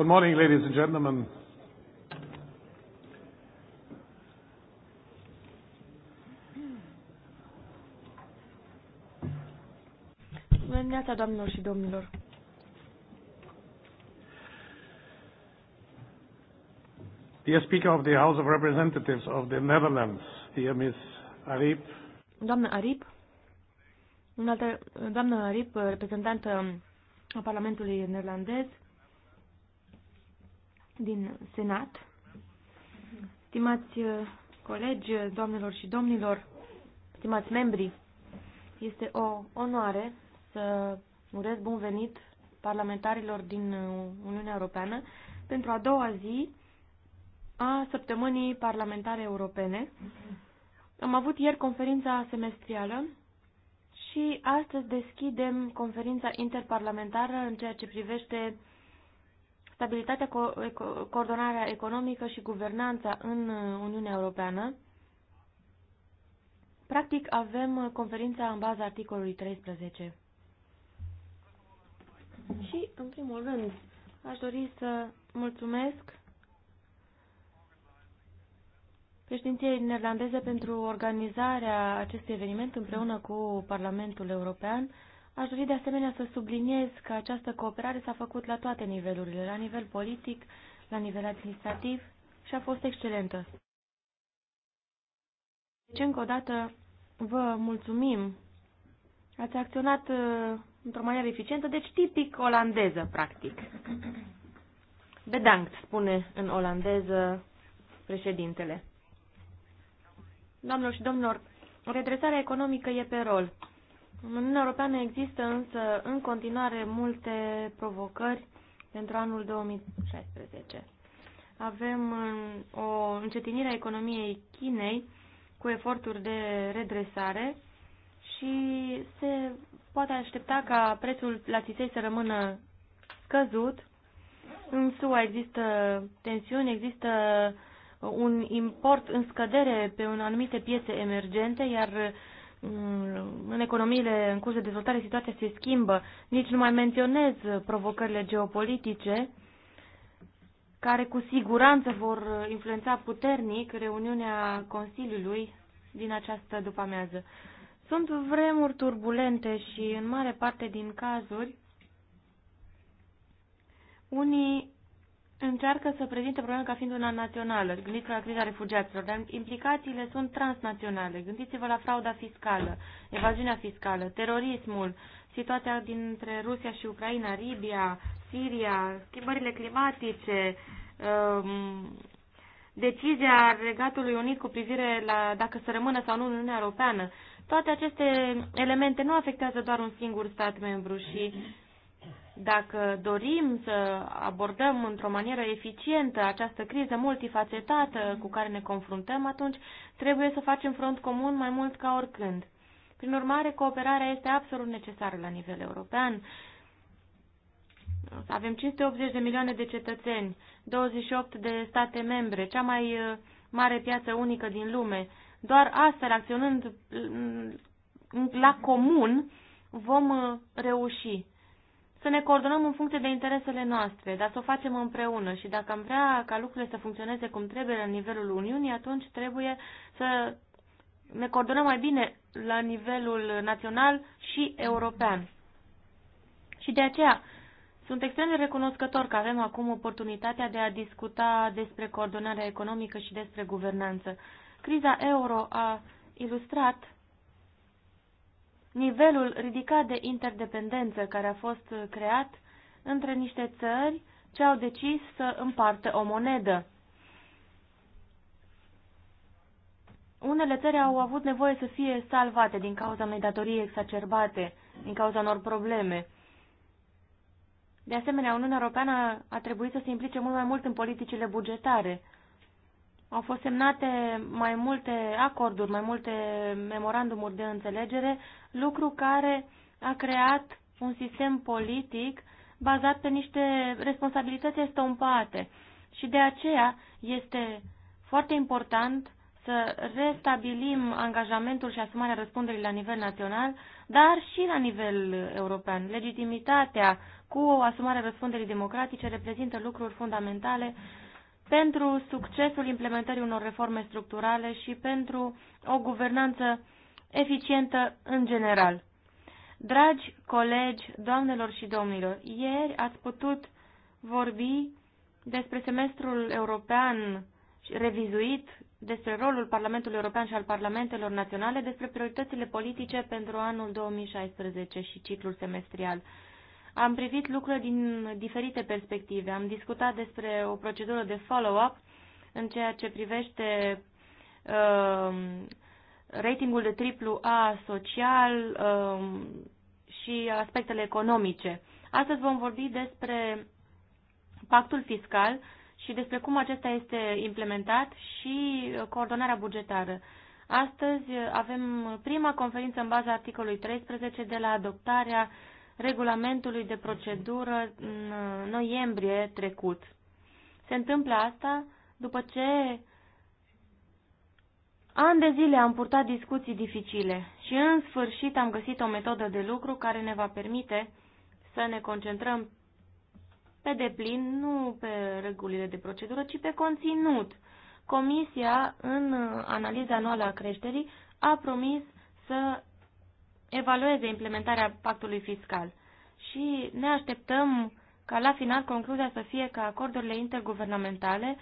Good morning, ladies and gentlemen. Bună dimineața, doamnelor și domnilor. Dear Speaker of the House of Representatives of the Netherlands, dear Ms. Arip. Doamnă Arip, doamnă Arip, reprezentantă a Parlamentului Neerlandez, din Senat, stimați uh, colegi, doamnelor și domnilor, stimați membri, este o onoare să urez bun venit parlamentarilor din uh, Uniunea Europeană pentru a doua zi a săptămânii parlamentare europene. Am avut ieri conferința semestrială și astăzi deschidem conferința interparlamentară în ceea ce privește stabilitatea, co- eco coordonarea economică și guvernanța în uh, Uniunea Europeană. Practic avem uh, conferința în baza articolului 13. Și, în primul rând, aș dori să mulțumesc președinției neerlandeze pentru organizarea acestui eveniment împreună cu Parlamentul European. Aș dori de asemenea să subliniez că această cooperare s-a făcut la toate nivelurile, la nivel politic, la nivel administrativ și a fost excelentă. Deci, încă o dată, vă mulțumim. Ați acționat uh, într-o manieră eficientă, deci tipic olandeză, practic. Bedankt, spune în olandeză președintele. Doamnelor și domnilor, redresarea economică e pe rol. În Uniunea Europeană există însă în continuare multe provocări pentru anul 2016. Avem o încetinire a economiei Chinei cu eforturi de redresare și se poate aștepta ca prețul la țisei să rămână scăzut. În SUA există tensiuni, există uh, un import în scădere pe un anumite piețe emergente, iar Mm, în economiile în curs de dezvoltare situația se schimbă. Nici nu mai menționez provocările geopolitice, care cu siguranță vor influența puternic reuniunea Consiliului din această după-amiază. Sunt vremuri turbulente și, în mare parte din cazuri, unii încearcă să prezinte problema ca fiind una națională. Gândiți-vă la criza refugiaților, dar implicațiile sunt transnaționale. Gândiți-vă la frauda fiscală, evaziunea fiscală, terorismul, situația dintre Rusia și Ucraina, Libia, Siria, schimbările climatice, um, decizia Regatului Unit cu privire la dacă să rămână sau nu în Uniunea Europeană. Toate aceste elemente nu afectează doar un singur stat membru și dacă dorim să abordăm într-o manieră eficientă această criză multifacetată cu care ne confruntăm, atunci trebuie să facem front comun mai mult ca oricând. Prin urmare, cooperarea este absolut necesară la nivel european. Avem 580 de milioane de cetățeni, 28 de state membre, cea mai uh, mare piață unică din lume. Doar astfel, acționând mm, la comun, vom uh, reuși să ne coordonăm în funcție de interesele noastre, dar să o facem împreună și dacă am vrea ca lucrurile să funcționeze cum trebuie la nivelul Uniunii, atunci trebuie să ne coordonăm mai bine la nivelul național și european. Și de aceea sunt extrem de recunoscător că avem acum oportunitatea de a discuta despre coordonarea economică și despre guvernanță. Criza euro a ilustrat nivelul ridicat de interdependență care a fost creat între niște țări ce au decis să împartă o monedă. Unele țări au avut nevoie să fie salvate din cauza unei datorii exacerbate, din cauza unor probleme. De asemenea, Uniunea Europeană a trebuit să se implice mult mai mult în politicile bugetare. Au fost semnate mai multe acorduri, mai multe memorandumuri de înțelegere, lucru care a creat un sistem politic bazat pe niște responsabilități estompate. Și de aceea este foarte important să restabilim angajamentul și asumarea răspunderii la nivel național, dar și la nivel european. Legitimitatea cu o asumare răspunderii democratice reprezintă lucruri fundamentale pentru succesul implementării unor reforme structurale și pentru o guvernanță eficientă în general. Dragi colegi, doamnelor și domnilor, ieri ați putut vorbi despre semestrul european revizuit, despre rolul Parlamentului European și al Parlamentelor Naționale, despre prioritățile politice pentru anul 2016 și ciclul semestrial am privit lucrurile din diferite perspective. Am discutat despre o procedură de follow-up în ceea ce privește uh, ratingul de triplu A social uh, și aspectele economice. Astăzi vom vorbi despre pactul fiscal și despre cum acesta este implementat și coordonarea bugetară. Astăzi avem prima conferință în baza articolului 13 de la adoptarea uh, regulamentului de procedură în uh, noiembrie trecut. Se întâmplă asta după ce ani de zile am purtat discuții dificile și în sfârșit am găsit o metodă de lucru care ne va permite să ne concentrăm pe deplin, nu pe regulile de procedură, ci pe conținut. Comisia, în uh, analiza anuală a creșterii, a promis să evalueze implementarea pactului fiscal și ne așteptăm ca la final concluzia să fie că acordurile interguvernamentale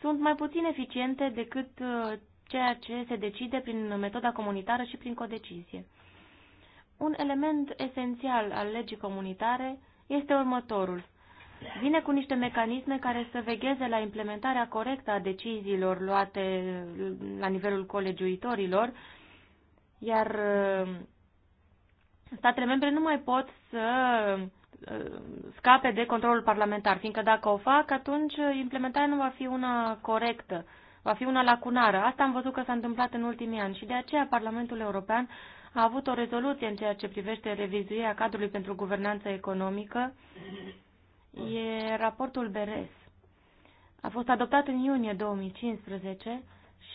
sunt mai puțin eficiente decât uh, ceea ce se decide prin metoda comunitară și prin codecizie. Un element esențial al legii comunitare este următorul. Vine cu niște mecanisme care să vegheze la implementarea corectă a deciziilor luate la nivelul colegiuitorilor, iar uh, statele membre nu mai pot să uh, scape de controlul parlamentar, fiindcă dacă o fac, atunci implementarea nu va fi una corectă, va fi una lacunară. Asta am văzut că s-a întâmplat în ultimii ani și de aceea Parlamentul European a avut o rezoluție în ceea ce privește revizuirea cadrului pentru guvernanță economică. E raportul Beres. A fost adoptat în iunie 2015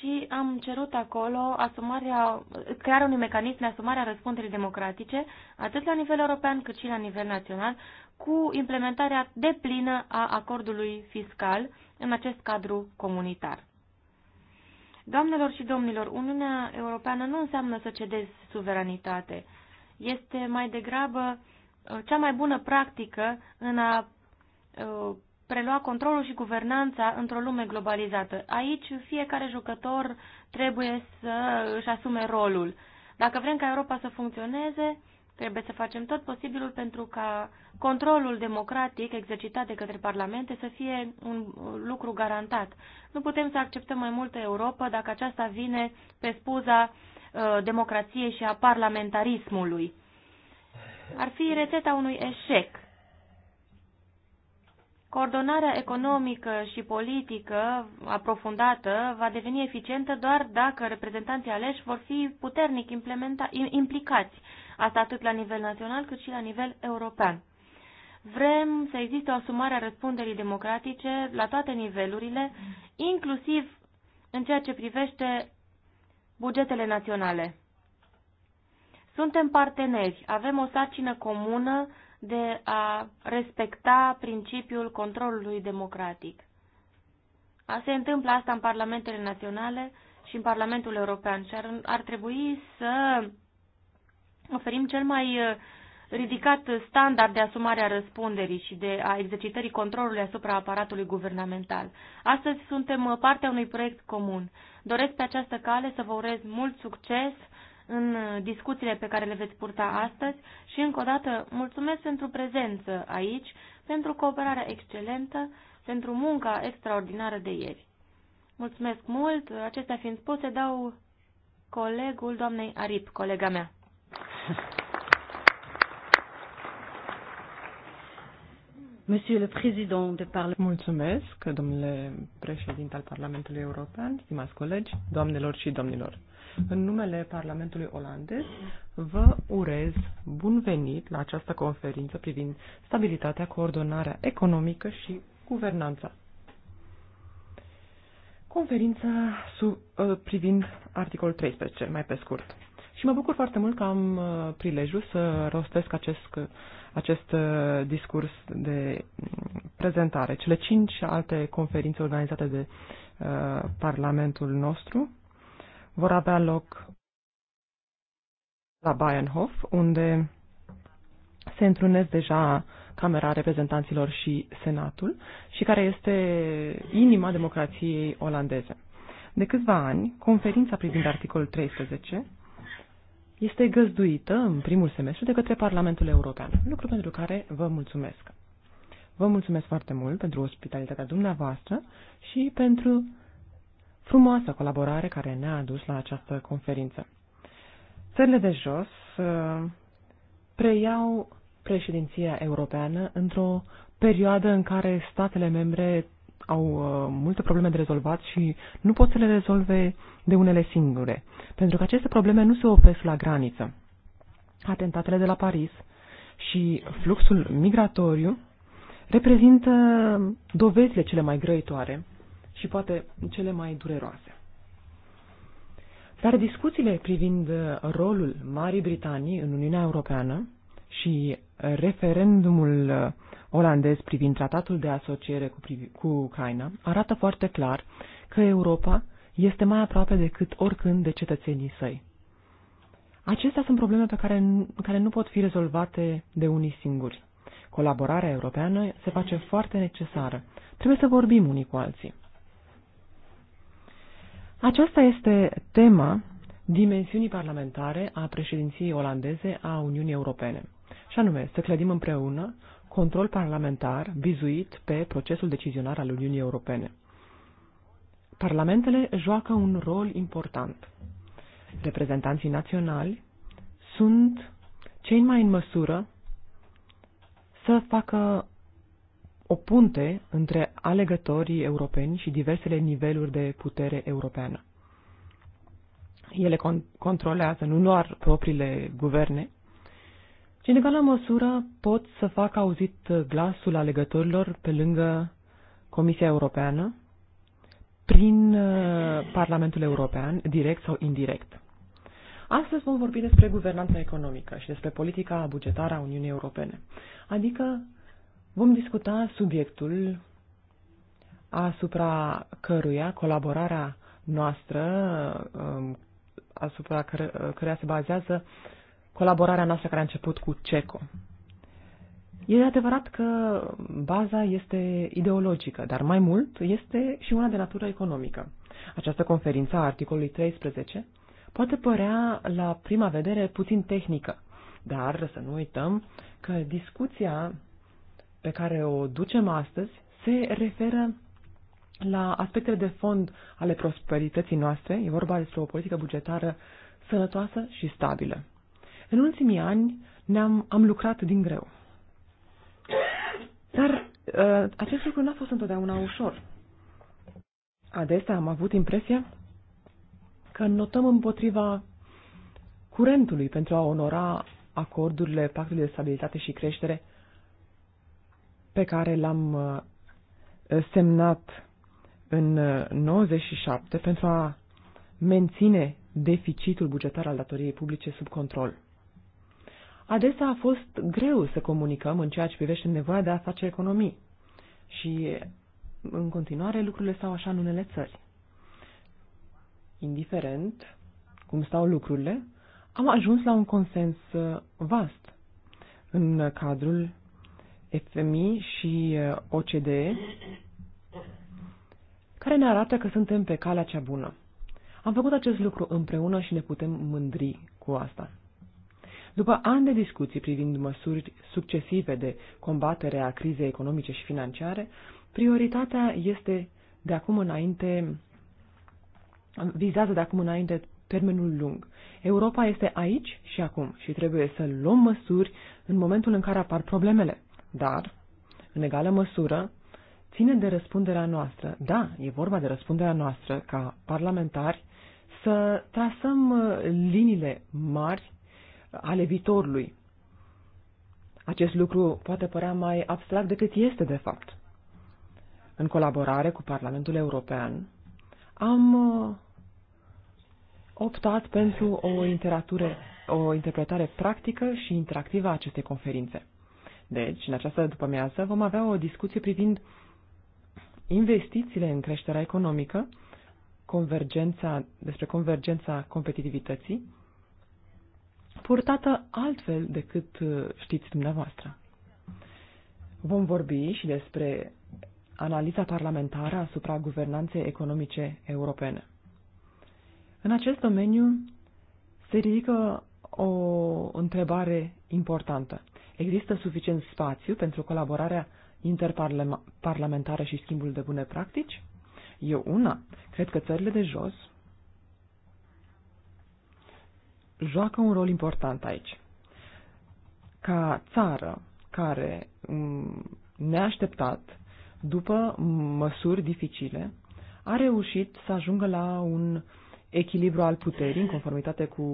și am cerut acolo asumarea, crearea unui mecanism de asumare a răspunderii democratice, atât la nivel european cât și la nivel național, cu implementarea deplină a acordului fiscal în acest cadru comunitar. Doamnelor și domnilor, Uniunea Europeană nu înseamnă să cedezi suveranitate. Este mai degrabă uh, cea mai bună practică în a uh, prelua controlul și guvernanța într-o lume globalizată. Aici fiecare jucător trebuie să își asume rolul. Dacă vrem ca Europa să funcționeze, trebuie să facem tot posibilul pentru ca controlul democratic exercitat de către parlamente să fie un lucru garantat. Nu putem să acceptăm mai multă Europa dacă aceasta vine pe spuza uh, democrației și a parlamentarismului. Ar fi rețeta unui eșec Coordonarea economică și politică aprofundată va deveni eficientă doar dacă reprezentanții aleși vor fi puternic implicați, asta atât la nivel național cât și la nivel european. Vrem să existe o asumare a răspunderii democratice la toate nivelurile, inclusiv în ceea ce privește bugetele naționale. Suntem parteneri, avem o sarcină comună de a respecta principiul controlului democratic. A Se întâmplă asta în parlamentele naționale și în Parlamentul European și ar, ar trebui să oferim cel mai uh, ridicat standard de asumare a răspunderii și de a exercitării controlului asupra aparatului guvernamental. Astăzi suntem uh, partea unui proiect comun. Doresc pe această cale să vă urez mult succes în discuțiile pe care le veți purta astăzi și încă o dată mulțumesc pentru prezență aici, pentru cooperarea excelentă, pentru munca extraordinară de ieri. Mulțumesc mult, acestea fiind spuse, dau colegul doamnei Arip, colega mea. Monsieur le Président de Parlement. Mulțumesc, domnule președinte al Parlamentului European, stimați colegi, doamnelor și domnilor. În numele Parlamentului olandez vă urez bun venit la această conferință privind stabilitatea, coordonarea economică și guvernanța. Conferința sub, ă, privind articolul 13, mai pe scurt. Și mă bucur foarte mult că am ă, prilejul să rostesc acest, acest ă, discurs de mm, prezentare. Cele cinci alte conferințe organizate de uh, Parlamentul nostru vor avea loc la Bayernhof, unde se întrunesc deja Camera Reprezentanților și Senatul și care este inima democrației olandeze. De câțiva ani, conferința privind articolul 13 este găzduită în primul semestru de către Parlamentul European, lucru pentru care vă mulțumesc. Vă mulțumesc foarte mult pentru ospitalitatea dumneavoastră și pentru frumoasă colaborare care ne-a adus la această conferință. Țările de jos uh, preiau președinția europeană într-o perioadă în care statele membre au uh, multe probleme de rezolvat și nu pot să le rezolve de unele singure, pentru că aceste probleme nu se opresc la graniță. Atentatele de la Paris și fluxul migratoriu reprezintă dovezile cele mai grăitoare și poate cele mai dureroase. Dar discuțiile privind rolul Marii Britanii în Uniunea Europeană și referendumul olandez privind tratatul de asociere cu, cu Ucraina arată foarte clar că Europa este mai aproape decât oricând de cetățenii săi. Acestea sunt probleme pe care, care nu pot fi rezolvate de unii singuri. Colaborarea europeană se face foarte necesară. Trebuie să vorbim unii cu alții. Aceasta este tema dimensiunii parlamentare a președinției olandeze a Uniunii Europene, și anume să clădim împreună control parlamentar vizuit pe procesul decizionar al Uniunii Europene. Parlamentele joacă un rol important. Reprezentanții naționali sunt cei mai în măsură să facă o punte între alegătorii europeni și diversele niveluri de putere europeană. Ele con- controlează nu doar propriile guverne, ci în egală măsură pot să facă auzit glasul alegătorilor pe lângă Comisia Europeană, prin uh, Parlamentul European, direct sau indirect. Astăzi vom vorbi despre guvernanța economică și despre politica bugetară a Uniunii Europene, adică Vom discuta subiectul asupra căruia colaborarea noastră, um, asupra căruia se bazează colaborarea noastră care a început cu CECO. E adevărat că baza este ideologică, dar mai mult este și una de natură economică. Această conferință a articolului 13 poate părea la prima vedere puțin tehnică, dar să nu uităm că discuția pe care o ducem astăzi se referă la aspectele de fond ale prosperității noastre. E vorba despre o politică bugetară sănătoasă și stabilă. În ultimii ani ne-am am lucrat din greu. Dar uh, acest lucru n-a fost întotdeauna ușor. Adesea am avut impresia că notăm împotriva curentului pentru a onora acordurile Pactului de Stabilitate și Creștere pe care l-am uh, semnat în 97 uh, pentru a menține deficitul bugetar al datoriei publice sub control. Adesea a fost greu să comunicăm în ceea ce privește nevoia de a face economii și în continuare lucrurile stau așa în unele țări. Indiferent cum stau lucrurile, am ajuns la un consens uh, vast în cadrul FMI și uh, OCDE, care ne arată că suntem pe calea cea bună. Am făcut acest lucru împreună și ne putem mândri cu asta. După ani de discuții privind măsuri succesive de combatere a crizei economice și financiare, prioritatea este de acum înainte, vizează de acum înainte termenul lung. Europa este aici și acum și trebuie să luăm măsuri în momentul în care apar problemele dar, în egală măsură, ține de răspunderea noastră. Da, e vorba de răspunderea noastră ca parlamentari să trasăm uh, liniile mari uh, ale viitorului. Acest lucru poate părea mai abstract decât este de fapt. În colaborare cu Parlamentul European, am uh, optat pentru o, o interpretare practică și interactivă a acestei conferințe. Deci, în această după-amiază vom avea o discuție privind investițiile în creșterea economică, convergența, despre convergența competitivității, purtată altfel decât uh, știți dumneavoastră. Vom vorbi și despre analiza parlamentară asupra guvernanței economice europene. În acest domeniu se ridică o întrebare importantă. Există suficient spațiu pentru colaborarea interparlamentară și schimbul de bune practici? Eu una, cred că țările de jos joacă un rol important aici. Ca țară care mm, neașteptat, după măsuri dificile, a reușit să ajungă la un echilibru al puterii în conformitate cu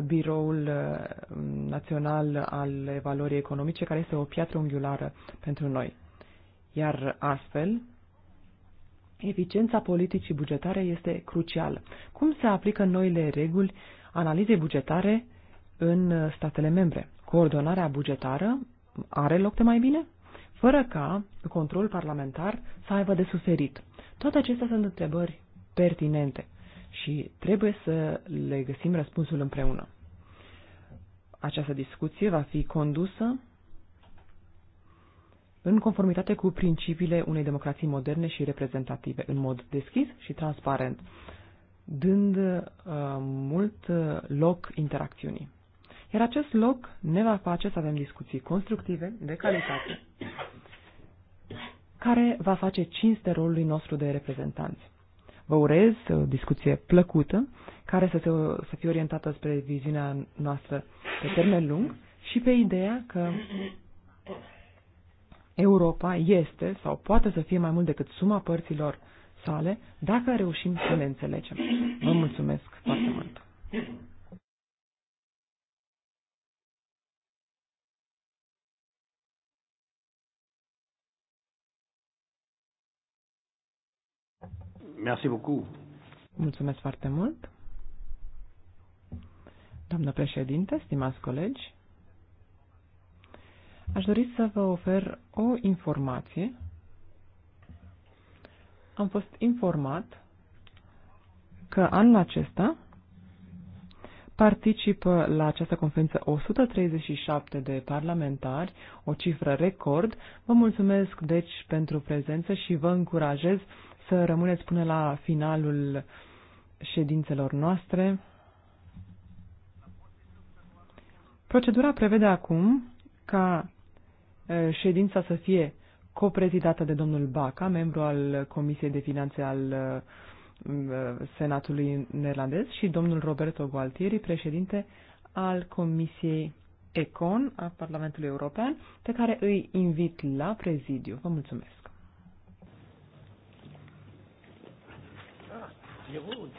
Biroul uh, Național al Evaluării Economice, care este o piatră unghiulară pentru noi. Iar astfel, eficiența politicii bugetare este crucială. Cum se aplică noile reguli analizei bugetare în statele membre? Coordonarea bugetară are loc de mai bine? Fără ca controlul parlamentar să aibă de suferit. Toate acestea sunt întrebări pertinente și trebuie să le găsim răspunsul împreună. Această discuție va fi condusă în conformitate cu principiile unei democrații moderne și reprezentative, în mod deschis și transparent, dând uh, mult uh, loc interacțiunii. Iar acest loc ne va face să avem discuții constructive, de calitate, care va face cinste rolului nostru de reprezentanți vă urez o discuție plăcută, care să, se, să fie orientată spre viziunea noastră pe termen lung și pe ideea că Europa este sau poate să fie mai mult decât suma părților sale, dacă reușim să ne înțelegem. Vă mulțumesc foarte mult! Merci beaucoup. Mulțumesc foarte mult. Doamnă președinte, stimați colegi, aș dori să vă ofer o informație. Am fost informat că anul acesta participă la această conferință 137 de parlamentari, o cifră record. Vă mulțumesc deci pentru prezență și vă încurajez să rămâneți până la finalul ședințelor noastre. Procedura prevede acum ca ședința să fie coprezidată de domnul Baca, membru al Comisiei de Finanțe al Senatului Neerlandez, și domnul Roberto Gualtieri, președinte al Comisiei Econ a Parlamentului European, pe care îi invit la prezidiu. Vă mulțumesc! Giroud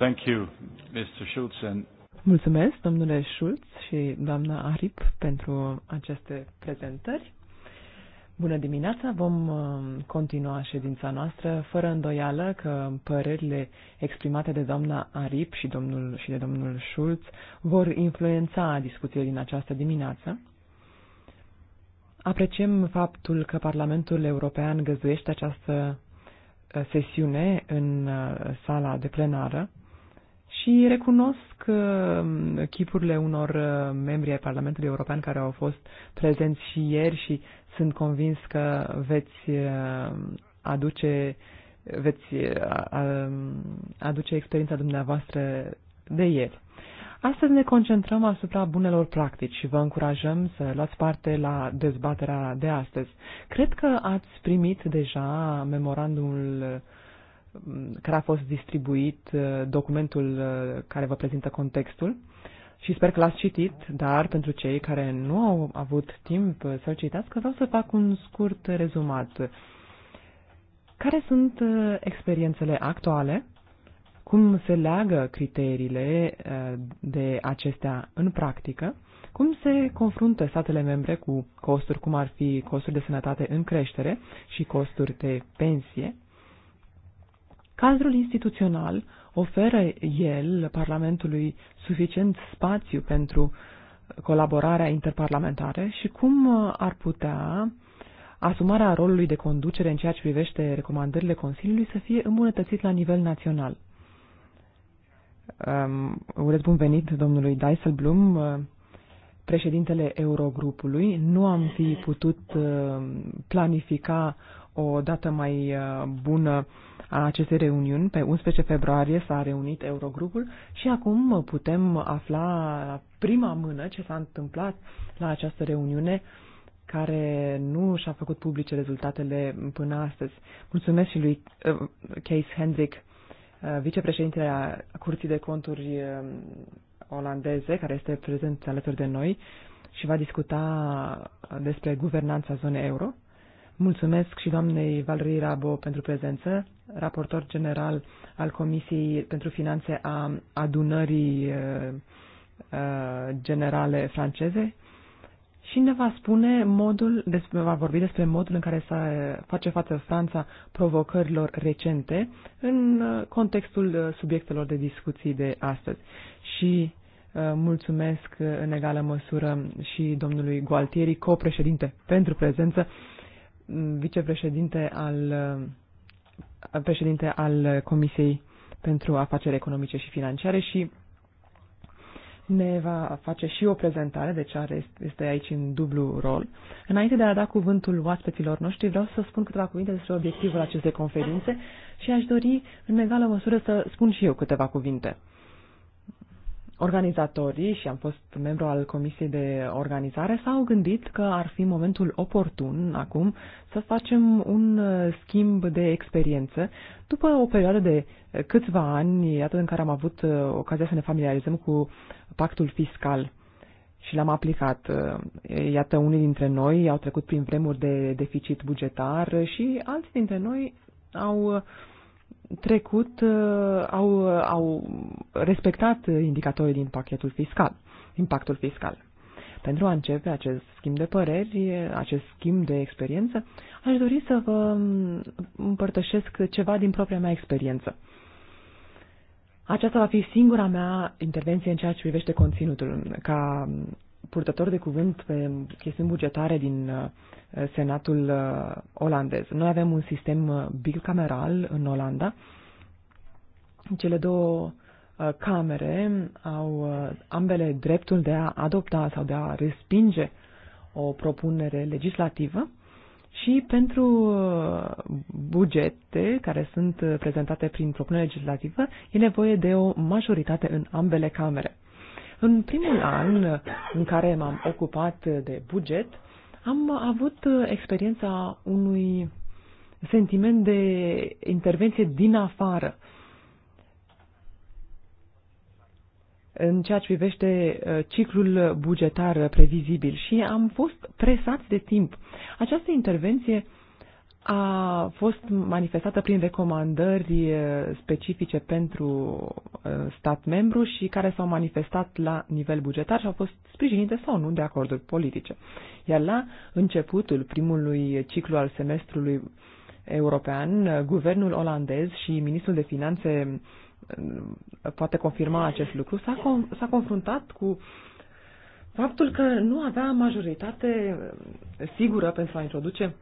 Thank you, Mr. Schulz and Mulțumesc, domnule Schulz și doamna Arip, pentru aceste prezentări. Bună dimineața! Vom uh, continua ședința noastră fără îndoială că părerile exprimate de doamna Arip și, domnul, și de domnul Schulz vor influența discuțiile din această dimineață. Apreciem faptul că Parlamentul European găzduiește această uh, sesiune în uh, sala de plenară și recunosc uh, chipurile unor uh, membri ai Parlamentului European care au fost prezenți și ieri și sunt convins că veți uh, aduce veți um, aduce experiența dumneavoastră de ieri. Astăzi ne concentrăm asupra bunelor practici și vă încurajăm să luați parte la dezbaterea de astăzi. Cred că ați primit deja memorandumul care a fost distribuit uh, documentul uh, care vă prezintă contextul și sper că l-ați citit, dar pentru cei care nu au avut timp uh, să-l citească, vreau să fac un scurt rezumat. Care sunt experiențele actuale? Cum se leagă criteriile de acestea în practică? Cum se confruntă statele membre cu costuri, cum ar fi costuri de sănătate în creștere și costuri de pensie? Cadrul instituțional oferă el Parlamentului suficient spațiu pentru colaborarea interparlamentară și cum ar putea asumarea rolului de conducere în ceea ce privește recomandările Consiliului să fie îmbunătățit la nivel național. Um, urez bun venit domnului Dijsselbloem, uh, președintele Eurogrupului. Nu am fi putut uh, planifica o dată mai uh, bună a acestei reuniuni. Pe 11 februarie s-a reunit Eurogrupul și acum putem afla la prima mână ce s-a întâmplat la această reuniune care nu și-a făcut publice rezultatele până astăzi. Mulțumesc și lui Case uh, Hendrick, uh, vicepreședintele a Curții de Conturi olandeze, care este prezent alături de noi și va discuta despre guvernanța zonei euro. Mulțumesc și doamnei Valerii Rabo pentru prezență, raportor general al Comisiei pentru Finanțe a Adunării eh, eh, Generale franceze și ne va spune modul, va vorbi despre modul în care să face față Franța provocărilor recente în eh, contextul subiectelor de discuții de astăzi. Și mulțumesc în egală măsură și domnului Gualtieri, copreședinte, pentru prezență vicepreședinte al, uh, președinte al Comisiei pentru Afaceri Economice și Financiare și ne va face și o prezentare, deci are, este aici în dublu rol. Înainte de a da cuvântul oaspeților noștri, vreau să spun câteva cuvinte despre obiectivul acestei conferințe și aș dori, în egală măsură, să spun și eu câteva cuvinte. Organizatorii, și am fost membru al Comisiei de Organizare, s-au gândit că ar fi momentul oportun acum să facem un uh, schimb de experiență după o perioadă de câțiva ani, iată în care am avut uh, ocazia să ne familiarizăm cu pactul fiscal și l-am aplicat. Uh, iată, unii dintre noi au trecut prin vremuri de deficit bugetar și alții dintre noi au trecut uh, au, uh, au respectat indicatorii din pachetul fiscal, impactul fiscal. Pentru a începe acest schimb de păreri, acest schimb de experiență, aș dori să vă împărtășesc ceva din propria mea experiență. Aceasta va fi singura mea intervenție în ceea ce privește conținutul. Ca purtător de cuvânt pe chestiuni bugetare din uh, Senatul uh, olandez. Noi avem un sistem uh, bicameral în Olanda. Cele două camere au ambele dreptul de a adopta sau de a respinge o propunere legislativă și pentru bugete care sunt prezentate prin propunere legislativă e nevoie de o majoritate în ambele camere. În primul an în care m-am ocupat de buget, am avut uh, experiența unui sentiment de intervenție din afară. în ceea ce privește uh, ciclul bugetar previzibil și am fost presați de timp. Această intervenție a fost manifestată prin recomandări eh, specifice pentru eh, stat membru și care s-au manifestat la nivel bugetar și au fost sprijinite sau nu de acorduri politice. Iar la începutul primului ciclu al semestrului european, eh, guvernul olandez și ministrul de finanțe poate confirma acest lucru, s-a, con- confruntat cu faptul că nu avea majoritate sigură pentru a introduce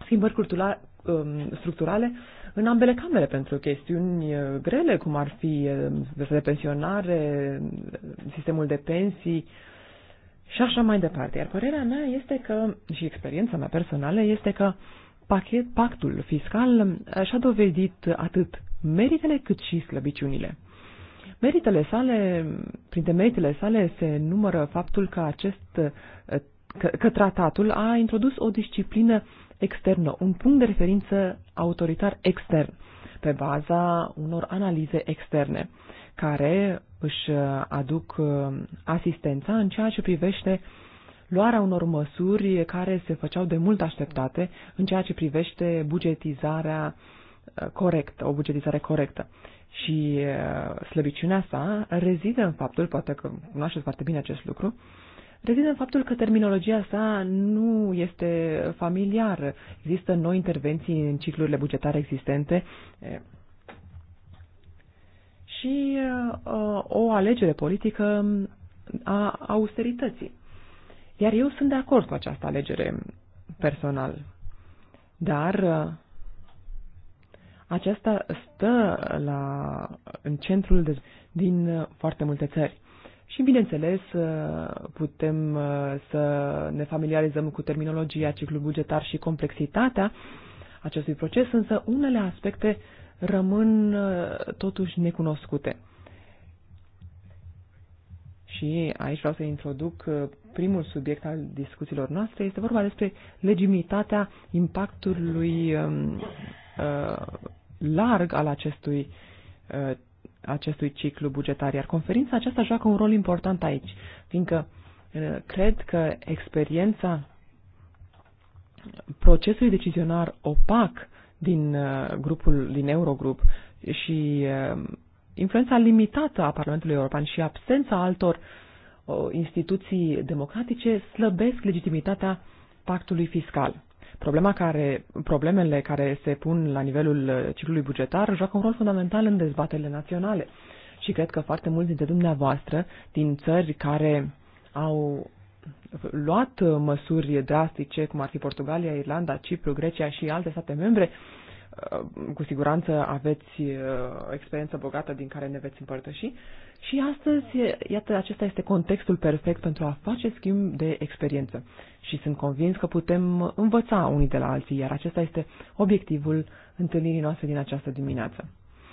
schimbări culturale, um, structurale în ambele camere pentru chestiuni uh, grele, cum ar fi uh, de pensionare, sistemul de pensii și așa mai departe. Iar părerea mea este că, și experiența mea personală, este că pachet, pactul fiscal și-a dovedit atât meritele cât și slăbiciunile. Meritele sale, printre meritele sale se numără faptul că acest că, că tratatul a introdus o disciplină externă, un punct de referință autoritar extern, pe baza unor analize externe, care își uh, aduc uh, asistența în ceea ce privește luarea unor măsuri care se făceau de mult așteptate în ceea ce privește bugetizarea uh, corectă, o bugetizare corectă. Și slăbiciunea sa rezidă în faptul, poate că cunoașteți foarte bine acest lucru, în faptul că terminologia sa nu este familiară. Există noi intervenții în ciclurile bugetare existente și o alegere politică a austerității. Iar eu sunt de acord cu această alegere personal. Dar aceasta stă la, în centrul de, din foarte multe țări. Și, bineînțeles, uh, putem uh, să ne familiarizăm cu terminologia, ciclul bugetar și complexitatea acestui proces, însă unele aspecte rămân uh, totuși necunoscute. Și aici vreau să introduc primul subiect al discuțiilor noastre. Este vorba despre legitimitatea impactului um, larg al acestui acestui ciclu bugetar, iar conferința aceasta joacă un rol important aici, fiindcă cred că experiența procesului decizionar opac din grupul, din Eurogrup și influența limitată a Parlamentului European și absența altor instituții democratice slăbesc legitimitatea pactului fiscal. Problema care, problemele care se pun la nivelul ciclului bugetar joacă un rol fundamental în dezbaterile naționale și cred că foarte mulți dintre dumneavoastră din țări care au luat măsuri drastice, cum ar fi Portugalia, Irlanda, Cipru, Grecia și alte state membre, Uh, cu siguranță aveți uh, o experiență bogată din care ne veți împărtăși. Și astăzi, iată, acesta este contextul perfect pentru a face schimb de experiență. Și sunt convins că putem învăța unii de la alții, iar acesta este obiectivul întâlnirii noastre din această dimineață.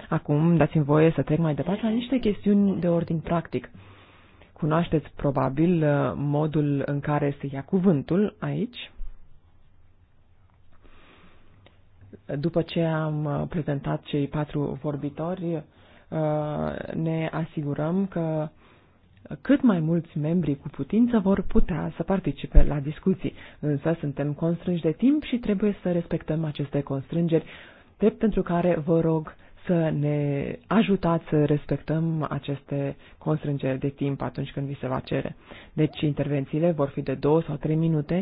Acum, dați-mi voie să trec mai departe la niște chestiuni de ordin practic. Cunoașteți probabil uh, modul în care se ia cuvântul aici, după ce am uh, prezentat cei patru vorbitori, uh, ne asigurăm că cât mai mulți membri cu putință vor putea să participe la discuții. Însă suntem constrânși de timp și trebuie să respectăm aceste constrângeri, drept pentru care vă rog să ne ajutați să respectăm aceste constrângeri de timp atunci când vi se va cere. Deci intervențiile vor fi de două sau trei minute,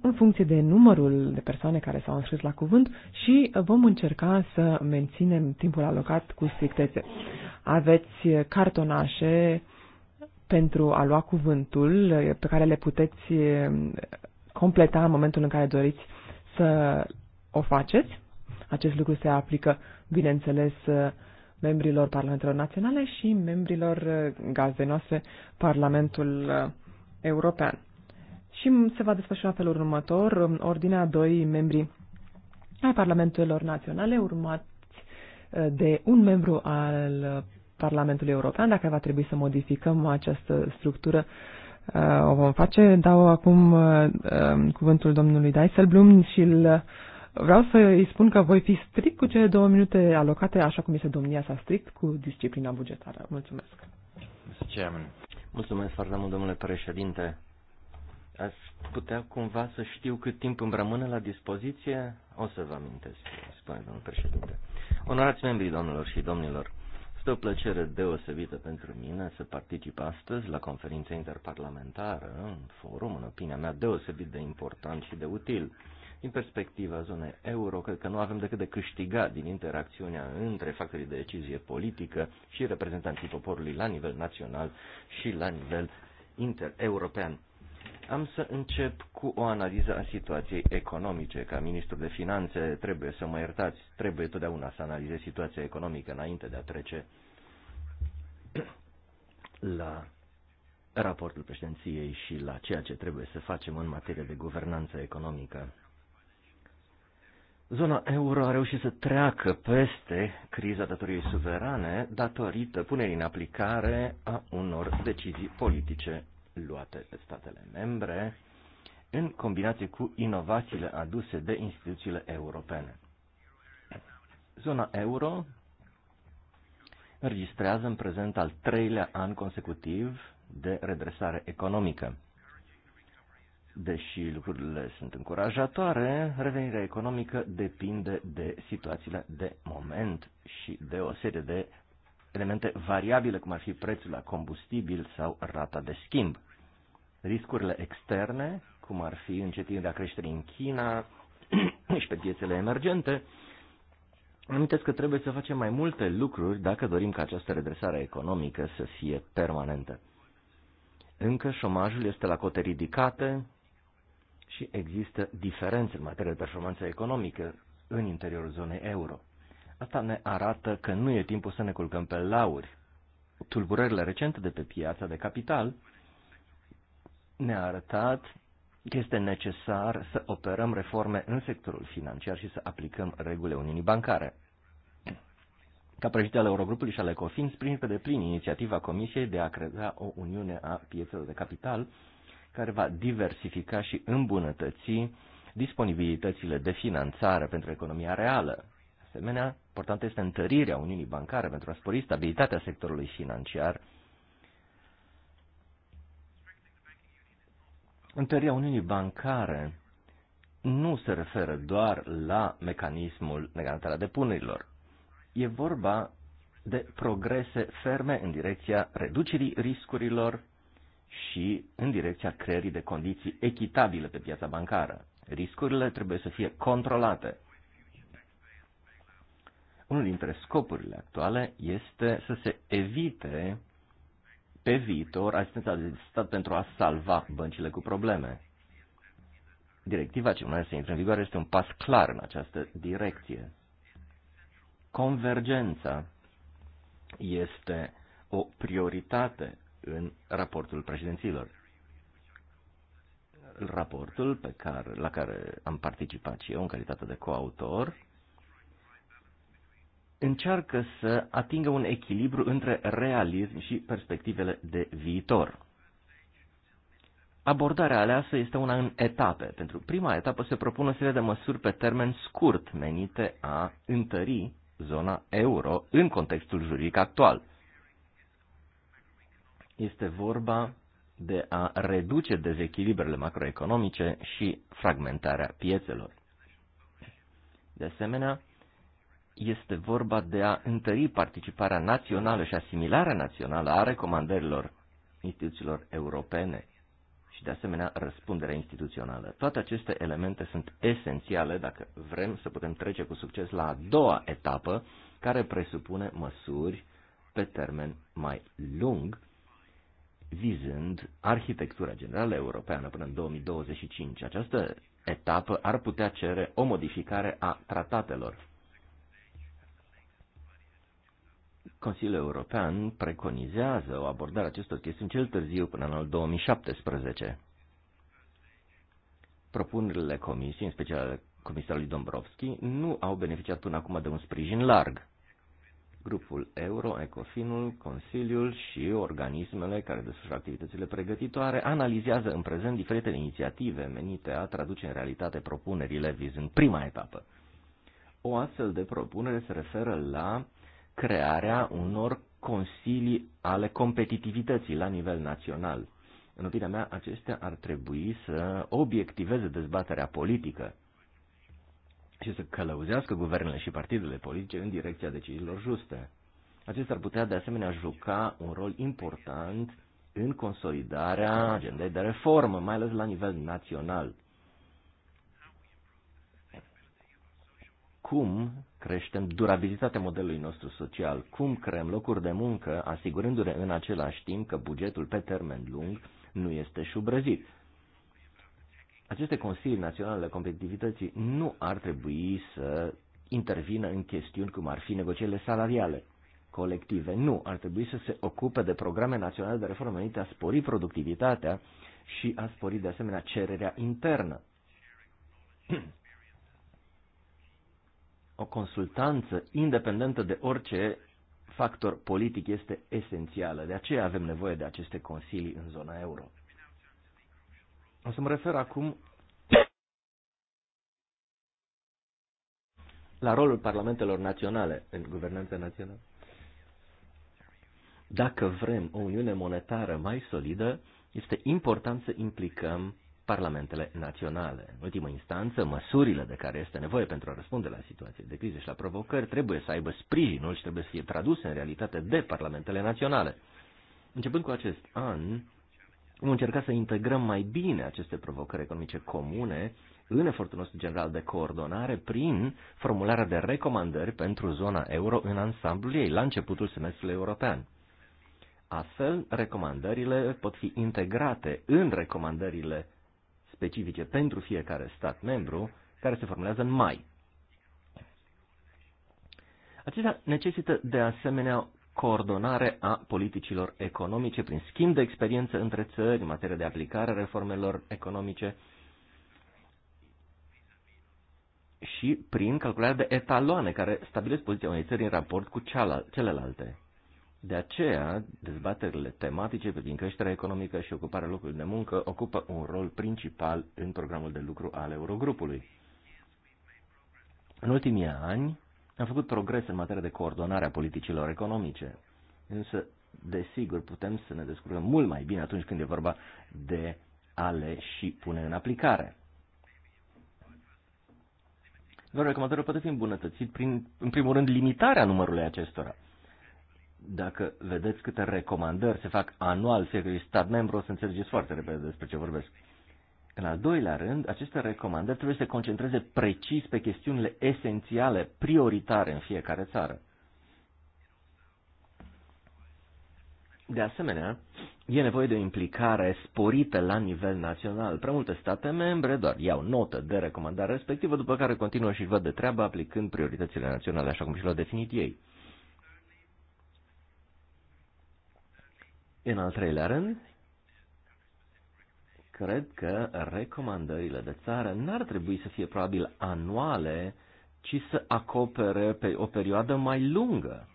în funcție de numărul de persoane care s-au înscris la cuvânt și vom încerca să menținem timpul alocat cu strictețe. Aveți cartonașe pentru a lua cuvântul pe care le puteți eh, completa în momentul în care doriți să o faceți. Acest lucru se aplică, bineînțeles, membrilor Parlamentelor Naționale și membrilor eh, gazdei noastre Parlamentul eh, European și se va desfășura felul următor, ordinea doi membri ai Parlamentelor Naționale, urmați uh, de un membru al uh, Parlamentului European. Dacă va trebui să modificăm această structură, uh, o vom face. Dau acum um, cuvântul domnului Dijsselbloem și îl vreau să îi spun că voi fi strict cu cele două minute alocate, așa cum este domnia sa strict, cu disciplina bugetară. Mulțumesc. Mulțumesc foarte mult, domnule președinte. Ați putea cumva să știu cât timp îmi rămâne la dispoziție? O să vă amintesc, spune domnul președinte. Onorați membrii domnilor și domnilor, este o plăcere deosebită pentru mine să particip astăzi la conferința interparlamentară, un forum, în opinia mea, deosebit de important și de util. Din perspectiva zonei euro, cred că nu avem decât de câștigat din interacțiunea între factorii de decizie politică și reprezentanții poporului la nivel național și la nivel intereuropean. Am să încep cu o analiză a situației economice. Ca ministru de finanțe trebuie să mă iertați, trebuie totdeauna să analizez situația economică înainte de a trece la raportul președinției și la ceea ce trebuie să facem în materie de guvernanță economică. Zona euro a reușit să treacă peste criza datoriei suverane datorită punerii în aplicare a unor decizii politice luate de statele membre, în combinație cu inovațiile aduse de instituțiile europene. Zona euro înregistrează în prezent al treilea an consecutiv de redresare economică. Deși lucrurile sunt încurajatoare, revenirea economică depinde de situațiile de moment și de o serie de elemente variabile, cum ar fi prețul la combustibil sau rata de schimb riscurile externe, cum ar fi încetinirea creșterii în China și pe piețele emergente, amintesc că trebuie să facem mai multe lucruri dacă dorim ca această redresare economică să fie permanentă. Încă șomajul este la cote ridicate și există diferențe în materie de performanță economică în interiorul zonei euro. Asta ne arată că nu e timpul să ne culcăm pe lauri. Tulburările recente de pe piața de capital ne-a arătat că este necesar să operăm reforme în sectorul financiar și să aplicăm regulile Uniunii Bancare. Ca președinte al Eurogrupului și al Ecofin, sprijin pe deplin inițiativa Comisiei de a crea o uniune a piețelor de capital care va diversifica și îmbunătăți disponibilitățile de finanțare pentru economia reală. Asemenea, importantă este întărirea Uniunii Bancare pentru a spori stabilitatea sectorului financiar Întărirea Uniunii Bancare nu se referă doar la mecanismul de garantare a depunerilor. E vorba de progrese ferme în direcția reducerii riscurilor și în direcția creării de condiții echitabile pe piața bancară. Riscurile trebuie să fie controlate. Unul dintre scopurile actuale este să se evite pe viitor asistența de stat pentru a salva băncile cu probleme. Directiva ce urmează să intre în vigoare este un pas clar în această direcție. Convergența este o prioritate în raportul președinților. Raportul pe care, la care am participat și eu în calitate de coautor încearcă să atingă un echilibru între realism și perspectivele de viitor. Abordarea aleasă este una în etape. Pentru prima etapă se propune o serie de măsuri pe termen scurt menite a întări zona euro în contextul juridic actual. Este vorba de a reduce dezechilibrele macroeconomice și fragmentarea piețelor. De asemenea, este vorba de a întări participarea națională și asimilarea națională a recomandărilor instituțiilor europene și, de asemenea, răspunderea instituțională. Toate aceste elemente sunt esențiale dacă vrem să putem trece cu succes la a doua etapă, care presupune măsuri pe termen mai lung, vizând arhitectura generală europeană până în 2025. Această etapă ar putea cere o modificare a tratatelor Consiliul European preconizează o abordare a acestor chestiuni cel târziu până în anul 2017. Propunerile comisiei, în special ale comisarului Dombrovski, nu au beneficiat până acum de un sprijin larg. Grupul Euro, Ecofinul, Consiliul și organismele care desfășoară activitățile pregătitoare analizează în prezent diferite inițiative menite a traduce în realitate propunerile vizând prima etapă. O astfel de propunere se referă la crearea unor consilii ale competitivității la nivel național. În opinia mea, acestea ar trebui să obiectiveze dezbaterea politică și să călăuzească guvernele și partidele politice în direcția deciziilor juste. Acestea ar putea de asemenea juca un rol important în consolidarea agendei de reformă, mai ales la nivel național. Cum creștem durabilitatea modelului nostru social, cum creăm locuri de muncă, asigurându-ne în același timp că bugetul pe termen lung nu este șubrăzit. Aceste Consilii Naționale de Competitivității nu ar trebui să intervină în chestiuni cum ar fi negocierile salariale colective. Nu, ar trebui să se ocupe de programe naționale de reformă menite a spori productivitatea și a spori de asemenea cererea internă. o consultanță independentă de orice factor politic este esențială. De aceea avem nevoie de aceste consilii în zona euro. O să mă refer acum la rolul parlamentelor naționale în guvernanța națională. Dacă vrem o uniune monetară mai solidă, este important să implicăm parlamentele naționale. În ultimă instanță, măsurile de care este nevoie pentru a răspunde la situații de criză și la provocări trebuie să aibă sprijinul și trebuie să fie traduse în realitate de parlamentele naționale. Începând cu acest an, vom încerca să integrăm mai bine aceste provocări economice comune în efortul nostru general de coordonare prin formularea de recomandări pentru zona euro în ansamblul ei, la începutul semestrului european. Astfel, recomandările pot fi integrate în recomandările specifice pentru fiecare stat membru, care se formulează în mai. Acestea necesită de asemenea coordonare a politicilor economice prin schimb de experiență între țări în materie de aplicare a reformelor economice și prin calcularea de etaloane care stabilesc poziția unei țări în raport cu celelalte. De aceea, dezbaterile tematice privind creșterea economică și ocuparea locurilor de muncă ocupă un rol principal în programul de lucru al Eurogrupului. În ultimii ani am făcut progres în materie de coordonare a politicilor economice, însă, desigur, putem să ne descurcăm mult mai bine atunci când e vorba de a le și pune în aplicare. Vreau recomandările poate fi îmbunătățit prin, în primul rând, limitarea numărului acestora – dacă vedeți câte recomandări se fac anual fiecare stat membru, o să înțelegeți foarte repede despre ce vorbesc. În al doilea rând, aceste recomandări trebuie să se concentreze precis pe chestiunile esențiale, prioritare în fiecare țară. De asemenea, e nevoie de o implicare sporită la nivel național. Prea multe state membre doar iau notă de recomandare respectivă, după care continuă și văd de treabă aplicând prioritățile naționale, așa cum și le-au definit ei. În al treilea rând, cred că recomandările de țară n-ar trebui să fie probabil anuale, ci să acopere pe o perioadă mai lungă.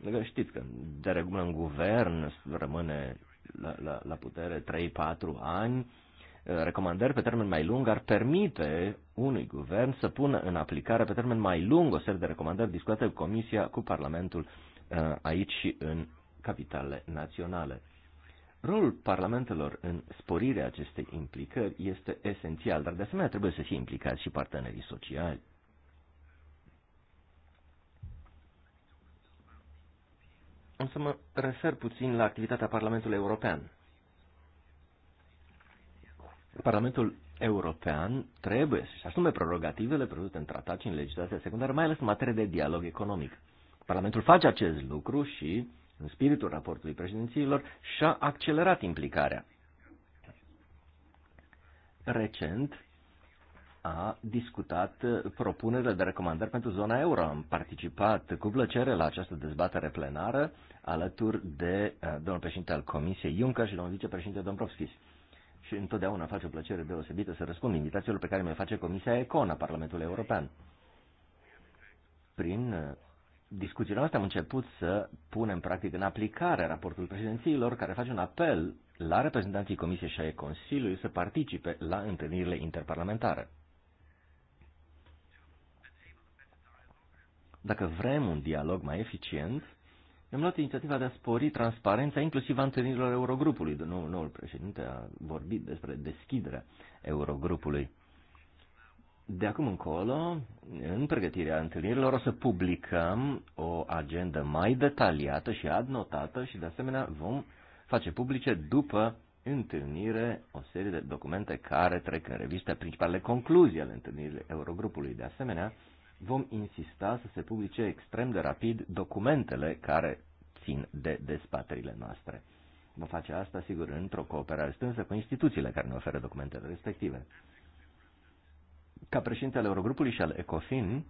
Că adică știți că de regulă în guvern rămâne la, la, la putere 3-4 ani, recomandări pe termen mai lung ar permite unui guvern să pună în aplicare pe termen mai lung o serie de recomandări discutate cu Comisia, cu Parlamentul uh, aici și în capitale naționale. Rolul parlamentelor în sporirea acestei implicări este esențial, dar de asemenea trebuie să fie implicați și partenerii sociali. O să mă refer puțin la activitatea Parlamentului European. Parlamentul European trebuie să-și asume prerogativele prevăzute în tratat și în legislația secundară, mai ales în materie de dialog economic. Parlamentul face acest lucru și în spiritul raportului președinților, și-a accelerat implicarea. Recent a discutat propunerile de recomandări pentru zona euro. Am participat cu plăcere la această dezbatere plenară alături de eh, domnul președinte al Comisiei Juncker și domnul vicepreședinte Dombrovskis. Și întotdeauna face o plăcere deosebită să răspund invitațiilor pe care mi le face Comisia Econ a Parlamentului European. Prin eh, discuțiile noastre am început să punem practic în aplicare raportul președințiilor care face un apel la reprezentanții Comisiei și a Consiliului să participe la întâlnirile interparlamentare. Dacă vrem un dialog mai eficient, am luat inițiativa de a spori transparența inclusiv a întâlnirilor Eurogrupului. noul președinte a vorbit despre deschiderea Eurogrupului de acum încolo, în pregătirea întâlnirilor, o să publicăm o agendă mai detaliată și adnotată și, de asemenea, vom face publice după întâlnire o serie de documente care trec în revistă principalele concluzii ale întâlnirii Eurogrupului. De asemenea, vom insista să se publice extrem de rapid documentele care țin de dezbaterile noastre. Vom face asta, sigur, într-o cooperare strânsă cu instituțiile care ne oferă documentele respective. Ca președinte al Eurogrupului și al ECOFIN,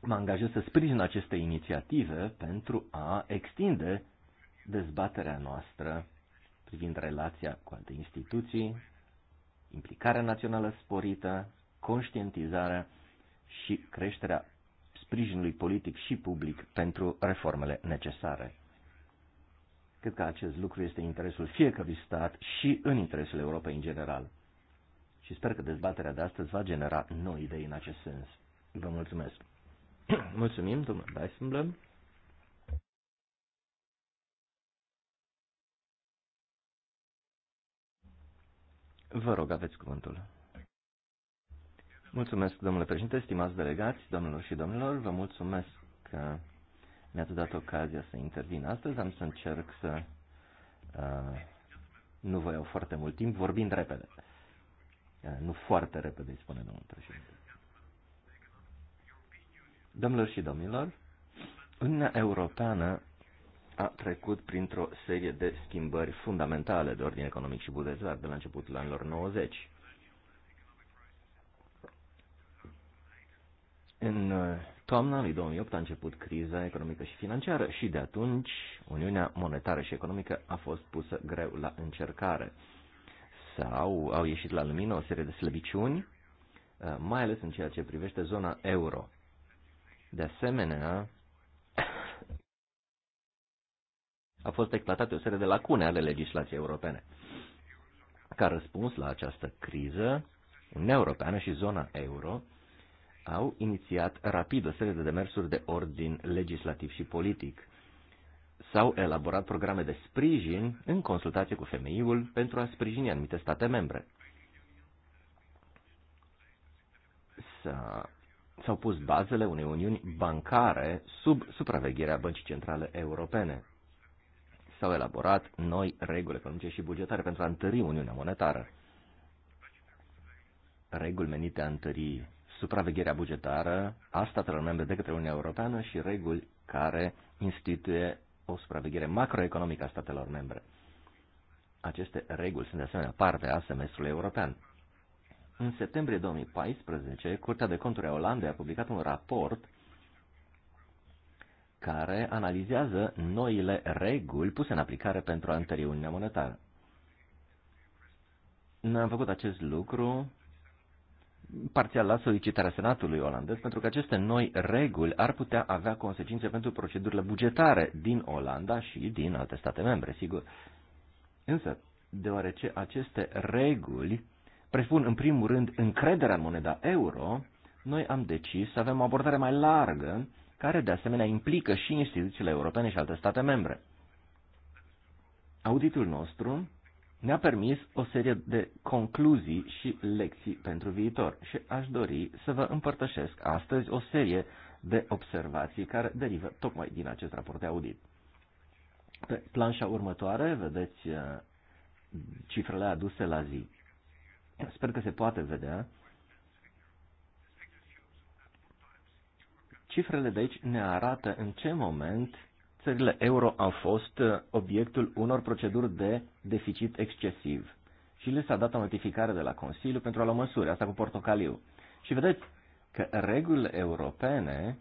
mă angajez să sprijin aceste inițiative pentru a extinde dezbaterea noastră privind relația cu alte instituții, implicarea națională sporită, conștientizarea și creșterea sprijinului politic și public pentru reformele necesare. Cred că acest lucru este interesul fiecărui stat și în interesul Europei în general și sper că dezbaterea de astăzi va genera noi idei în acest sens. Vă mulțumesc! Mulțumim, domnule Dyson Vă rog, aveți cuvântul. Mulțumesc, domnule președinte, stimați delegați, domnilor și domnilor, vă mulțumesc că mi-ați dat ocazia să intervin astăzi. Am să încerc să uh, nu vă iau foarte mult timp, vorbind repede. Nu foarte repede, spune domnul președinte. Domnilor și domnilor, Uniunea Europeană a trecut printr-o serie de schimbări fundamentale de ordin economic și bugetar de la începutul anilor 90. În uh, toamna lui 2008 a început criza economică și financiară și de atunci Uniunea Monetară și Economică a fost pusă greu la încercare sau au ieșit la lumină o serie de slăbiciuni, uh, mai ales în ceea ce privește zona euro. De asemenea, a fost exploatate o serie de lacune ale legislației europene. Ca răspuns la această criză, Uniunea Europeană și zona euro au inițiat rapid o serie de demersuri de ordin legislativ și politic s-au elaborat programe de sprijin în consultație cu femeiul pentru a sprijini anumite state membre. S-au pus bazele unei uniuni bancare sub supravegherea Băncii Centrale Europene. S-au elaborat noi reguli economice și bugetare pentru a întări Uniunea Monetară. Reguli menite a întări supravegherea bugetară a statelor membre de către Uniunea Europeană și reguli care instituie o supraveghere macroeconomică a statelor membre. Aceste reguli sunt de asemenea parte a semestrului european. În septembrie 2014, Curtea de Conturi a Olandei a publicat un raport care analizează noile reguli puse în aplicare pentru a întări Uniunea Monetară. Noi am făcut acest lucru parțial la solicitarea Senatului olandez, pentru că aceste noi reguli ar putea avea consecințe pentru procedurile bugetare din Olanda și din alte state membre, sigur. Însă, deoarece aceste reguli presupun în primul rând încrederea în moneda euro, noi am decis să avem o abordare mai largă, care de asemenea implică și instituțiile europene și alte state membre. Auditul nostru ne-a permis o serie de concluzii și lecții pentru viitor și aș dori să vă împărtășesc astăzi o serie de observații care derivă tocmai din acest raport de audit. Pe planșa următoare vedeți uh, cifrele aduse la zi. Sper că se poate vedea. Cifrele de aici ne arată în ce moment țările euro au fost uh, obiectul unor proceduri de deficit excesiv și le s-a dat o notificare de la Consiliu pentru a lua măsuri, asta cu portocaliu. Și vedeți că regulile europene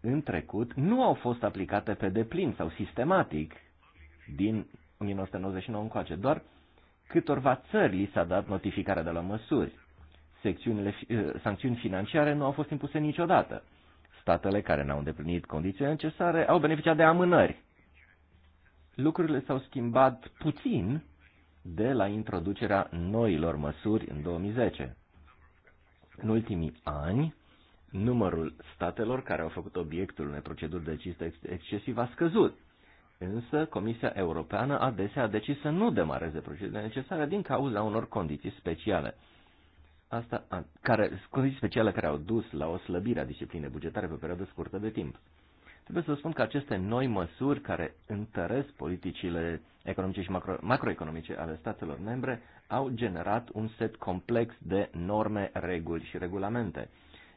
în trecut nu au fost aplicate pe deplin sau sistematic din 1999 încoace, doar câtorva țări li s-a dat notificarea de la măsuri. Secțiunile, uh, sancțiuni financiare nu au fost impuse niciodată statele care n-au îndeplinit condițiile necesare au beneficiat de amânări. Lucrurile s-au schimbat puțin de la introducerea noilor măsuri în 2010. În ultimii ani, numărul statelor care au făcut obiectul unei proceduri de cistă excesiv a scăzut. Însă, Comisia Europeană adesea a decis să nu demareze procedurile necesare din cauza unor condiții speciale asta, a, care, condiții speciale care au dus la o slăbire a disciplinei bugetare pe o perioadă scurtă de timp. Trebuie să spun că aceste noi măsuri care întăresc politicile economice și macro, macroeconomice ale statelor membre au generat un set complex de norme, reguli și regulamente.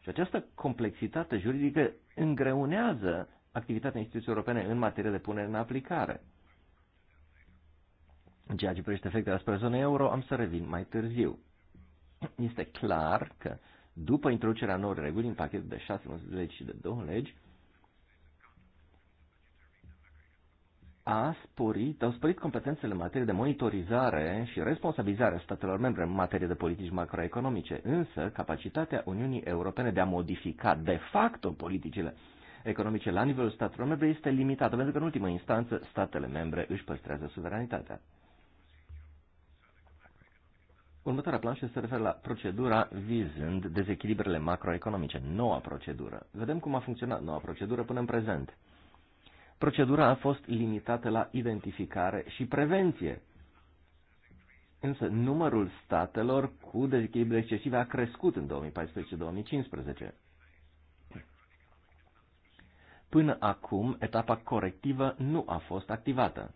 Și această complexitate juridică îngreunează activitatea instituției europene în materie de punere în aplicare. În ceea ce privește efectele asupra zonei euro, am să revin mai târziu este clar că după introducerea noilor reguli în pachetul de 6 legi și de 2 legi, a sporit, au sporit competențele în materie de monitorizare și responsabilizare a statelor membre în materie de politici macroeconomice, însă capacitatea Uniunii Europene de a modifica de facto politicile economice la nivelul statelor membre este limitată, pentru că în ultimă instanță statele membre își păstrează suveranitatea. Următoarea planșă se referă la procedura vizând dezechilibrele macroeconomice, noua procedură. Vedem cum a funcționat noua procedură până în prezent. Procedura a fost limitată la identificare și prevenție. Însă numărul statelor cu dezechilibre excesive a crescut în 2014-2015. Până acum, etapa corectivă nu a fost activată.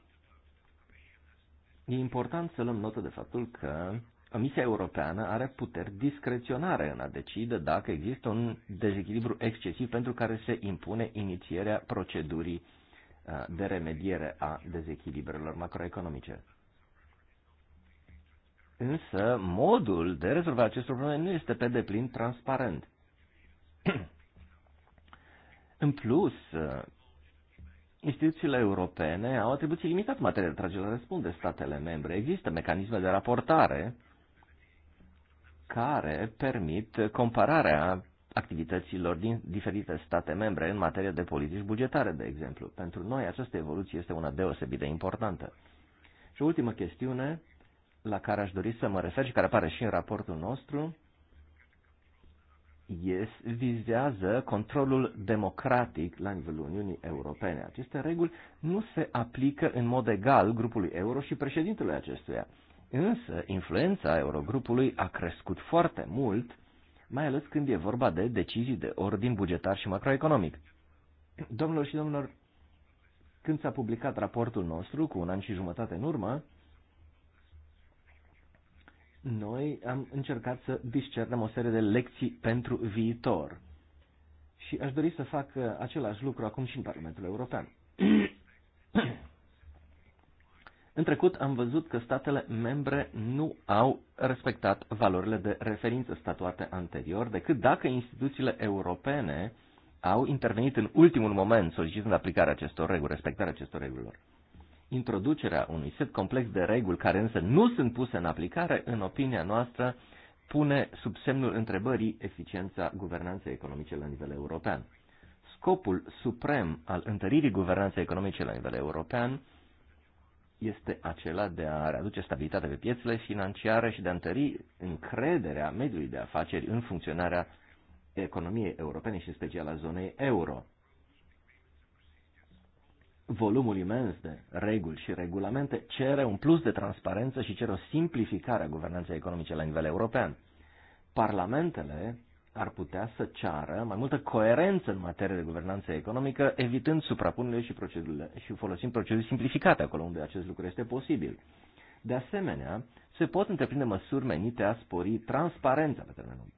E important să luăm notă de faptul că Comisia Europeană are puteri discreționare în a decide dacă există un dezechilibru excesiv pentru care se impune inițierea procedurii uh, de remediere a dezechilibrelor macroeconomice. Însă, modul de rezolvare acestor probleme nu este pe deplin transparent. în plus, uh, instituțiile europene au atribuții limitate în materie de trage la răspunde statele membre. Există mecanisme de raportare care permit compararea activităților din diferite state membre în materie de politici bugetare, de exemplu. Pentru noi această evoluție este una deosebit de importantă. Și o ultimă chestiune la care aș dori să mă refer și care apare și în raportul nostru, yes, vizează controlul democratic la nivelul Uniunii Europene. Aceste reguli nu se aplică în mod egal grupului euro și președintelui acestuia. Însă, influența Eurogrupului a crescut foarte mult, mai ales când e vorba de decizii de ordin bugetar și macroeconomic. Domnilor și domnilor, când s-a publicat raportul nostru, cu un an și jumătate în urmă, noi am încercat să discernăm o serie de lecții pentru viitor. Și aș dori să fac același lucru acum și în Parlamentul European. În trecut am văzut că statele membre nu au respectat valorile de referință statuate anterior, decât dacă instituțiile europene au intervenit în ultimul moment solicitând aplicarea acestor reguli, respectarea acestor regulilor. Introducerea unui set complex de reguli care însă nu sunt puse în aplicare, în opinia noastră, pune sub semnul întrebării eficiența guvernanței economice la nivel european. Scopul suprem al întăririi guvernanței economice la nivel european este acela de a readuce stabilitate pe piețele financiare și de a întări încrederea mediului de afaceri în funcționarea economiei europene și în special a zonei euro. Volumul imens de reguli și regulamente cere un plus de transparență și cere o simplificare a guvernanței economice la nivel european. Parlamentele ar putea să ceară mai multă coerență în materie de guvernanță economică, evitând suprapunerile și, procedurile, și folosind proceduri simplificate acolo unde acest lucru este posibil. De asemenea, se pot întreprinde măsuri menite a spori transparența pe termen lung.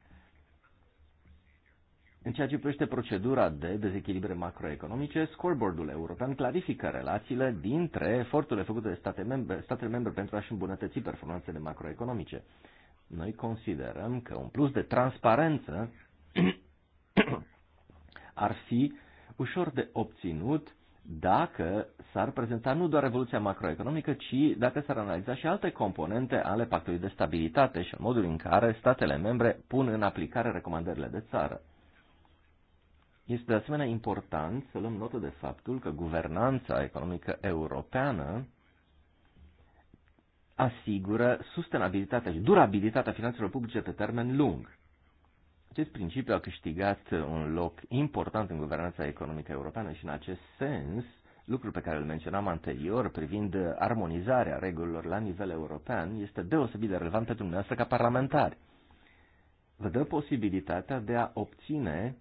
În ceea ce privește procedura de dezechilibre macroeconomice, scoreboardul european clarifică relațiile dintre eforturile făcute de state membre, statele membre pentru a-și îmbunătăți performanțele macroeconomice. Noi considerăm că un plus de transparență ar fi ușor de obținut dacă s-ar prezenta nu doar evoluția macroeconomică, ci dacă s-ar analiza și alte componente ale pactului de stabilitate și modul în care statele membre pun în aplicare recomandările de țară. Este de asemenea important să luăm notă de faptul că guvernanța economică europeană asigură sustenabilitatea și durabilitatea finanțelor publice pe termen lung. Acest principiu a câștigat un loc important în guvernanța economică europeană și în acest sens, lucrul pe care îl menționam anterior privind armonizarea regulilor la nivel european este deosebit de relevant pentru dumneavoastră ca parlamentari. Vă dă posibilitatea de a obține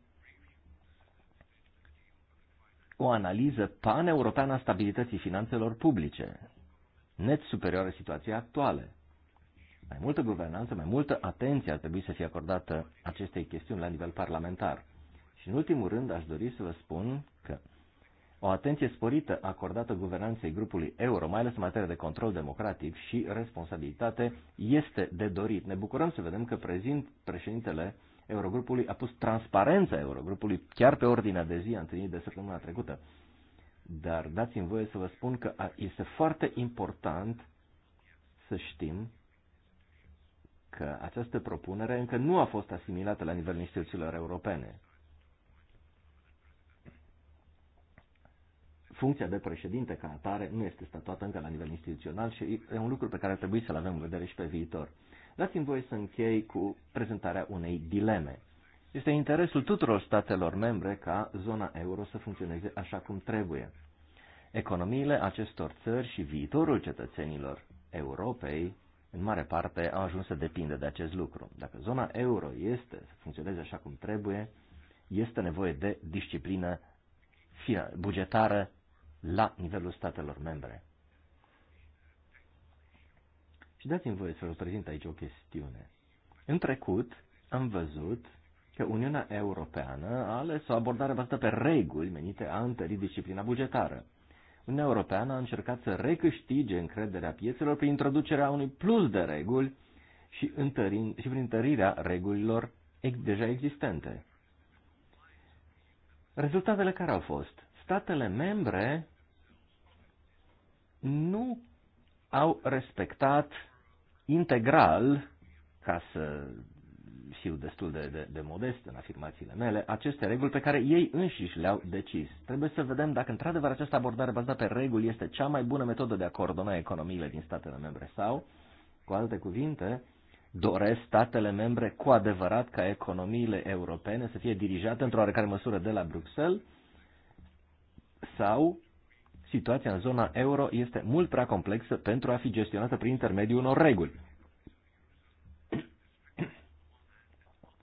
o analiză paneuropeană a stabilității finanțelor publice net superioară situației actuale. Mai multă guvernanță, mai multă atenție ar trebui să fie acordată acestei chestiuni la nivel parlamentar. Și în ultimul rând aș dori să vă spun că o atenție sporită acordată guvernanței grupului euro, mai ales în materie de control democratic și responsabilitate, este de dorit. Ne bucurăm să vedem că prezint președintele Eurogrupului a pus transparența Eurogrupului chiar pe ordinea de zi a întâlnirii de săptămâna trecută. Dar dați-mi voie să vă spun că este foarte important să știm că această propunere încă nu a fost asimilată la nivelul instituțiilor europene. Funcția de președinte ca atare nu este statuată încă la nivel instituțional și e un lucru pe care ar trebui să-l avem în vedere și pe viitor. Dați-mi voie să închei cu prezentarea unei dileme. Este interesul tuturor statelor membre ca zona euro să funcționeze așa cum trebuie. Economiile acestor țări și viitorul cetățenilor Europei, în mare parte, au ajuns să depindă de acest lucru. Dacă zona euro este să funcționeze așa cum trebuie, este nevoie de disciplină bugetară la nivelul statelor membre. Și dați-mi voie să vă prezint aici o chestiune. În trecut am văzut că Uniunea Europeană a ales o abordare bazată pe reguli menite a întări disciplina bugetară. Uniunea Europeană a încercat să recâștige încrederea piețelor prin introducerea unui plus de reguli și, întărin, și prin întărirea regulilor deja existente. Rezultatele care au fost? Statele membre nu au respectat integral, ca să fiu destul de, de, de modest în afirmațiile mele, aceste reguli pe care ei înșiși le-au decis. Trebuie să vedem dacă într-adevăr această abordare bazată pe reguli este cea mai bună metodă de a coordona economiile din statele membre sau, cu alte cuvinte, doresc statele membre cu adevărat ca economiile europene să fie dirijate într-o oarecare măsură de la Bruxelles sau situația în zona euro este mult prea complexă pentru a fi gestionată prin intermediul unor reguli.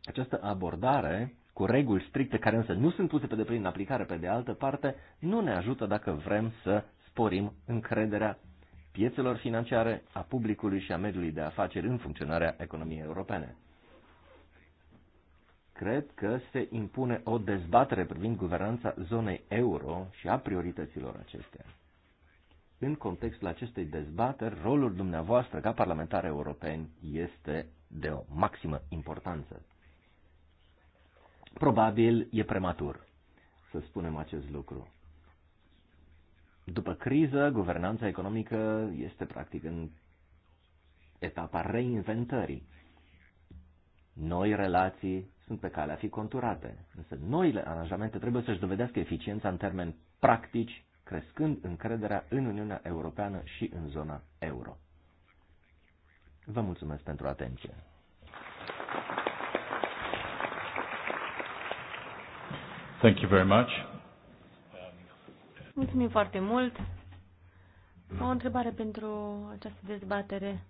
Această abordare cu reguli stricte care însă nu sunt puse pe deplin în aplicare pe de altă parte, nu ne ajută dacă vrem să sporim încrederea piețelor financiare, a publicului și a mediului de afaceri în funcționarea economiei europene. Cred că se impune o dezbatere privind guvernanța zonei euro și a priorităților acestea. În contextul acestei dezbateri, rolul dumneavoastră ca parlamentar europeni este de o maximă importanță. Probabil e prematur să spunem acest lucru. După criză, guvernanța economică este practic în etapa reinventării. Noi relații sunt pe calea a fi conturate, însă noile aranjamente trebuie să-și dovedească eficiența în termeni practici, crescând încrederea în Uniunea Europeană și în zona euro. Vă mulțumesc pentru atenție. Thank you very much. Mulțumim foarte mult. O întrebare pentru această dezbatere.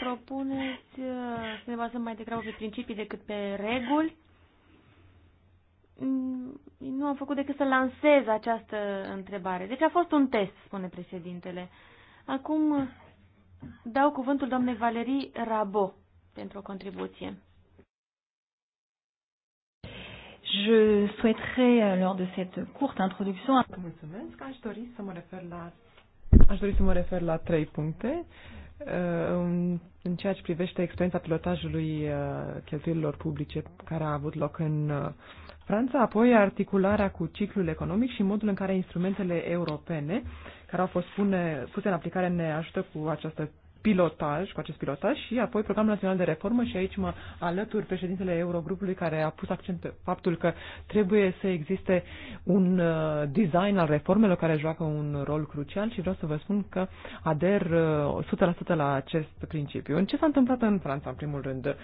Propuneți uh, să ne bazăm mai degrabă pe principii decât pe reguli? Mm, nu am făcut decât să lansez această întrebare. Deci a fost un test, spune președintele. Acum dau cuvântul doamnei Valerii Rabo pentru o contribuție. Je souhaiterais, euh, lors de cette courte introduction... dori să mă aș dori să mă refer la trei puncte. Uh, în ceea ce privește experiența pilotajului uh, cheltuielilor publice care a avut loc în uh, Franța, apoi articularea cu ciclul economic și modul în care instrumentele europene care au fost pune, puse în aplicare ne ajută cu această pilotaj, cu acest pilotaj și apoi Programul Național de Reformă și aici mă alătur președintele Eurogrupului care a pus accent pe faptul că trebuie să existe un uh, design al reformelor care joacă un rol crucial și vreau să vă spun că ader 100% uh, la acest principiu. În ce s-a întâmplat în Franța, în primul rând?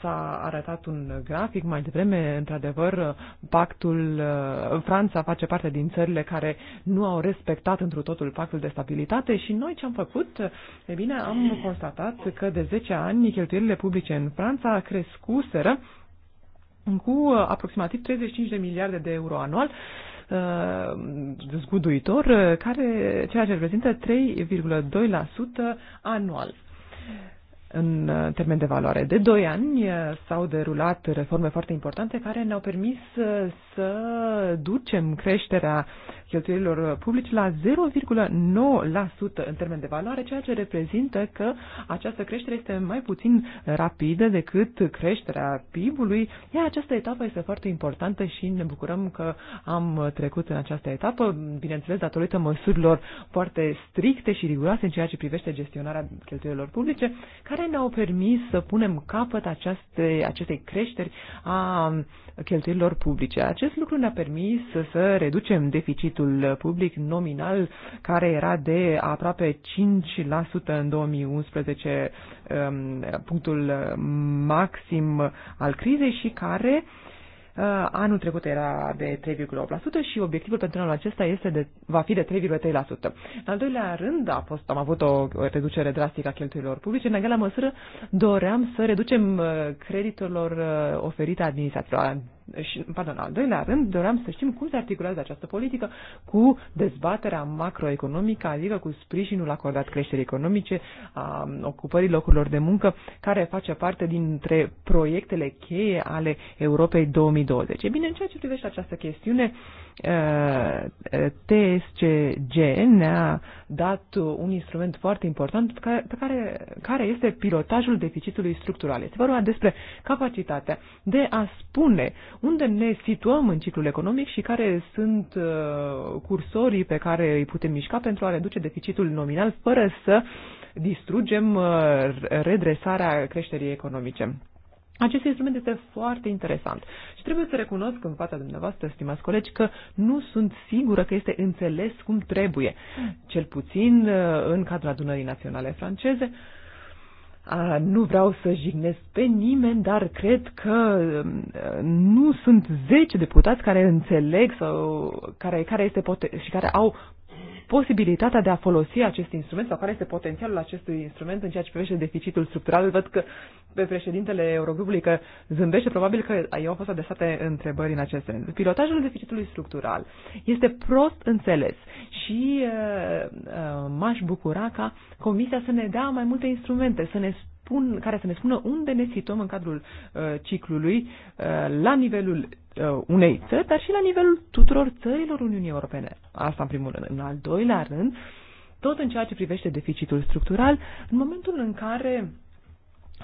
S-a arătat un grafic mai devreme, într-adevăr, pactul, Franța face parte din țările care nu au respectat întru totul pactul de stabilitate și noi ce am făcut? E bine, am constatat că de 10 ani cheltuielile publice în Franța crescuseră cu aproximativ 35 de miliarde de euro anual, zguduitor, care, ceea ce reprezintă 3,2% anual în uh, termen de valoare. De doi ani uh, s-au derulat reforme foarte importante care ne-au permis uh, să ducem creșterea cheltuielilor publice la 0,9% în termen de valoare, ceea ce reprezintă că această creștere este mai puțin rapidă decât creșterea PIB-ului, iar această etapă este foarte importantă și ne bucurăm că am trecut în această etapă, bineînțeles datorită măsurilor foarte stricte și riguroase în ceea ce privește gestionarea cheltuielilor publice, care ne-au permis să punem capăt aceste, acestei creșteri a cheltuielilor publice. Acest lucru ne-a permis să, să reducem deficitul public nominal, care era de aproape 5% în 2011, um, punctul maxim al crizei și care Uh, anul trecut era de 3,8% și obiectivul pentru anul acesta este de, va fi de 3,3%. În al doilea rând a fost, am avut o reducere drastică a cheltuielor publice. În egală măsură doream să reducem uh, creditelor uh, oferite administrațiilor și, pardon, al doilea rând, doream să știm cum se articulează această politică cu dezbaterea macroeconomică, adică cu sprijinul acordat creșterii economice, a ocupării locurilor de muncă, care face parte dintre proiectele cheie ale Europei 2020. E bine, în ceea ce privește această chestiune, TSCG ne-a dat un instrument foarte important pe care, care este pilotajul deficitului structural. Este vorba despre capacitatea de a spune unde ne situăm în ciclul economic și care sunt uh, cursorii pe care îi putem mișca pentru a reduce deficitul nominal fără să distrugem uh, redresarea creșterii economice. Acest instrument este foarte interesant și trebuie să recunosc în fața dumneavoastră, stimați colegi, că nu sunt sigură că este înțeles cum trebuie, cel puțin uh, în cadrul adunării naționale franceze, nu vreau să jignesc pe nimeni, dar cred că um, nu sunt zece deputați care înțeleg sau care, care este pote- și care au posibilitatea de a folosi acest instrument sau care este potențialul acestui instrument în ceea ce privește deficitul structural. Văd că pe președintele Eurogrupului că zâmbește, probabil că eu au fost adresate întrebări în acest sens. Pilotajul deficitului structural este prost înțeles și uh, uh, m-aș bucura ca Comisia să ne dea mai multe instrumente, să ne spun, care să ne spună unde ne situăm în cadrul uh, ciclului uh, la nivelul uh, unei țări, dar și la nivelul tuturor țărilor Uniunii Europene. Asta în primul rând. În al doilea rând, tot în ceea ce privește deficitul structural, în momentul în care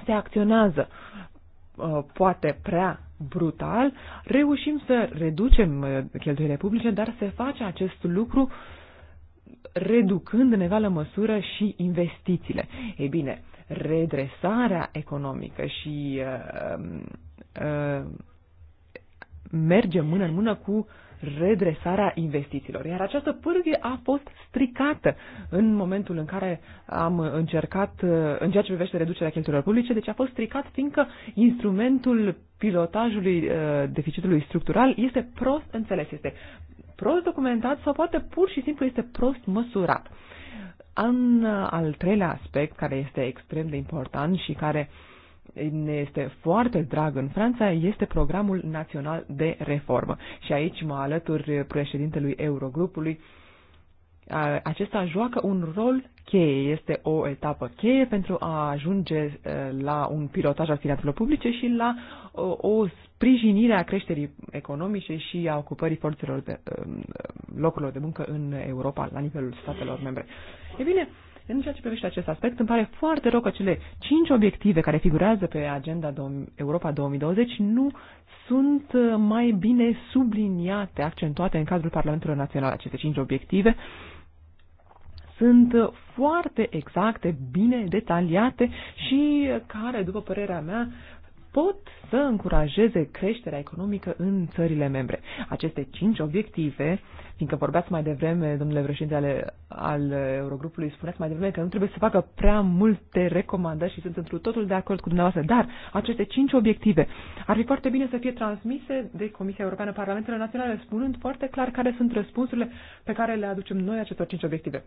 se acționează uh, poate prea brutal, reușim să reducem uh, cheltuielile publice, dar se face acest lucru reducând în egală măsură și investițiile. Ei bine, redresarea economică și um, um, merge mână în mână cu redresarea investițiilor. Iar această pârghie a fost stricată în momentul în care am încercat, uh, în ceea ce privește reducerea cheltuielor publice, deci a fost stricat fiindcă instrumentul pilotajului uh, deficitului structural este prost înțeles, este prost documentat sau poate pur și simplu este prost măsurat. În al treilea aspect, care este extrem de important și care ne este foarte drag în Franța, este programul național de reformă. Și aici mă alătur președintelui Eurogrupului, acesta joacă un rol cheie, este o etapă cheie pentru a ajunge eh, la un pilotaj al finanțelor publice și la o, sprijinire a creșterii economice și a ocupării forțelor de eh, locurilor de muncă în Europa la nivelul statelor membre. E bine, în ceea ce privește acest aspect, îmi pare foarte rău că cele cinci obiective care figurează pe agenda Europa 2020 nu sunt eh, mai bine subliniate, accentuate în cadrul Parlamentului Național. Aceste cinci obiective sunt foarte exacte, bine detaliate și care, după părerea mea, pot să încurajeze creșterea economică în țările membre. Aceste cinci obiective, fiindcă vorbeați mai devreme, domnule președinte ale, al Eurogrupului, spuneați mai devreme că nu trebuie să facă prea multe recomandări și sunt într totul de acord cu dumneavoastră, dar aceste cinci obiective ar fi foarte bine să fie transmise de Comisia Europeană Parlamentele Naționale, spunând foarte clar care sunt răspunsurile pe care le aducem noi acestor cinci obiective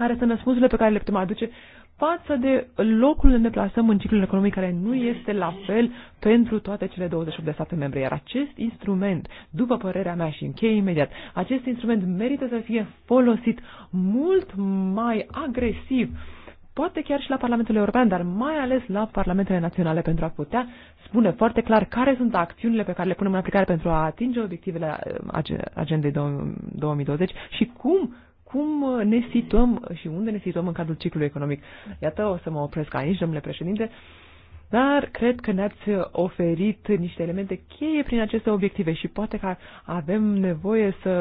care sunt răspunsurile pe care le putem aduce față de locul unde ne plasăm în ciclul economic care nu este la fel pentru toate cele 28 de state membre. Iar acest instrument, după părerea mea și închei imediat, acest instrument merită să fie folosit mult mai agresiv poate chiar și la Parlamentul European, dar mai ales la Parlamentele Naționale pentru a putea spune foarte clar care sunt acțiunile pe care le punem în aplicare pentru a atinge obiectivele uh, agendei 2020 și cum cum ne situăm și unde ne situăm în cadrul ciclului economic. Iată, o să mă opresc aici, domnule președinte, dar cred că ne-ați oferit niște elemente cheie prin aceste obiective și poate că avem nevoie să,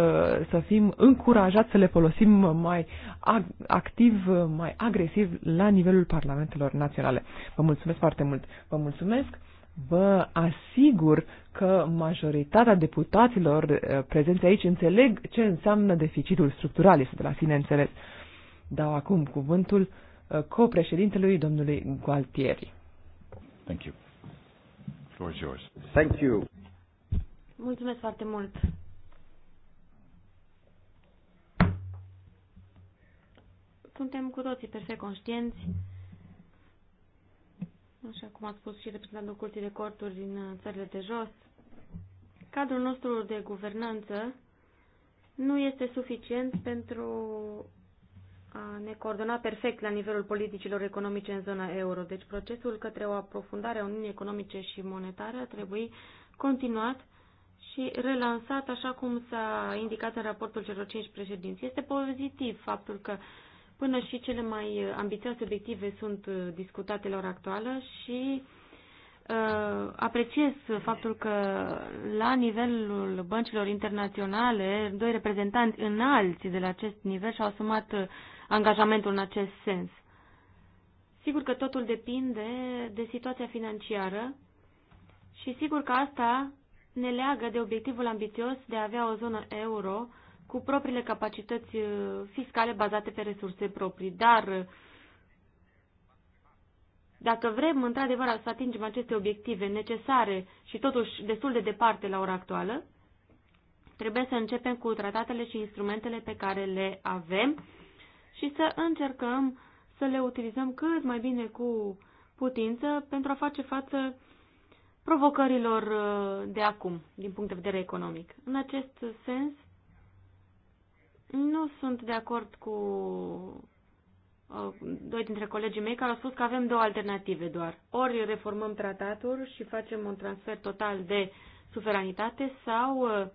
să fim încurajați să le folosim mai ag- activ, mai agresiv la nivelul parlamentelor naționale. Vă mulțumesc foarte mult! Vă mulțumesc! vă asigur că majoritatea deputaților eh, prezenți aici înțeleg ce înseamnă deficitul structural, este de la sine înțeles. Dau acum cuvântul eh, copreședintelui domnului Gualtieri. Thank you. Floor is yours. Thank you. Mulțumesc foarte mult. Suntem cu toții perfect conștienți așa cum a spus și reprezentantul Curții de Corturi din uh, țările de jos, cadrul nostru de guvernanță nu este suficient pentru a ne coordona perfect la nivelul politicilor economice în zona euro. Deci procesul către o aprofundare a Uniunii Economice și Monetare trebuie continuat și relansat așa cum s-a indicat în raportul celor cinci președinți. Este pozitiv faptul că uh, până și cele mai ambițioase obiective sunt uh, discutate la ora actuală și uh, apreciez faptul că la nivelul băncilor internaționale, doi reprezentanți înalți de la acest nivel și-au asumat uh, angajamentul în acest sens. Sigur că totul depinde de situația financiară și sigur că asta ne leagă de obiectivul ambițios de a avea o zonă euro uh, cu propriile capacități uh, fiscale bazate pe resurse proprii. Dar uh, dacă vrem într-adevăr să atingem aceste obiective necesare și totuși destul de departe la ora actuală, trebuie să începem cu tratatele și instrumentele pe care le avem și să încercăm să le utilizăm cât mai bine cu putință pentru a face față provocărilor uh, de acum, din punct de vedere economic. În acest sens, nu sunt de acord cu uh, doi dintre colegii mei care au spus că avem două alternative doar. Ori reformăm tratatul și facem un transfer total de suveranitate sau uh,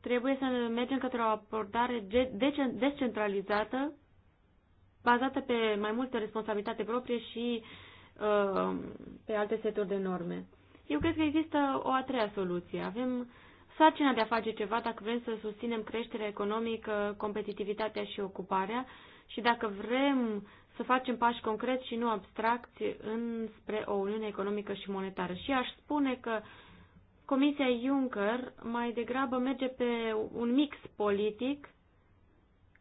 trebuie să mergem către o abordare descentralizată bazată pe mai multe responsabilitate proprie și uh, pe alte seturi de norme. Eu cred că există o a treia soluție. Avem sarcina de a face ceva dacă vrem să susținem creșterea economică, competitivitatea și ocuparea și dacă vrem să facem pași concreți și nu abstracți înspre o uniune economică și monetară. Și aș spune că Comisia Juncker mai degrabă merge pe un mix politic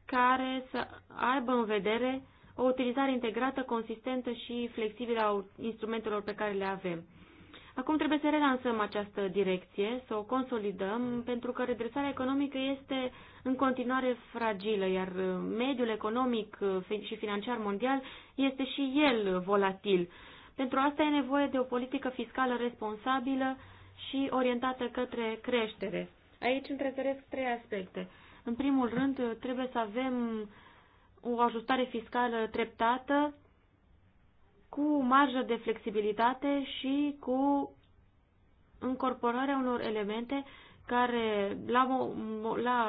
care să aibă în vedere o utilizare integrată, consistentă și flexibilă a instrumentelor pe care le avem. Acum trebuie să relansăm această direcție, să o consolidăm, pentru că redresarea economică este în continuare fragilă, iar uh, mediul economic uh, și financiar mondial este și el volatil. Pentru asta e nevoie de o politică fiscală responsabilă și orientată către creștere. Aici întrezăresc trei aspecte. În primul rând, uh, trebuie să avem o ajustare fiscală treptată, cu marjă de flexibilitate și cu încorporarea unor elemente care la, la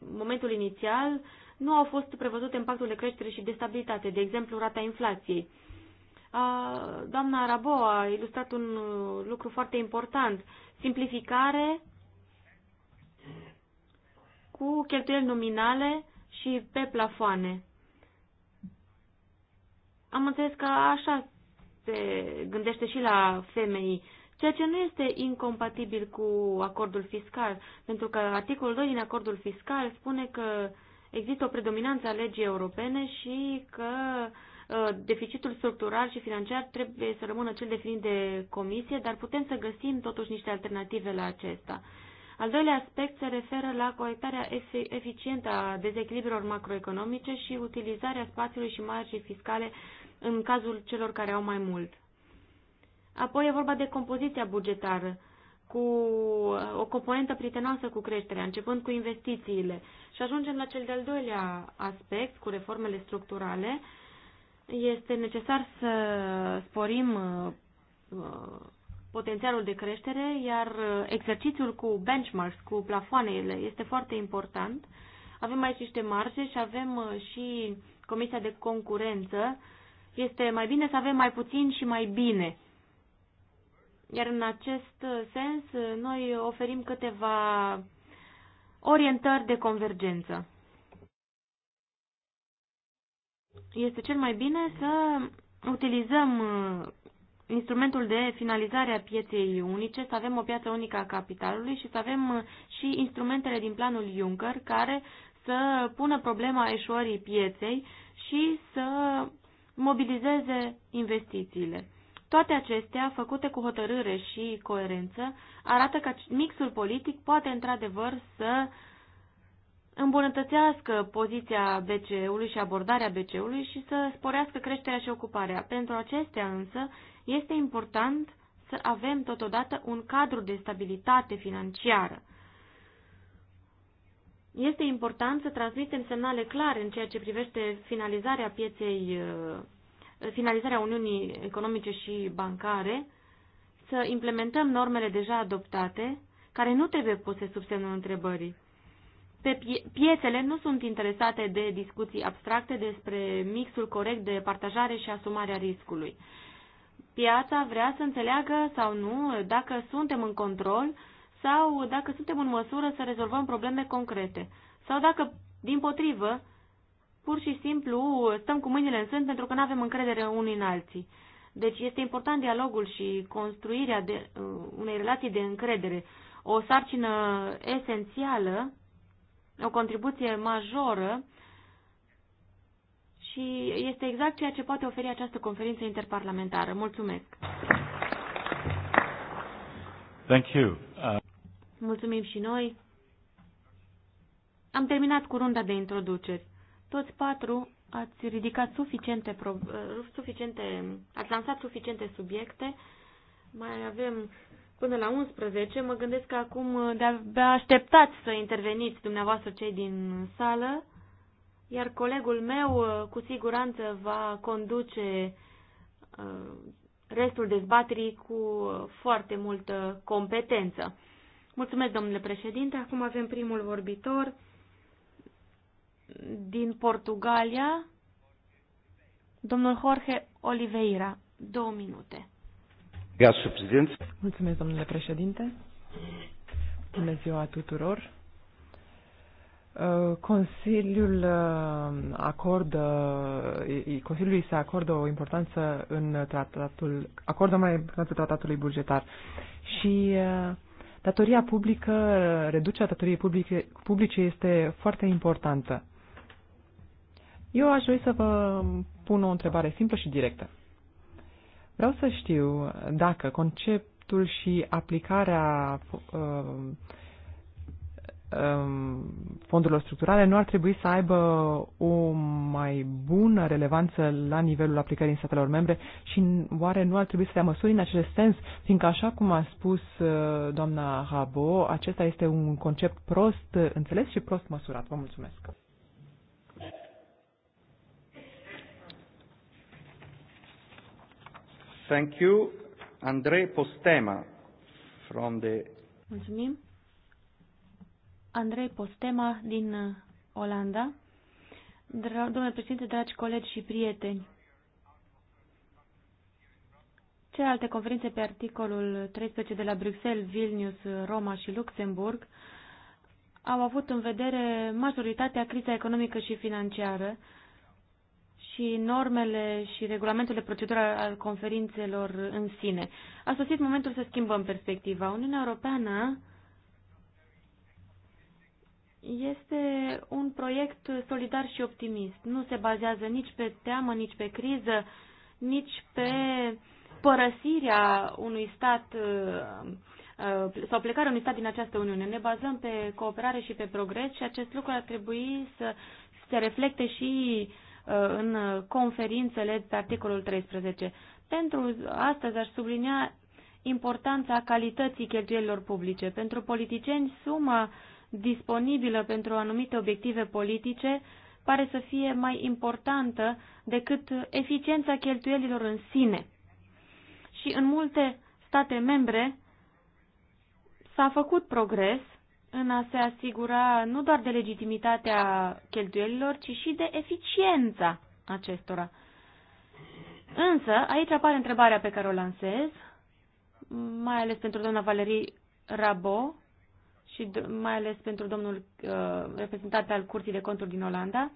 momentul inițial nu au fost prevăzute în pactul de creștere și de stabilitate, de exemplu rata inflației. A, doamna Rabo a ilustrat un lucru foarte important, simplificare cu cheltuieli nominale și pe plafoane am înțeles că așa se gândește și la femei, ceea ce nu este incompatibil cu acordul fiscal, pentru că articolul 2 din acordul fiscal spune că există o predominanță a legii europene și că uh, deficitul structural și financiar trebuie să rămână cel definit de comisie, dar putem să găsim totuși niște alternative la acesta. Al doilea aspect se referă la corectarea eficientă a dezechilibrilor macroeconomice și utilizarea spațiului și marjei fiscale în cazul celor care au mai mult. Apoi e vorba de compoziția bugetară cu o componentă prietenoasă cu creșterea, începând cu investițiile. Și ajungem la cel de-al doilea aspect, cu reformele structurale. Este necesar să sporim uh, potențialul de creștere, iar uh, exercițiul cu benchmarks, cu plafoanele, este foarte important. Avem aici niște marge și avem uh, și Comisia de Concurență. Este mai bine să avem mai puțin și mai bine. Iar în acest uh, sens, noi oferim câteva orientări de convergență. Este cel mai bine să utilizăm instrumentul de finalizare a pieței unice, să avem o piață unică a capitalului și să avem uh, și instrumentele din planul Juncker care să pună problema eșorii pieței și să mobilizeze investițiile. Toate acestea, făcute cu hotărâre și coerență, arată că mixul politic poate într-adevăr să îmbunătățească poziția BCE-ului și abordarea BCE-ului și să sporească creșterea și ocuparea. Pentru acestea însă este important să avem totodată un cadru de stabilitate financiară. Este important să transmitem semnale clare în ceea ce privește finalizarea pieței, uh, finalizarea Uniunii Economice și Bancare, să implementăm normele deja adoptate, care nu trebuie puse sub semnul întrebării. Pe piețele nu sunt interesate de discuții abstracte despre mixul corect de partajare și asumarea riscului. Piața vrea să înțeleagă sau nu dacă suntem în control sau dacă suntem în măsură să rezolvăm probleme concrete. Sau dacă, din potrivă, pur și simplu stăm cu mâinile în sân pentru că nu avem încredere unii în alții. Deci este important dialogul și construirea de, uh, unei relații de încredere. O sarcină esențială, o contribuție majoră și este exact ceea ce poate oferi această conferință interparlamentară. Mulțumesc! Thank you. Uh... Mulțumim și noi. Am terminat cu runda de introduceri. Toți patru ați ridicat suficiente, pro... Uh, suficiente ați lansat suficiente subiecte. Mai avem până la 11. Mă gândesc că acum de-abia așteptați să interveniți dumneavoastră cei din sală iar colegul meu uh, cu siguranță va conduce uh, restul dezbaterii cu uh, foarte multă competență. Mulțumesc, domnule președinte. Acum avem primul vorbitor din Portugalia, domnul Jorge Oliveira. Două minute. Mulțumesc, domnule președinte. Bună ziua tuturor. Uh, Consiliul uh, acordă, uh, Consiliului se acordă o importanță în tratatul, acordă mai importanță tratatului bugetar și datoria publică, reducerea datoriei publice, publice este foarte importantă. Eu aș vrea să vă pun o întrebare simplă și directă. Vreau să știu dacă conceptul și aplicarea uh, Um, fondurilor structurale nu ar trebui să aibă o mai bună relevanță la nivelul aplicării în statelor membre și oare nu ar trebui să dea măsuri în acest sens, fiindcă așa cum a spus uh, doamna Rabo, acesta este un concept prost înțeles și prost măsurat. Vă mulțumesc! Thank you. Andrei Postema from the Mulțumim. Andrei Postema din uh, Olanda. Domnule președinte, dragi colegi și prieteni, celelalte conferințe pe articolul 13 de la Bruxelles, Vilnius, Roma și Luxemburg au avut în vedere majoritatea criza economică și financiară și normele și regulamentele procedură al conferințelor în sine. A sosit momentul să schimbăm perspectiva. Uniunea Europeană este un proiect solidar și optimist. Nu se bazează nici pe teamă, nici pe criză, nici pe părăsirea unui stat uh, uh, sau plecarea unui stat din această Uniune. Ne bazăm pe cooperare și pe progres și acest lucru ar trebui să se reflecte și uh, în conferințele pe articolul 13. Pentru astăzi aș sublinia importanța calității cheltuielilor publice. Pentru politicieni, suma uh, disponibilă pentru anumite obiective politice pare să fie mai importantă decât eficiența cheltuielilor în sine. Și în multe state membre s-a făcut progres în a se asigura nu doar de legitimitatea cheltuielilor, ci și de eficiența acestora. Însă, aici apare întrebarea pe care o lansez, mai ales pentru doamna Valerie Rabot, și mai ales pentru domnul uh, reprezentant al Curții de Conturi din Olanda,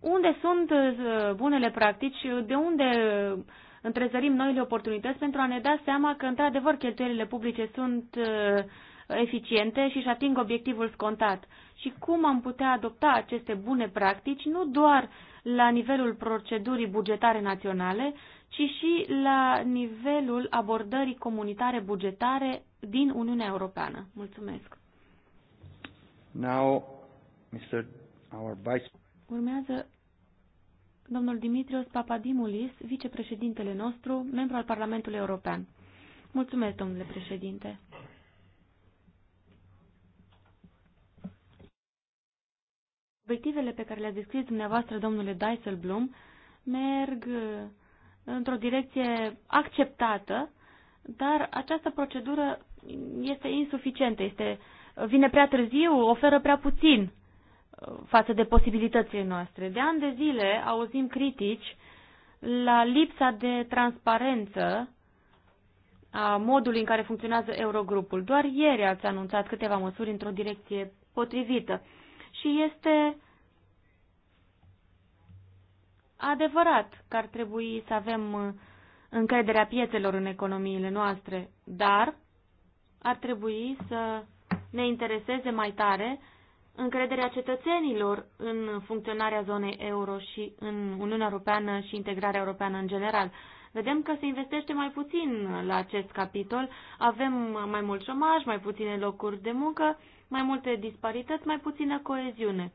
unde sunt uh, bunele practici, de unde uh, întrezărim noile oportunități pentru a ne da seama că, într-adevăr, cheltuielile publice sunt uh, eficiente și își ating obiectivul scontat și cum am putea adopta aceste bune practici nu doar la nivelul procedurii bugetare naționale, ci și la nivelul abordării comunitare bugetare din Uniunea Europeană. Mulțumesc. Now, Mr. Our Vice... Urmează domnul Dimitrios Papadimulis, vicepreședintele nostru, membru al Parlamentului European. Mulțumesc, domnule președinte. Obiectivele pe care le-a descris dumneavoastră, domnule Dijsselbloem, merg uh, într-o direcție acceptată dar această procedură este insuficientă, este, vine prea târziu, oferă prea puțin uh, față de posibilitățile noastre. De ani de zile auzim critici la lipsa de transparență a modului în care funcționează Eurogrupul. Doar ieri ați anunțat câteva măsuri într-o direcție potrivită. Și este adevărat că ar trebui să avem uh, încrederea piețelor în economiile noastre, dar ar trebui să ne intereseze mai tare încrederea cetățenilor în funcționarea zonei euro și în Uniunea Europeană și integrarea europeană în general. Vedem că se investește mai puțin la acest capitol, avem mai mult șomaj, mai puține locuri de muncă, mai multe disparități, mai puțină coeziune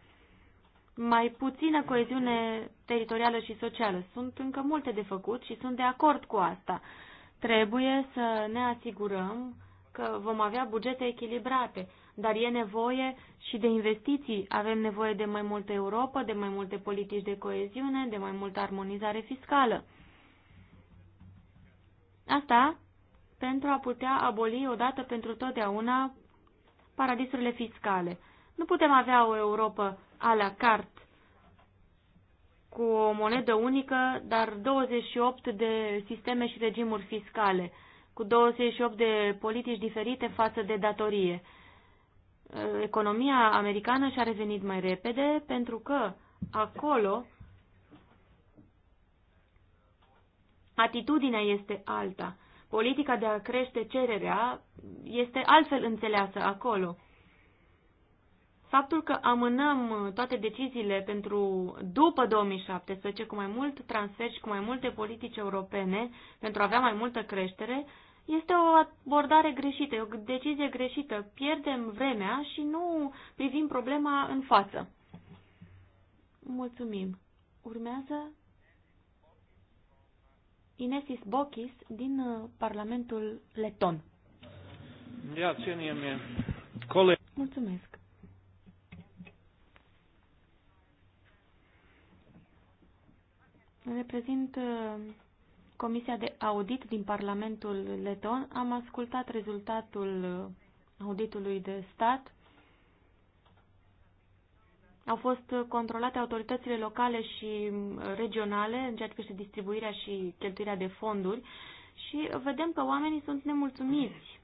mai puțină coeziune teritorială și socială. Sunt încă multe de făcut și sunt de acord cu asta. Trebuie să ne asigurăm că vom avea bugete echilibrate, dar e nevoie și de investiții. Avem nevoie de mai multă Europa, de mai multe politici de coeziune, de mai multă armonizare fiscală. Asta pentru a putea aboli odată pentru totdeauna paradisurile fiscale. Nu putem avea o Europa a la carte cu o monedă unică, dar 28 de sisteme și regimuri fiscale, cu 28 de politici diferite față de datorie. Economia americană și-a revenit mai repede pentru că acolo atitudinea este alta. Politica de a crește cererea este altfel înțeleasă acolo faptul că amânăm uh, toate deciziile pentru după 2017, cu mai mult transfer și cu mai multe politici europene, pentru a avea mai multă creștere, este o abordare greșită, o decizie greșită. Pierdem vremea și nu privim problema în față. Mulțumim. Urmează Inesis Bokis din uh, Parlamentul Leton. Mulțumesc. Reprezint uh, Comisia de Audit din Parlamentul Leton. Am ascultat rezultatul uh, auditului de stat. Au fost controlate autoritățile locale și uh, regionale în ceea ce privește distribuirea și cheltuirea de fonduri și vedem că oamenii sunt nemulțumiți.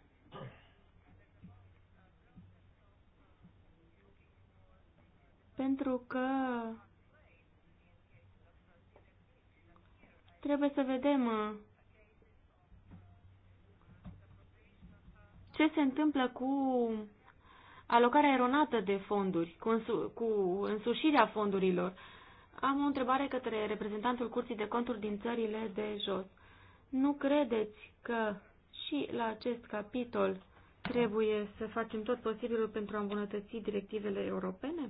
Pentru că Trebuie să vedem uh, ce se întâmplă cu alocarea eronată de fonduri, cu, însu- cu însușirea fondurilor. Am o întrebare către reprezentantul Curții de Conturi din țările de jos. Nu credeți că și la acest capitol trebuie să facem tot posibilul pentru a îmbunătăți directivele europene?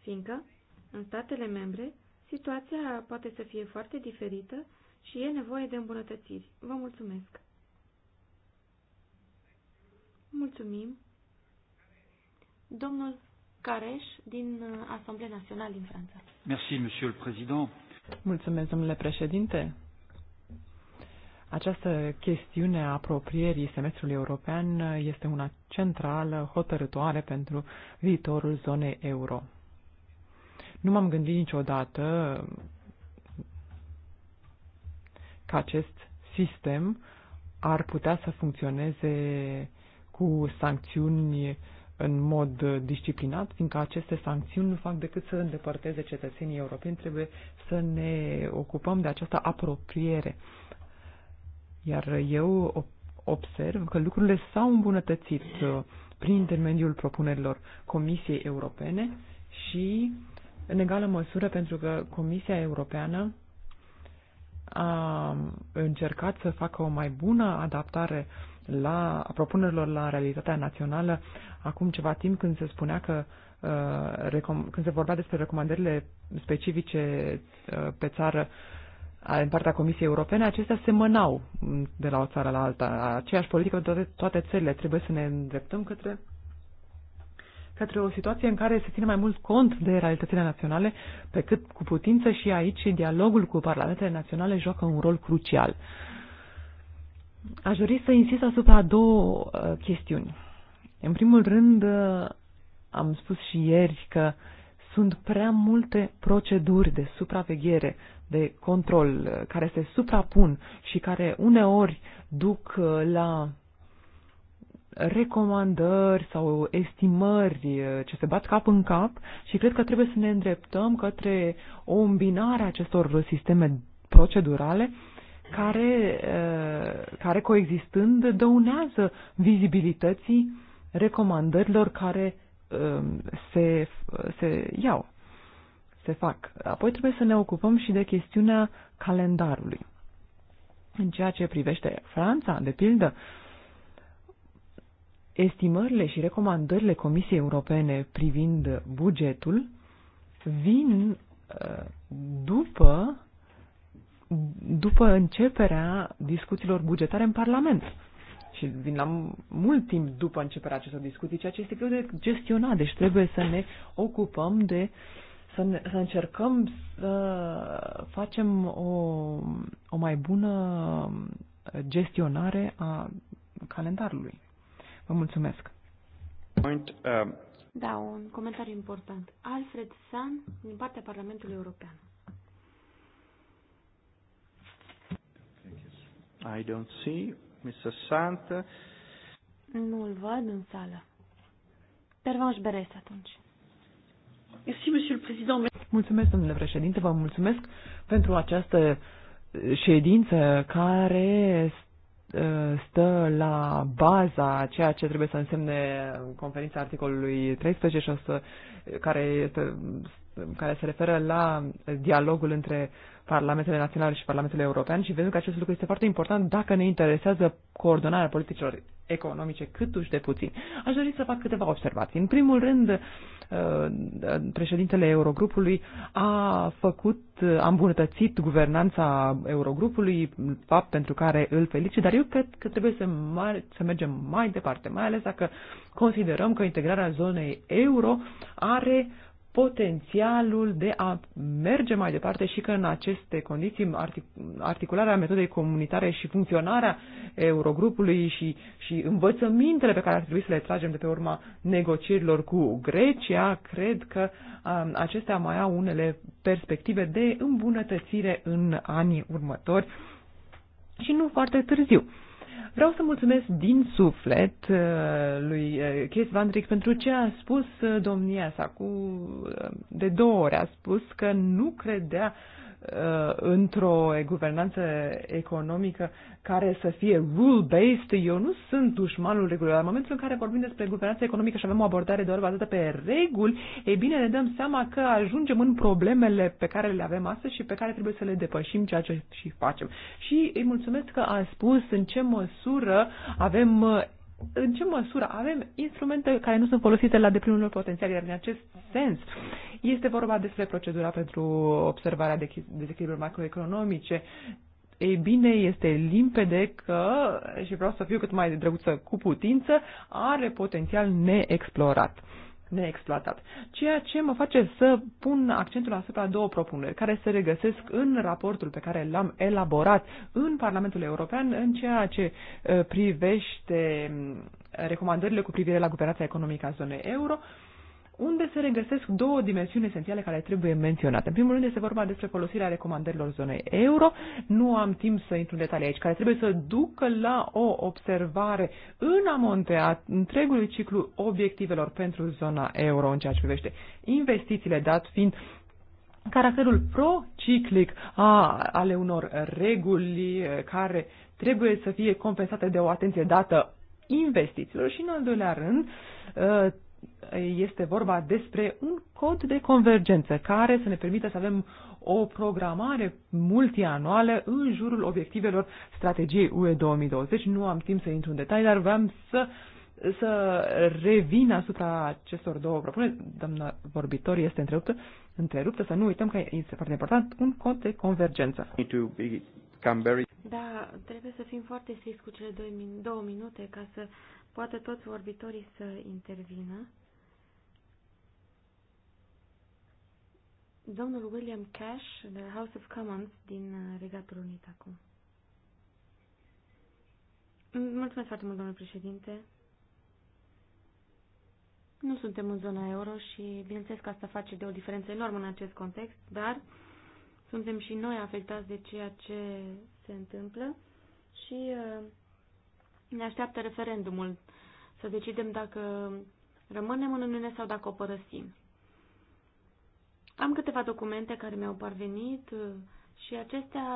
Fiindcă, în statele membre, Situația poate să fie foarte diferită și e nevoie de îmbunătățiri. Vă mulțumesc! Mulțumim! Domnul Careș din Asamblea Națională din Franța. Merci, Monsieur le Président. Mulțumesc, domnule președinte. Această chestiune a apropierii semestrului european este una centrală, hotărătoare pentru viitorul zonei euro. Nu m-am gândit niciodată că acest sistem ar putea să funcționeze cu sancțiuni în mod disciplinat, fiindcă aceste sancțiuni nu fac decât să îndepărteze cetățenii europeni. Trebuie să ne ocupăm de această apropiere. Iar eu observ că lucrurile s-au îmbunătățit prin intermediul propunerilor Comisiei Europene și în egală măsură pentru că Comisia Europeană a încercat să facă o mai bună adaptare la, a propunerilor la realitatea națională acum ceva timp când se spunea că uh, când se vorbea despre recomandările specifice uh, pe țară în partea Comisiei Europene, acestea se mănau de la o țară la alta. Aceeași politică de toate, toate țările. Trebuie să ne îndreptăm către către o situație în care se ține mai mult cont de realitățile naționale, pe cât cu putință și aici dialogul cu parlamentele naționale joacă un rol crucial. Aș dori să insist asupra două uh, chestiuni. În primul rând, uh, am spus și ieri că sunt prea multe proceduri de supraveghere, de control, uh, care se suprapun și care uneori duc la recomandări sau estimări eh, ce se bat cap în cap și cred că trebuie să ne îndreptăm către o îmbinare a acestor sisteme procedurale care, eh, care coexistând dăunează vizibilității recomandărilor care eh, se, se iau, se fac. Apoi trebuie să ne ocupăm și de chestiunea calendarului. În ceea ce privește Franța, de pildă, uh, estimările și recomandările Comisiei Europene privind bugetul vin uh, după, după începerea discuțiilor bugetare în Parlament. Și vin la mult timp după începerea acestor discuții, ceea ce este greu de gestionat. Deci trebuie să ne ocupăm de să, ne, să încercăm să facem o, o mai bună gestionare a calendarului. Vă mulțumesc. Point, uh... Da, un comentariu important. Alfred San, din partea Parlamentului European. I don't see Mr. Sant. Nu-l văd în sală. Pervanș Beres atunci. Merci, Monsieur le Président. Mulțumesc, domnule președinte, vă mulțumesc pentru această ședință care Uh, stă la baza ceea ce trebuie să însemne conferința articolului 13 și o să, care este care se referă la dialogul între Parlamentele Naționale și Parlamentele European și vedem că acest lucru este foarte important dacă ne interesează coordonarea politicilor economice cât uși de puțin. Aș dori să fac câteva observații. În primul rând, uh, președintele Eurogrupului a făcut, a îmbunătățit guvernanța Eurogrupului, fapt pentru care îl felicit, dar eu cred că trebuie să, mai, să mergem mai departe, mai ales dacă considerăm că integrarea zonei euro are potențialul de a merge mai departe și că în aceste condiții articularea metodei comunitare și funcționarea Eurogrupului și, și învățămintele pe care ar trebui să le tragem de pe urma negocierilor cu Grecia, cred că um, acestea mai au unele perspective de îmbunătățire în anii următori și nu foarte târziu. Vreau să mulțumesc din suflet uh, lui uh, Chris Vandrix pentru ce a spus uh, domnia sa. Cu, de două ori a spus că nu credea uh, Uh, într-o guvernanță economică care să fie rule-based, eu nu sunt dușmanul regulilor. În momentul în care vorbim despre guvernanță economică și avem o abordare doar bazată pe reguli, e bine, ne dăm seama că ajungem în problemele pe care le avem astăzi și pe care trebuie să le depășim, ceea ce și facem. Și îi mulțumesc că a spus în ce măsură avem uh, în ce măsură avem instrumente care nu sunt folosite la deplinul lor potențial, iar în acest sens este vorba despre procedura pentru observarea dezechilibrilor macroeconomice. Ei bine, este limpede că, și vreau să fiu cât mai drăguță cu putință, are potențial neexplorat neexploatat. Ceea ce mă face să pun accentul asupra două propuneri care se regăsesc în raportul pe care l-am elaborat în Parlamentul European în ceea ce privește mm, recomandările cu privire la guvernanța economică a zonei euro unde se regăsesc două dimensiuni esențiale care trebuie menționate. În primul rând este vorba despre folosirea recomandărilor zonei euro. Nu am timp să intru în detalii aici, care trebuie să ducă la o observare în amonte a întregului ciclu obiectivelor pentru zona euro în ceea ce privește investițiile, dat fiind caracterul prociclic a, ale unor reguli care trebuie să fie compensate de o atenție dată investițiilor și, în al doilea rând, ă, este vorba despre un cod de convergență care să ne permită să avem o programare multianuală în jurul obiectivelor strategiei UE 2020. Nu am timp să intru în detalii, dar vreau să să revin asupra acestor două propuneri. Doamna vorbitor este întreruptă, întreruptă, să nu uităm că este foarte important un cod de convergență. Da, trebuie să fim foarte stricți cu cele două minute ca să poată toți vorbitorii să intervină. Domnul William Cash, de House of Commons, din uh, Regatul Unit acum. Mulțumesc foarte mult, domnule președinte. Nu suntem în zona euro și, bineînțeles că asta face de o diferență enormă în acest context, dar suntem și noi afectați de ceea ce se întâmplă și uh, ne așteaptă referendumul să decidem dacă rămânem în Uniune sau dacă o părăsim. Am câteva documente care mi-au parvenit uh, și acestea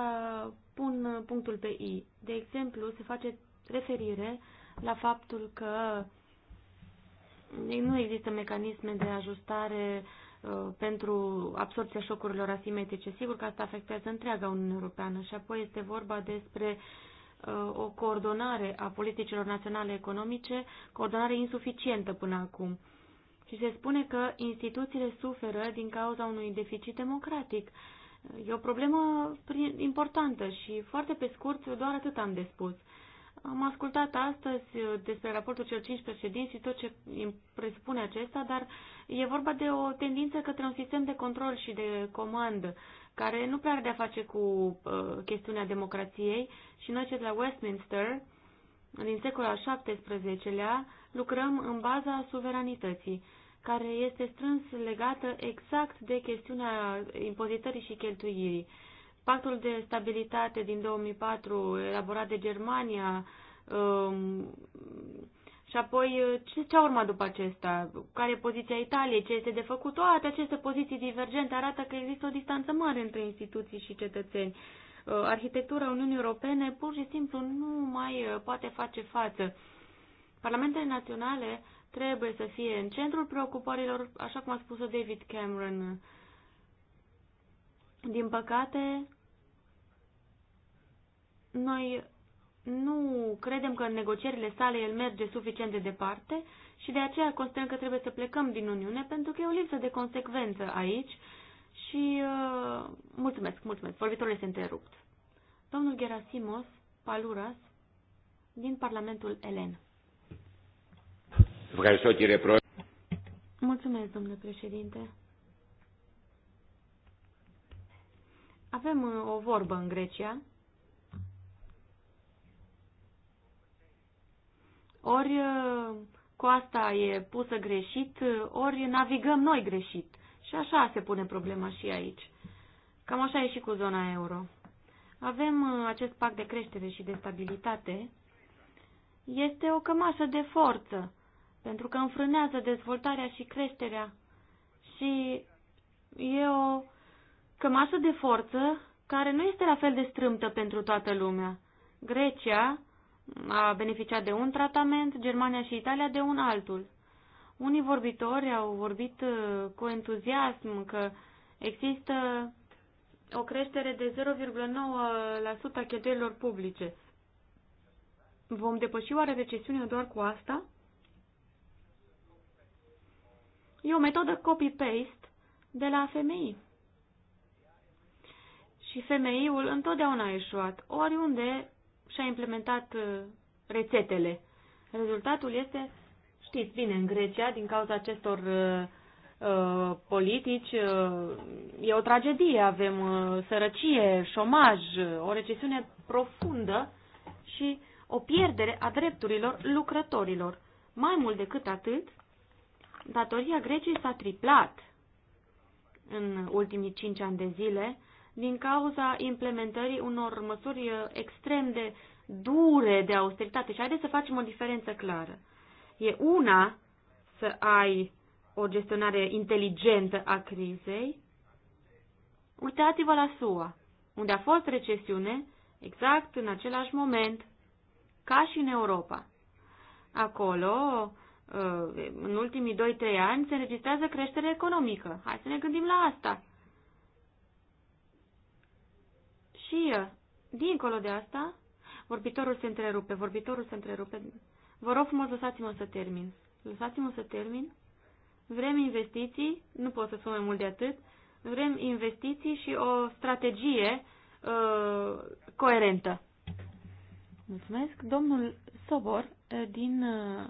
pun uh, punctul pe I. De exemplu, se face referire la faptul că nu există mecanisme de ajustare uh, pentru absorpția șocurilor asimetrice. Sigur că asta afectează întreaga Uniune Europeană și apoi este vorba despre o coordonare a politicilor naționale economice, coordonare insuficientă până acum și se spune că instituțiile suferă din cauza unui deficit democratic. E o problemă importantă și foarte pe scurt doar atât am de spus. Am ascultat astăzi despre raportul celor cinci președinți și tot ce presupune acesta, dar e vorba de o tendință către un sistem de control și de comandă care nu prea are de-a face cu uh, chestiunea democrației și noi cei de la Westminster, din secolul al XVII-lea, lucrăm în baza suveranității care este strâns legată exact de chestiunea impozitării și cheltuirii. Pactul de stabilitate din 2004, elaborat de Germania, um, și apoi ce, ce a urmat după acesta, care e poziția Italiei, ce este de făcut, toate aceste poziții divergente arată că există o distanță mare între instituții și cetățeni. Uh, arhitectura Uniunii Europene pur și simplu nu mai uh, poate face față. Parlamentele naționale uh, trebuie să fie în centrul preocupărilor, așa cum a spus David Cameron. Din păcate, noi nu credem că în negocierile sale el merge suficient de departe și de aceea considerăm că trebuie să plecăm din Uniune pentru că e o lipsă de consecvență aici și uh, mulțumesc, mulțumesc. Vorbitorul este întrerupt. Domnul Gerasimos Paluras din Parlamentul Elen. Ευχαριστώ κύριε Πρόεδρε. Mulțumesc, domnule președinte. Avem uh, o vorbă în Grecia. Ori uh, coasta e pusă greșit, ori navigăm noi greșit. Și așa se pune problema și aici. Cam așa e și cu zona euro. Avem uh, acest pact de creștere și de stabilitate. Este o cămașă de forță pentru că înfrânează dezvoltarea și creșterea. Și e o cămașă de forță care nu este la fel de strâmtă pentru toată lumea. Grecia a beneficiat de un tratament, Germania și Italia de un altul. Unii vorbitori au vorbit uh, cu entuziasm că există o creștere de 0,9% a cheltuielilor publice. Vom depăși oare recesiunea doar cu asta? E o metodă copy-paste de la FMI. Și femeiul întotdeauna a ieșuat, oriunde și-a implementat uh, rețetele. Rezultatul este, știți bine, în Grecia, din cauza acestor uh, uh, politici, uh, e o tragedie. Avem uh, sărăcie, șomaj, o recesiune profundă și o pierdere a drepturilor lucrătorilor. Mai mult decât atât, Datoria Greciei s-a triplat în ultimii cinci ani de zile din cauza implementării unor măsuri extrem de dure de austeritate. Și haideți să facem o diferență clară. E una să ai o gestionare inteligentă a crizei. Uitați-vă la SUA, unde a fost recesiune exact în același moment, ca și în Europa. Acolo, Uh, în ultimii 2-3 ani se înregistrează creștere economică. Hai să ne gândim la asta. Și, uh, dincolo de asta, vorbitorul se întrerupe, vorbitorul se întrerupe. Vă rog frumos, lăsați-mă să termin. Lăsați-mă să termin. Vrem investiții, nu pot să spun mai mult de atât, vrem investiții și o strategie uh, coerentă. Mulțumesc. Domnul Sobor, uh, din uh,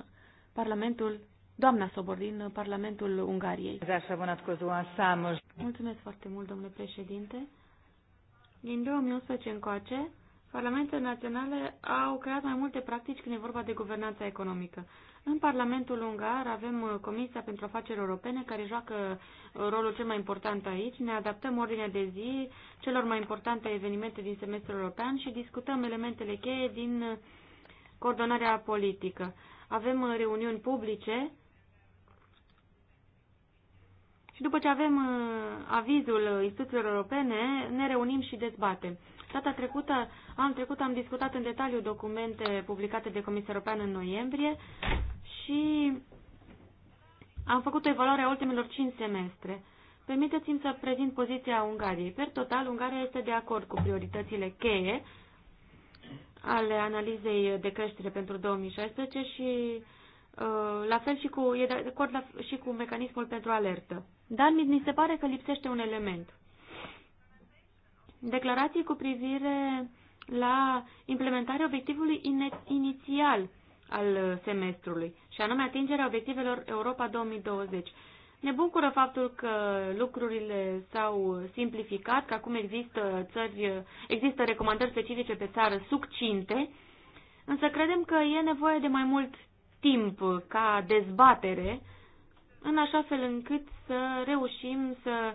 Parlamentul, doamna Sobor din Parlamentul Ungariei. Mulțumesc foarte mult, domnule președinte. Din 2011 încoace, Parlamentele naționale au creat mai multe practici când e vorba de guvernanța economică. În Parlamentul Ungar avem uh, Comisia pentru Afaceri Europene, care joacă uh, rolul cel mai important aici. Ne adaptăm ordinea de zi celor mai importante evenimente din semestrul european și discutăm elementele cheie din uh, coordonarea politică avem uh, reuniuni publice și după ce avem uh, avizul instituțiilor europene, ne reunim și dezbatem. Data trecută, am trecut am discutat în detaliu documente publicate de Comisia Europeană în noiembrie și am făcut o evaluare a ultimelor 5 semestre. Permiteți-mi să prezint poziția Ungariei. Per total, Ungaria este de acord cu prioritățile cheie ale analizei de creștere pentru 2016 și uh, la fel și cu, e de acord la, și cu mecanismul pentru alertă. Dar mi se pare că lipsește un element. Declarații cu privire la implementarea obiectivului inițial al semestrului, și anume atingerea obiectivelor Europa 2020. Ne bucură faptul că lucrurile s-au simplificat, că acum există, țări, există recomandări specifice pe țară succinte, însă credem că e nevoie de mai mult timp ca dezbatere, în așa fel încât să reușim să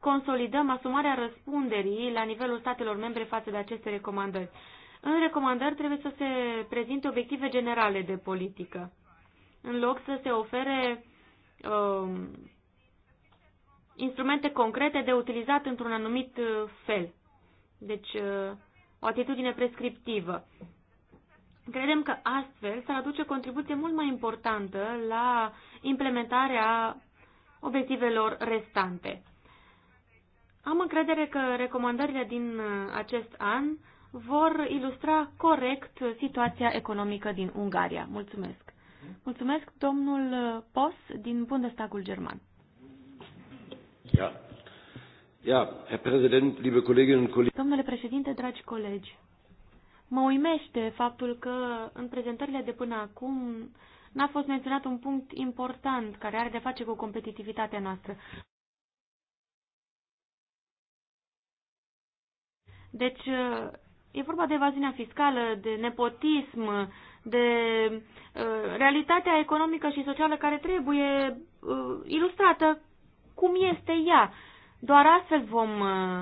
consolidăm asumarea răspunderii la nivelul statelor membre față de aceste recomandări. În recomandări trebuie să se prezinte obiective generale de politică, în loc să se ofere uh, instrumente concrete de utilizat într-un anumit uh, fel. Deci, uh, o atitudine prescriptivă. Credem că astfel s-ar aduce o contribuție mult mai importantă la implementarea obiectivelor restante. Am încredere că recomandările din uh, acest an vor ilustra corect situația economică din Ungaria. Mulțumesc! Mulțumesc, domnul uh, Pos din Bundestagul German. Ja. Ja, Herr Präsident, liebe Kolleginnen und Kollegen. Domnule președinte, dragi colegi, mă uimește faptul că în prezentările de până acum n-a fost menționat un punct important care are de face cu competitivitatea noastră. Deci, uh, e vorba de evaziunea fiscală, de nepotism, de uh, realitatea economică și socială care trebuie uh, ilustrată cum este ea. Doar astfel vom uh,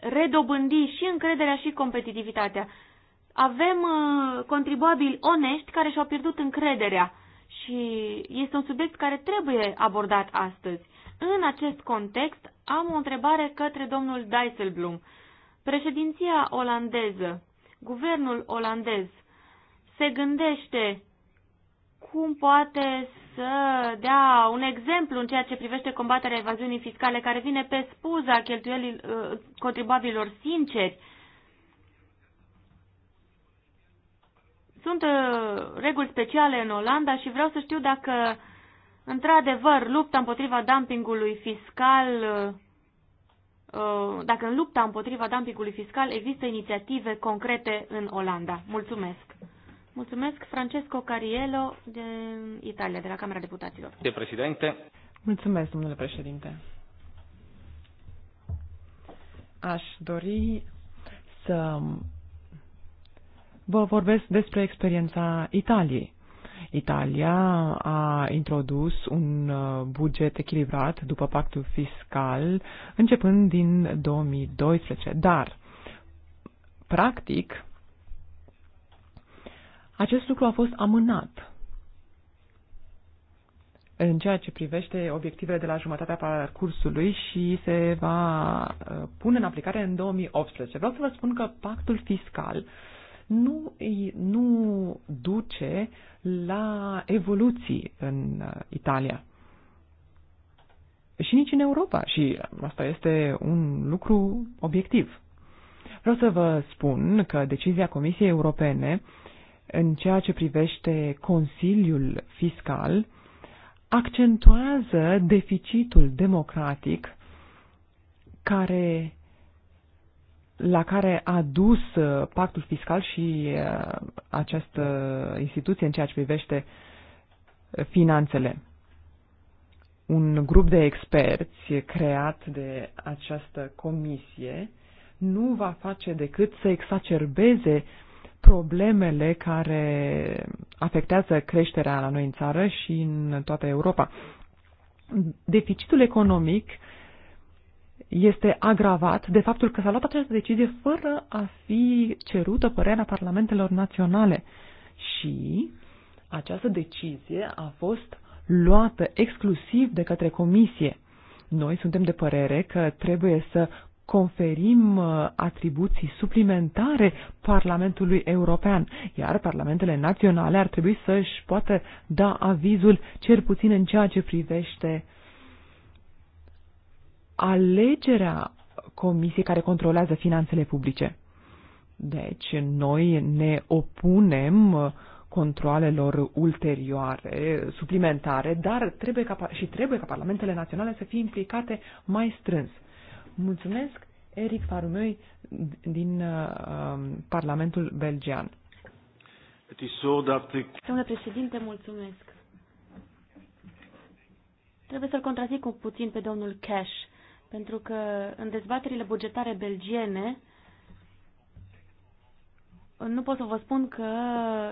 redobândi și încrederea și competitivitatea. Avem contribuabili onești care și-au pierdut încrederea și este un subiect care trebuie abordat astăzi. În acest context, am o întrebare către domnul Dijsselbloem. Președinția olandeză, guvernul olandez, se gândește cum poate să dea un exemplu în ceea ce privește combaterea evaziunii fiscale care vine pe spuza cheltuielii uh, contribuabililor sinceri. Sunt uh, reguli speciale în Olanda și vreau să știu dacă, într-adevăr, lupta împotriva dumpingului fiscal, uh, dacă în lupta împotriva dumpingului fiscal există inițiative concrete în Olanda. Mulțumesc! Mulțumesc, Francesco Cariello, de Italia, de la Camera Deputaților. De președinte. Mulțumesc, domnule președinte. Aș dori să vă vorbesc despre experiența Italiei. Italia a introdus un uh, buget echilibrat după pactul fiscal începând din 2012, dar practic acest lucru a fost amânat în ceea ce privește obiectivele de la jumătatea parcursului și se va uh, pune în aplicare în 2018. Vreau să vă spun că pactul fiscal nu, nu duce la evoluții în uh, Italia. Și nici în Europa. Și asta este un lucru obiectiv. Vreau să vă spun că decizia Comisiei Europene uh, în ceea ce privește Consiliul Fiscal accentuează deficitul democratic care, la care a dus uh, pactul fiscal și uh, această instituție în ceea ce privește uh, finanțele. Un grup de experți creat de această comisie nu va face decât să exacerbeze uh, problemele care afectează creșterea la noi în țară și în toată Europa. Deficitul economic este agravat de faptul că s-a luat această decizie fără a fi cerută părerea parlamentelor naționale. Și această decizie a fost luată exclusiv de către comisie. Noi suntem de părere că trebuie să conferim uh, atribuții suplimentare Parlamentului European, iar Parlamentele naționale ar trebui să-și poată da avizul cel puțin în ceea ce privește alegerea comisiei care controlează finanțele publice. Deci, noi ne opunem uh, controalelor ulterioare, suplimentare, dar trebuie ca, și trebuie ca parlamentele naționale să fie implicate mai strâns. Mulțumesc, Eric Farumei, din uh, um, Parlamentul Belgian. Domnule președinte, mulțumesc. Trebuie să-l contrazic cu puțin pe domnul Cash, pentru că în dezbaterile bugetare belgiene nu pot să vă spun că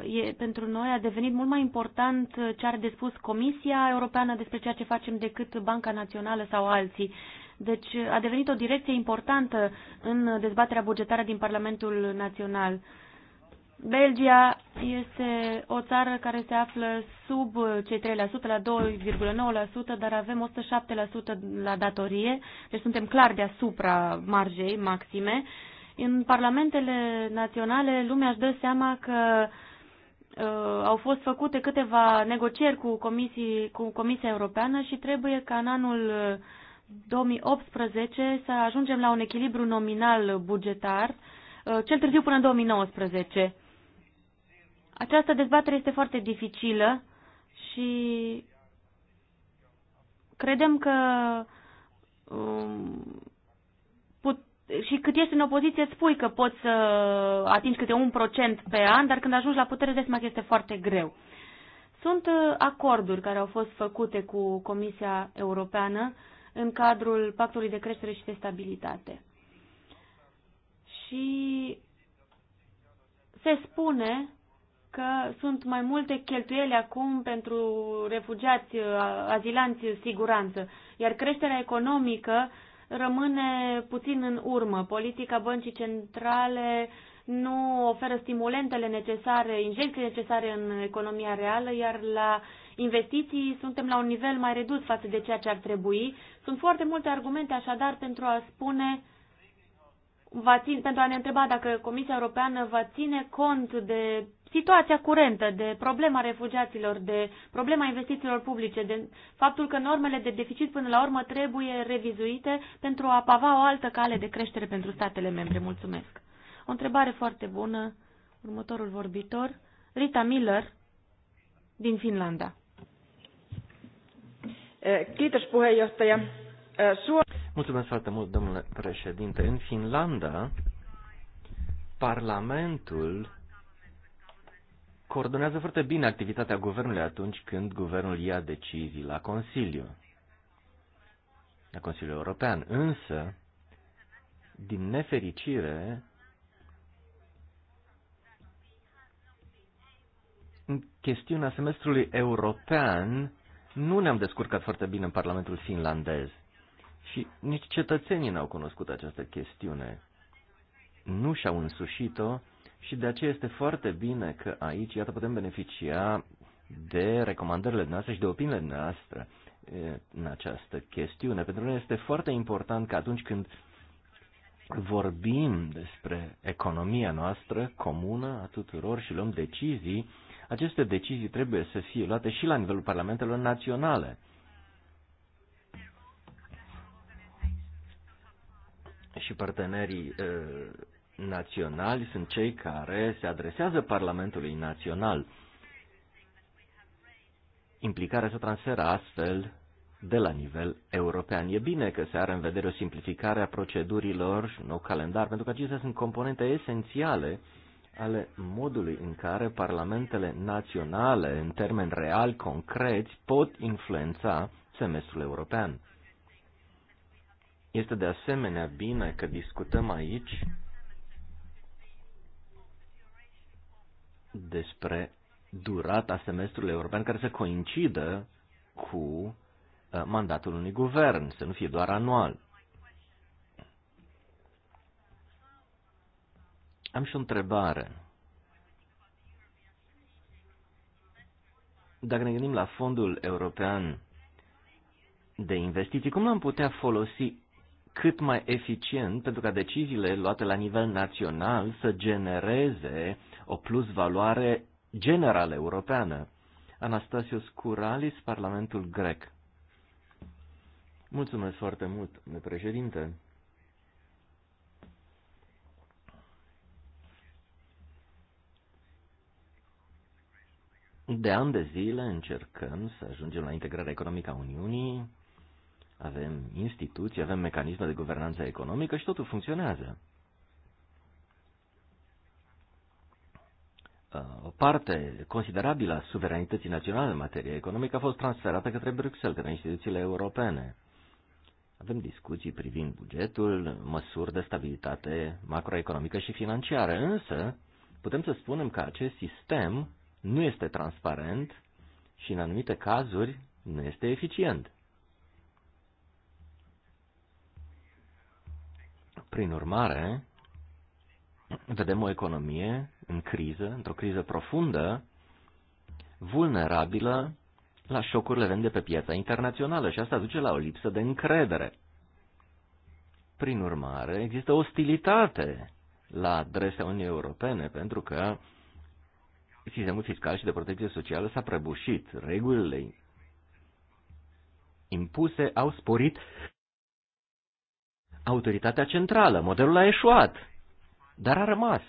e, pentru noi a devenit mult mai important ce are de spus Comisia Europeană despre ceea ce facem decât Banca Națională sau alții. Deci a devenit o direcție importantă în dezbaterea bugetară din Parlamentul Național. Belgia este o țară care se află sub cei 3%, la 2,9%, dar avem 107% la datorie, deci suntem clar deasupra marjei maxime. În parlamentele naționale, lumea își dă seama că uh, au fost făcute câteva negocieri cu, comisii, cu Comisia Europeană și trebuie ca în anul uh, 2018 să ajungem la un echilibru nominal bugetar, uh, cel târziu până în 2019. Această dezbatere este foarte dificilă și credem că um, put, și cât ești în opoziție spui că poți să atingi câte un procent pe an, dar când ajungi la putere vezi că este foarte greu. Sunt uh, acorduri care au fost făcute cu Comisia Europeană în cadrul Pactului de Creștere și de Stabilitate. Și se spune că sunt mai multe cheltuieli acum pentru refugiați, azilanți, siguranță, iar creșterea economică rămâne puțin în urmă. Politica băncii centrale nu oferă stimulentele necesare, injecții necesare în economia reală, iar la investiții suntem la un nivel mai redus față de ceea ce ar trebui sunt foarte multe argumente așadar pentru a spune va țin, pentru a ne întreba dacă Comisia Europeană va ține cont de situația curentă, de problema refugiaților, de problema investițiilor publice, de faptul că normele de deficit până la urmă trebuie revizuite pentru a pava o altă cale de creștere pentru statele membre. Mulțumesc. O întrebare foarte bună. Următorul vorbitor, Rita Miller, din Finlanda. Eh, kiitos puheenjohtaja. Eh, Mulțumesc foarte mult, domnule președinte. În Finlanda, Parlamentul coordonează foarte bine activitatea guvernului atunci când guvernul ia decizii la Consiliu, la Consiliul European. Însă, din nefericire, în chestiunea semestrului european, nu ne-am descurcat foarte bine în Parlamentul finlandez și nici cetățenii n-au cunoscut această chestiune. Nu și-au însușit-o și de aceea este foarte bine că aici, iată, putem beneficia de recomandările noastre și de opiniile noastre în această chestiune. Pentru noi este foarte important că atunci când vorbim despre economia noastră comună a tuturor și luăm decizii, aceste decizii trebuie să fie luate și la nivelul parlamentelor naționale. Și partenerii naționali sunt cei care se adresează Parlamentului Național. Implicarea se transferă astfel de la nivel european. E bine că se are în vedere o simplificare a procedurilor și un nou calendar, pentru că acestea sunt componente esențiale ale modului în care parlamentele naționale, în termeni reali, concreți, pot influența semestrul european. Este de asemenea bine că discutăm aici despre durata semestrului european care să coincidă cu uh, mandatul unui guvern, să nu fie doar anual. Am și o întrebare. Dacă ne gândim la Fondul European de Investiții, cum l-am putea folosi cât mai eficient pentru ca deciziile luate la nivel național să genereze o plus valoare generală europeană? Anastasios Kuralis, Parlamentul Grec. Mulțumesc foarte mult, președinte. De ani de zile încercăm să ajungem la integrarea economică a Uniunii, avem instituții, avem mecanisme de guvernanță economică și totul funcționează. Uh, o parte considerabilă a suveranității naționale în materie economică a fost transferată către Bruxelles, către instituțiile europene. Avem discuții privind bugetul, măsuri de stabilitate macroeconomică și financiară, însă putem să spunem că acest sistem nu este transparent și în anumite cazuri nu este eficient. Prin urmare, vedem o economie în criză, într-o criză profundă, vulnerabilă la șocurile de pe piața internațională și asta duce la o lipsă de încredere. Prin urmare, există ostilitate la adresa Uniunii Europene pentru că sistemul fiscal și de protecție socială s-a prăbușit. Regulile impuse au sporit autoritatea centrală. Modelul a eșuat, dar a rămas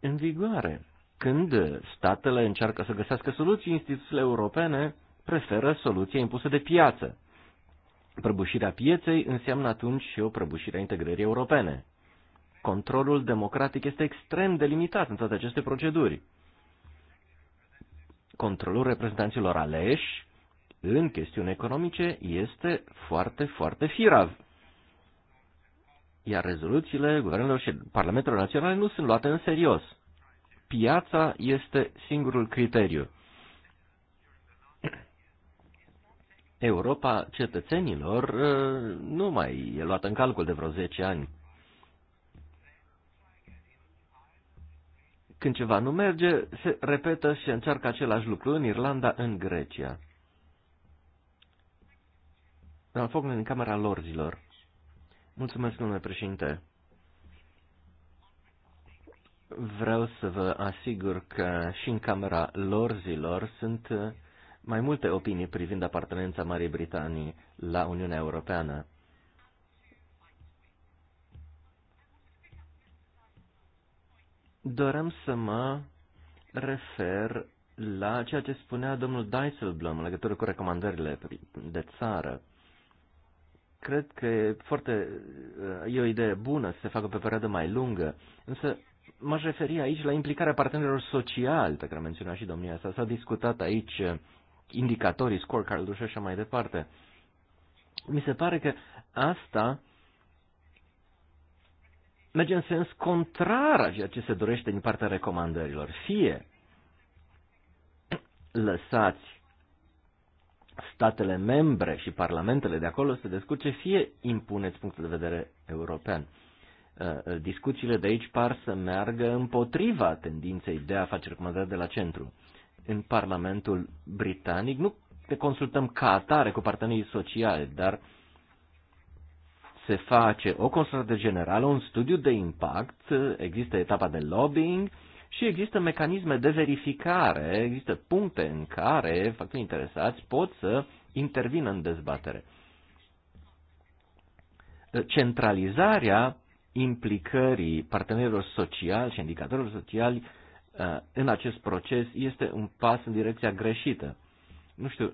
în vigoare. Când statele încearcă să găsească soluții, instituțiile europene preferă soluția impusă de piață. Prăbușirea pieței înseamnă atunci și o prăbușire a integrării europene. Controlul democratic este extrem de limitat în toate aceste proceduri. Controlul reprezentanților aleși în chestiuni economice este foarte, foarte firav. Iar rezoluțiile guvernelor și parlamentelor naționale nu sunt luate în serios. Piața este singurul criteriu. Europa cetățenilor uh, nu mai e luată în calcul de vreo 10 ani. Când ceva nu merge, se repetă și încearcă același lucru în Irlanda, în Grecia. Dar foc în Camera Lorzilor. Mulțumesc, domnule președinte. Vreau să vă asigur că și în Camera Lorzilor sunt mai multe opinii privind apartenența Marii Britanii la Uniunea Europeană. doream să mă refer la ceea ce spunea domnul Dijsselblom în legătură cu recomandările de țară. Cred că e, foarte, e o idee bună să se facă pe o perioadă mai lungă, însă m-aș referi aici la implicarea partenerilor sociali, pe care menționat și domnia asta. S-a discutat aici indicatorii, scorecard-ul și așa mai departe. Mi se pare că asta merge în sens contrar a ceea ce se dorește din partea recomandărilor. Fie lăsați statele membre și parlamentele de acolo să descurce, fie impuneți punctul de vedere european. Uh, discuțiile de aici par să meargă împotriva tendinței de a face recomandări de la centru. În Parlamentul Britanic nu ne consultăm ca atare cu partenerii sociali, dar uh, se face o consultare generală, un studiu de impact, există etapa de lobbying și există mecanisme de verificare, există puncte în care factorii interesați pot să intervină în dezbatere. Centralizarea implicării partenerilor sociali și indicatorilor sociali uh, în acest proces este un pas în direcția greșită. Nu știu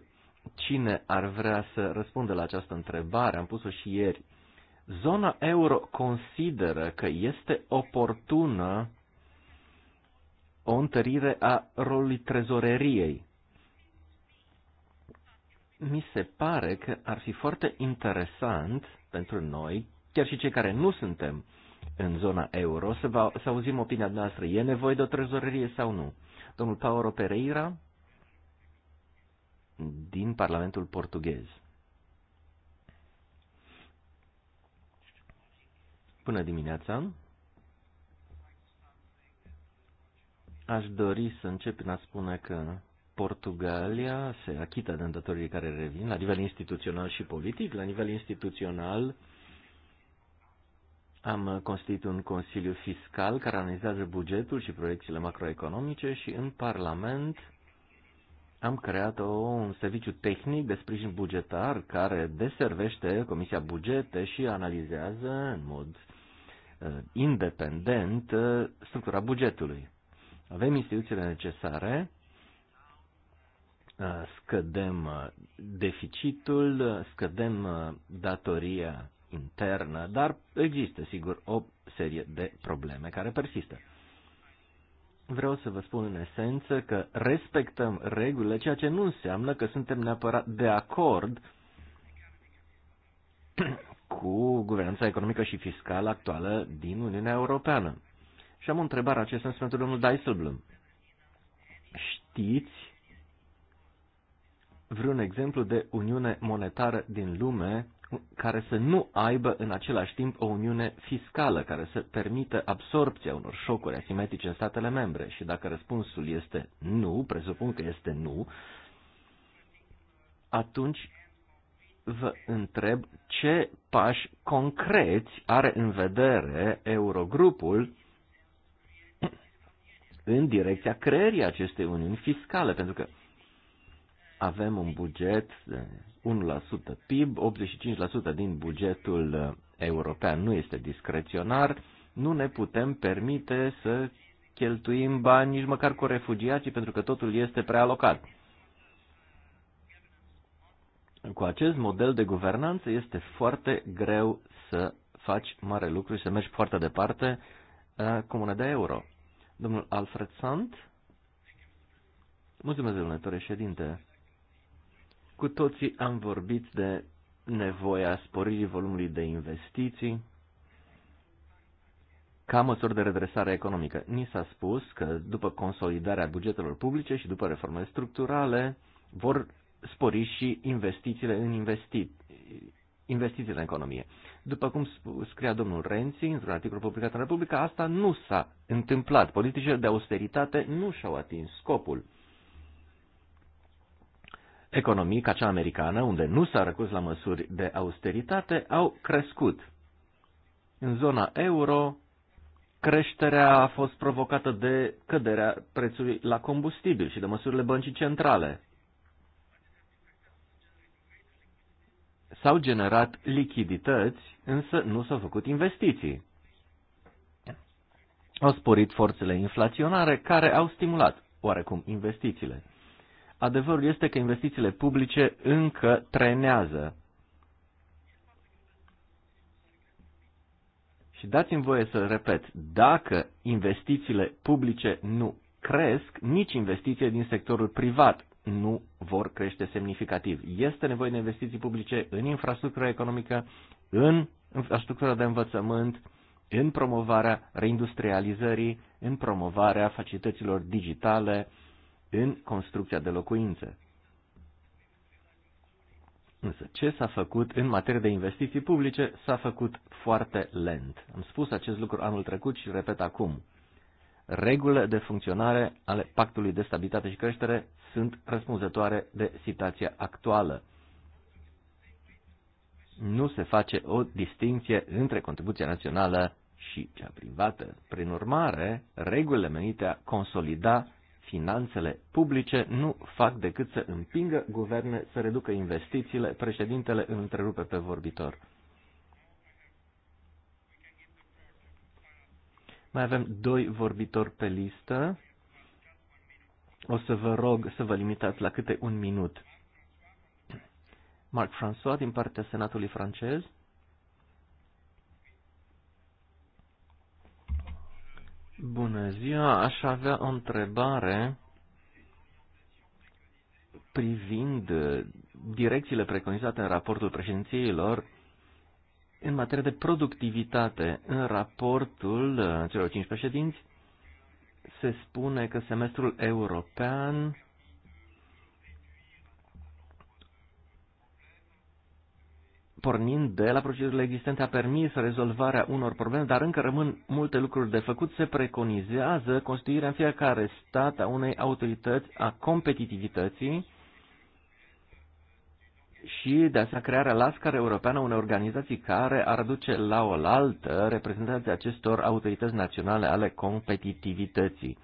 cine ar vrea să răspundă la această întrebare, am pus-o și ieri zona euro consideră că este oportună o întărire a rolului trezoreriei. Mi se pare că ar fi foarte interesant pentru noi, chiar și cei care nu suntem în zona euro, să, va, să auzim opinia noastră. E nevoie de o trezorerie sau nu? Domnul Paolo Pereira din Parlamentul Portughez. Bună dimineața! Aș dori să încep în a spune că Portugalia se achită de îndătorii care revin la nivel instituțional și politic. La nivel instituțional am constituit un Consiliu Fiscal care analizează bugetul și proiecțiile macroeconomice și în Parlament am creat o, un serviciu tehnic de sprijin bugetar care deservește Comisia Bugete și analizează în mod Uh, independent uh, structura bugetului. Avem instituțiile necesare, uh, scădem deficitul, scădem datoria internă, dar există, sigur, o serie de probleme care persistă. Vreau să vă spun în esență că respectăm regulile, ceea ce nu înseamnă că suntem neapărat de acord cu guvernanța economică și fiscală actuală din Uniunea Europeană. Și am o întrebare acest sens pentru domnul Dijsselblum. Știți vreun exemplu de uniune monetară din lume care să nu aibă în același timp o uniune fiscală care să permită absorpția unor șocuri asimetrice în statele membre? Și dacă răspunsul este nu, presupun că este nu, atunci vă întreb ce pași concreți are în vedere Eurogrupul în direcția creării acestei uniuni fiscale, pentru că avem un buget de 1% PIB, 85% din bugetul uh, european nu este discreționar, nu ne putem permite să cheltuim bani nici măcar cu refugiații, pentru că totul este prealocat. Cu acest model de guvernanță este foarte greu să faci mare lucru și să mergi foarte departe uh, cu moneda euro. Domnul Alfred Sant, mulțumesc, domnule președinte. Cu toții am vorbit de nevoia sporirii volumului de investiții ca măsuri de redresare economică. Ni s-a spus că după consolidarea bugetelor publice și după reformele structurale vor spori și investițiile în investi... investițiile în economie. După cum scria domnul Renzi într-un articol publicat în Republica, asta nu s-a întâmplat. Politicile de austeritate nu și-au atins scopul. Economii ca cea americană, unde nu s-a recurs la măsuri de austeritate, au crescut. În zona euro, creșterea a fost provocată de căderea prețului la combustibil și de măsurile băncii centrale. S-au generat lichidități, însă nu s-au făcut investiții. Au sporit forțele inflaționare care au stimulat oarecum investițiile. Adevărul este că investițiile publice încă trenează. Și dați-mi voie să repet, dacă investițiile publice nu cresc, nici investiție din sectorul privat nu vor crește semnificativ. Este nevoie de investiții publice în infrastructura economică, în infrastructura de învățământ, în promovarea reindustrializării, în promovarea facilităților digitale, în construcția de locuințe. Însă ce s-a făcut în materie de investiții publice s-a făcut foarte lent. Am spus acest lucru anul trecut și repet acum regulile de funcționare ale Pactului de Stabilitate și Creștere sunt răspunzătoare de situația actuală. Nu se face o distinție între contribuția națională și cea privată. Prin urmare, regulile menite a consolida finanțele publice nu fac decât să împingă guverne să reducă investițiile, președintele îl întrerupe pe vorbitor. Mai avem doi vorbitori pe listă. O să vă rog să vă limitați la câte un minut. Marc François din partea Senatului francez. Bună ziua, aș avea o întrebare privind uh, direcțiile preconizate în raportul președințiilor în materie de productivitate. În raportul uh, celor cinci președinți se spune că semestrul european pornind de la procedurile existente, a permis rezolvarea unor probleme, dar încă rămân multe lucruri de făcut. Se preconizează constituirea în fiecare stat a unei autorități a competitivității și de a crearea la scară europeană unei organizații care ar duce la oaltă reprezentanții acestor autorități naționale ale competitivității.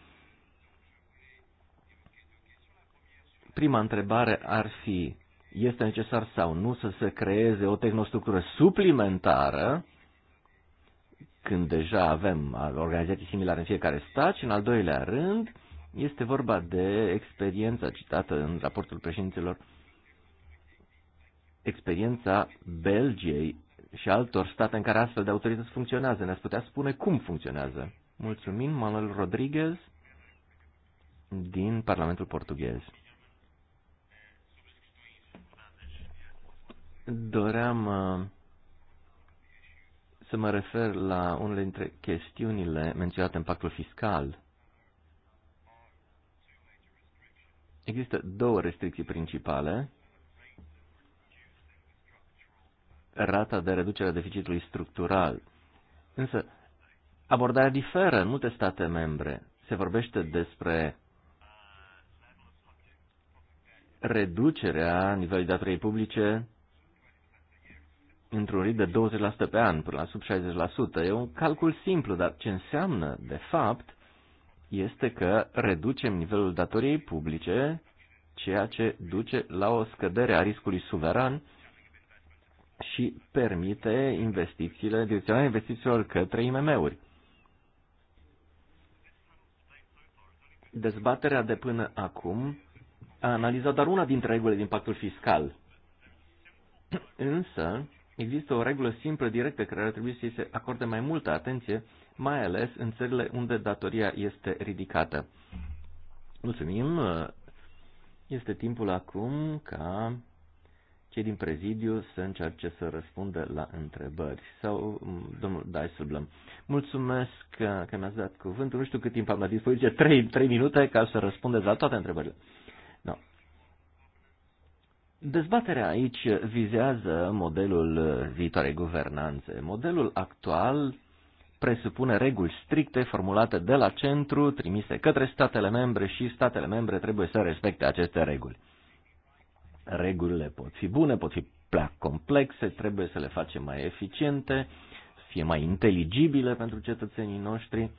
Prima întrebare ar fi, este necesar sau nu să se creeze o tehnostructură suplimentară, când deja avem organizații similare în fiecare stat, și în al doilea rând, este vorba de experiența citată în raportul președinților experiența Belgiei și altor state în care astfel de autorități funcționează. Ne-ați putea spune cum funcționează. Mulțumim, Manuel Rodriguez din Parlamentul Portughez. Doream uh, să mă refer la unele dintre chestiunile menționate în pactul fiscal. Există două restricții principale rata de reducere a deficitului structural. Însă, abordarea diferă în multe state membre. Se vorbește despre reducerea nivelului datoriei publice într-un rit de 20% pe an, până la sub 60%. E un calcul simplu, dar ce înseamnă, de fapt, este că reducem nivelul datoriei publice, ceea ce duce la o scădere a riscului suveran și permite investițiile, direcționarea investițiilor către IMM-uri. Dezbaterea de până acum a analizat doar una dintre regulile din pactul fiscal. Însă, există o regulă simplă, directă, care ar trebui să se acorde mai multă atenție, mai ales în țările unde datoria este ridicată. Mulțumim! Este timpul acum ca cei din prezidiu să încerce să răspundă la întrebări. Sau um, domnul Dijsselblom, mulțumesc că mi-ați dat cuvântul, nu știu cât timp am la dispoziție, trei trei minute ca să răspundeți la toate întrebările. No. Dezbaterea aici vizează modelul viitoarei guvernanțe. Modelul actual presupune reguli stricte formulate de la centru, trimise către statele membre și statele membre trebuie să respecte aceste reguli. Regulile pot fi bune, pot fi prea complexe, trebuie să le facem mai eficiente, să fie mai inteligibile pentru cetățenii noștri,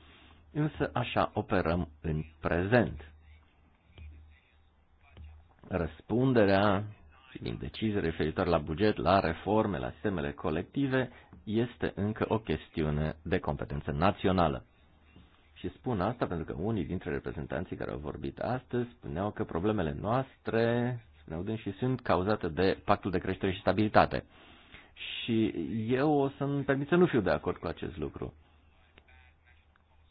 însă așa operăm în prezent. Răspunderea din decizii referitor la buget, la reforme, la sistemele colective, este încă o chestiune de competență națională. Și spun asta pentru că unii dintre reprezentanții care au vorbit astăzi spuneau că problemele noastre Laudând și sunt cauzate de pactul de creștere și stabilitate. Și eu o să-mi permit să nu fiu de acord cu acest lucru.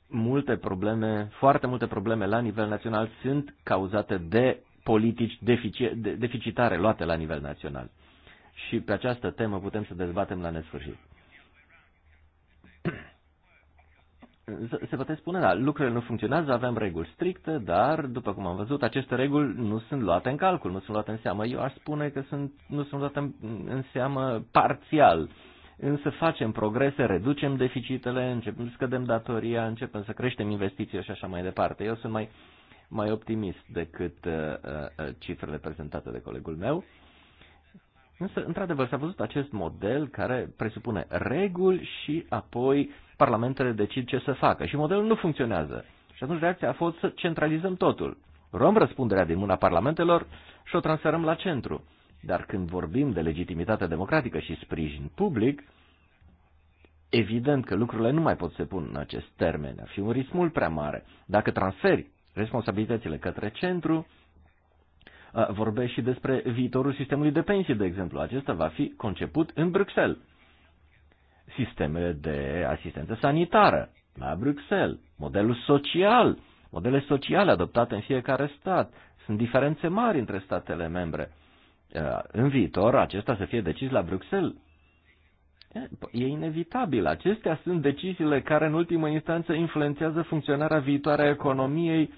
Multe probleme, foarte multe probleme la nivel național sunt cauzate de politici deficitare luate la nivel național. Și pe această temă putem să dezbatem la nesfârșit. se poate spune, da, lucrurile nu funcționează, avem reguli stricte, dar, după cum am văzut, aceste reguli nu sunt luate în calcul, nu sunt luate în seamă. Eu aș spune că sunt, nu sunt luate în, în seamă parțial. Însă facem progrese, reducem deficitele, începem, scădem datoria, începem să creștem investiții și așa mai departe. Eu sunt mai, mai optimist decât uh, uh, cifrele prezentate de colegul meu. Însă, într-adevăr, s-a văzut acest model care presupune reguli și apoi uh, parlamentele decid ce să facă și modelul nu funcționează. Și atunci reacția a fost să centralizăm totul. Luăm răspunderea din mâna parlamentelor și o transferăm la centru. Dar când vorbim de legitimitate democratică și sprijin public, evident că lucrurile nu mai pot se pun în acest termen. Ar fi un risc mult prea mare. Dacă transferi responsabilitățile către centru, vorbesc și despre viitorul sistemului de pensii, de exemplu. Acesta va fi conceput în Bruxelles sistemele de asistență sanitară la Bruxelles, modelul social, modele sociale adoptate în fiecare stat. Sunt diferențe mari între statele membre. Uh, în viitor, acesta să fie decis la Bruxelles. E inevitabil. Acestea sunt deciziile care, în ultimă instanță, influențează funcționarea viitoare a economiei,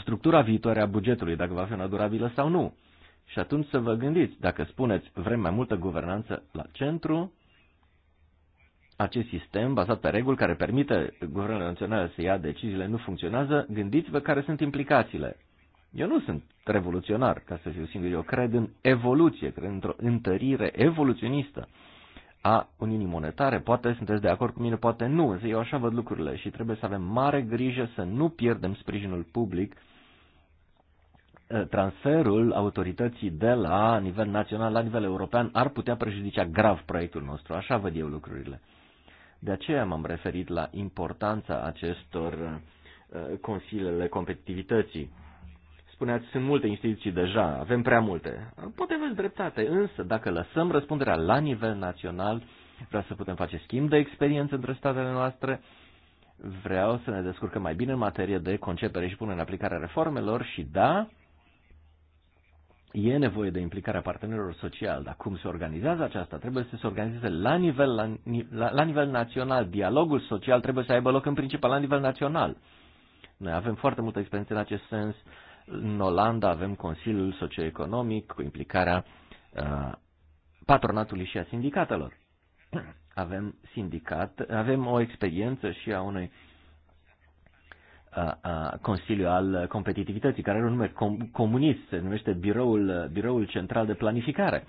structura viitoare a bugetului, dacă va fi una durabilă sau nu. Și atunci să vă gândiți, dacă spuneți vrem mai multă guvernanță la centru, acest sistem bazat pe reguli care permite guvernele naționale să ia deciziile nu funcționează, gândiți-vă care sunt implicațiile. Eu nu sunt revoluționar, ca să fiu singur, eu cred în evoluție, cred într-o întărire evoluționistă a Uniunii Monetare. Poate sunteți de acord cu mine, poate nu, însă eu așa văd lucrurile și trebuie să avem mare grijă să nu pierdem sprijinul public ă, transferul autorității de la nivel național la nivel european ar putea prejudicia grav proiectul nostru. Așa văd eu lucrurile. De aceea m-am referit la importanța acestor uh, consiliile competitivității. Spuneați, sunt multe instituții deja, avem prea multe. Poate aveți dreptate, însă dacă lăsăm răspunderea la nivel național, vreau să putem face schimb de experiență între statele noastre, vreau să ne descurcăm mai bine în materie de concepere și punere în aplicare a reformelor și da, E nevoie de implicarea partenerilor sociali, dar cum se organizează aceasta? Trebuie să se organizeze la nivel, la, la, la nivel național. Dialogul social trebuie să aibă loc în principal la nivel național. Noi avem foarte multă experiență în acest sens. În Olanda avem Consiliul Socioeconomic cu implicarea uh, patronatului și a sindicatelor. Avem, sindicat, avem o experiență și a unei uh, Consiliu al Competitivității, care are un nume com- comunist, se numește Biroul, Biroul Central de Planificare.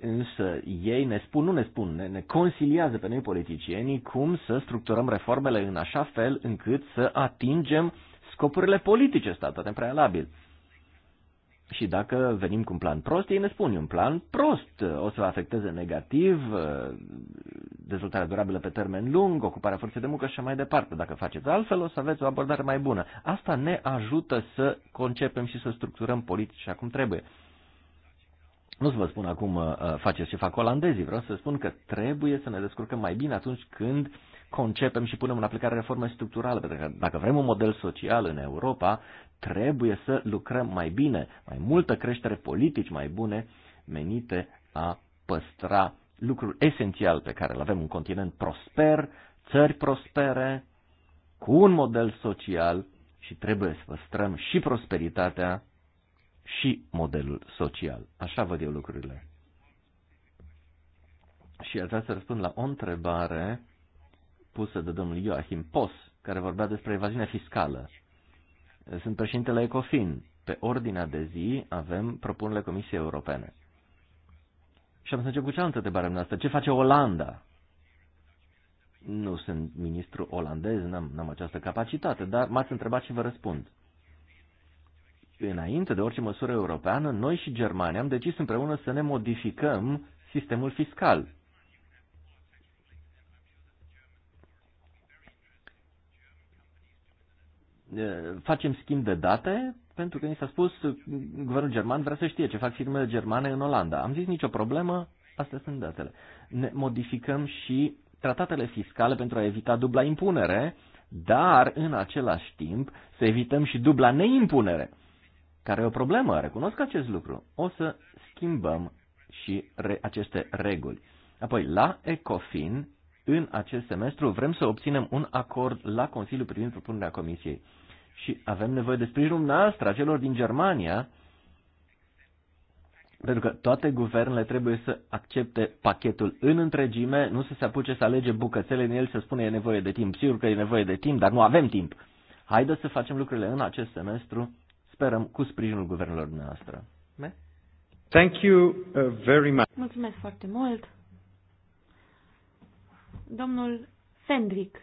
Însă ei ne spun, nu ne spun, ne, ne consiliază pe noi politicienii cum să structurăm reformele în așa fel încât să atingem scopurile politice statate în prealabil. Și dacă venim cu un plan prost, ei ne spun, un plan prost o să afecteze negativ uh, dezvoltarea durabilă pe termen lung, ocuparea forței de muncă și așa mai departe. Dacă faceți altfel, o să aveți o abordare mai bună. Asta ne ajută să concepem și să structurăm politici cum trebuie. Nu să vă spun acum uh, faceți ce fac olandezii, vreau să spun că trebuie să ne descurcăm mai bine atunci când concepem și punem în aplicare reforme structurale, pentru că dacă vrem un model social în Europa, trebuie să lucrăm mai bine, mai multă creștere politici mai bune menite a păstra lucrul esențial pe care îl avem un continent prosper, țări prospere, cu un model social și trebuie să păstrăm și prosperitatea și modelul social. Așa văd eu lucrurile. Și aș vrea să răspund la o întrebare pusă de domnul Joachim Pos, care vorbea despre evaziunea fiscală. Sunt președintele ECOFIN. Pe ordinea de zi avem propunerile Comisiei Europene. Și am să încep cu cealaltă întrebare noastră. Ce face Olanda? Nu sunt ministru olandez, n-am, n-am această capacitate, dar m-ați întrebat și vă răspund. Înainte de orice măsură europeană, noi și Germania am decis împreună să ne modificăm sistemul fiscal. facem schimb de date pentru că ni s-a spus guvernul german vrea să știe ce fac firmele germane în Olanda. Am zis nicio problemă, astea sunt datele. Ne modificăm și tratatele fiscale pentru a evita dubla impunere, dar în același timp să evităm și dubla neimpunere, care e o problemă, recunosc acest lucru. O să schimbăm și re- aceste reguli. Apoi, la ECOFIN, în acest semestru, vrem să obținem un acord la Consiliu privind propunerea Comisiei și avem nevoie de sprijinul noastră, a celor din Germania, pentru că toate guvernele trebuie să accepte pachetul în întregime, nu să se apuce să alege bucățele în el să spune e nevoie de timp. Sigur că e nevoie de timp, dar nu avem timp. Haideți să facem lucrurile în acest semestru, sperăm, cu sprijinul guvernelor noastre. Thank you uh, very much. Mulțumesc foarte mult. Domnul Fendrick.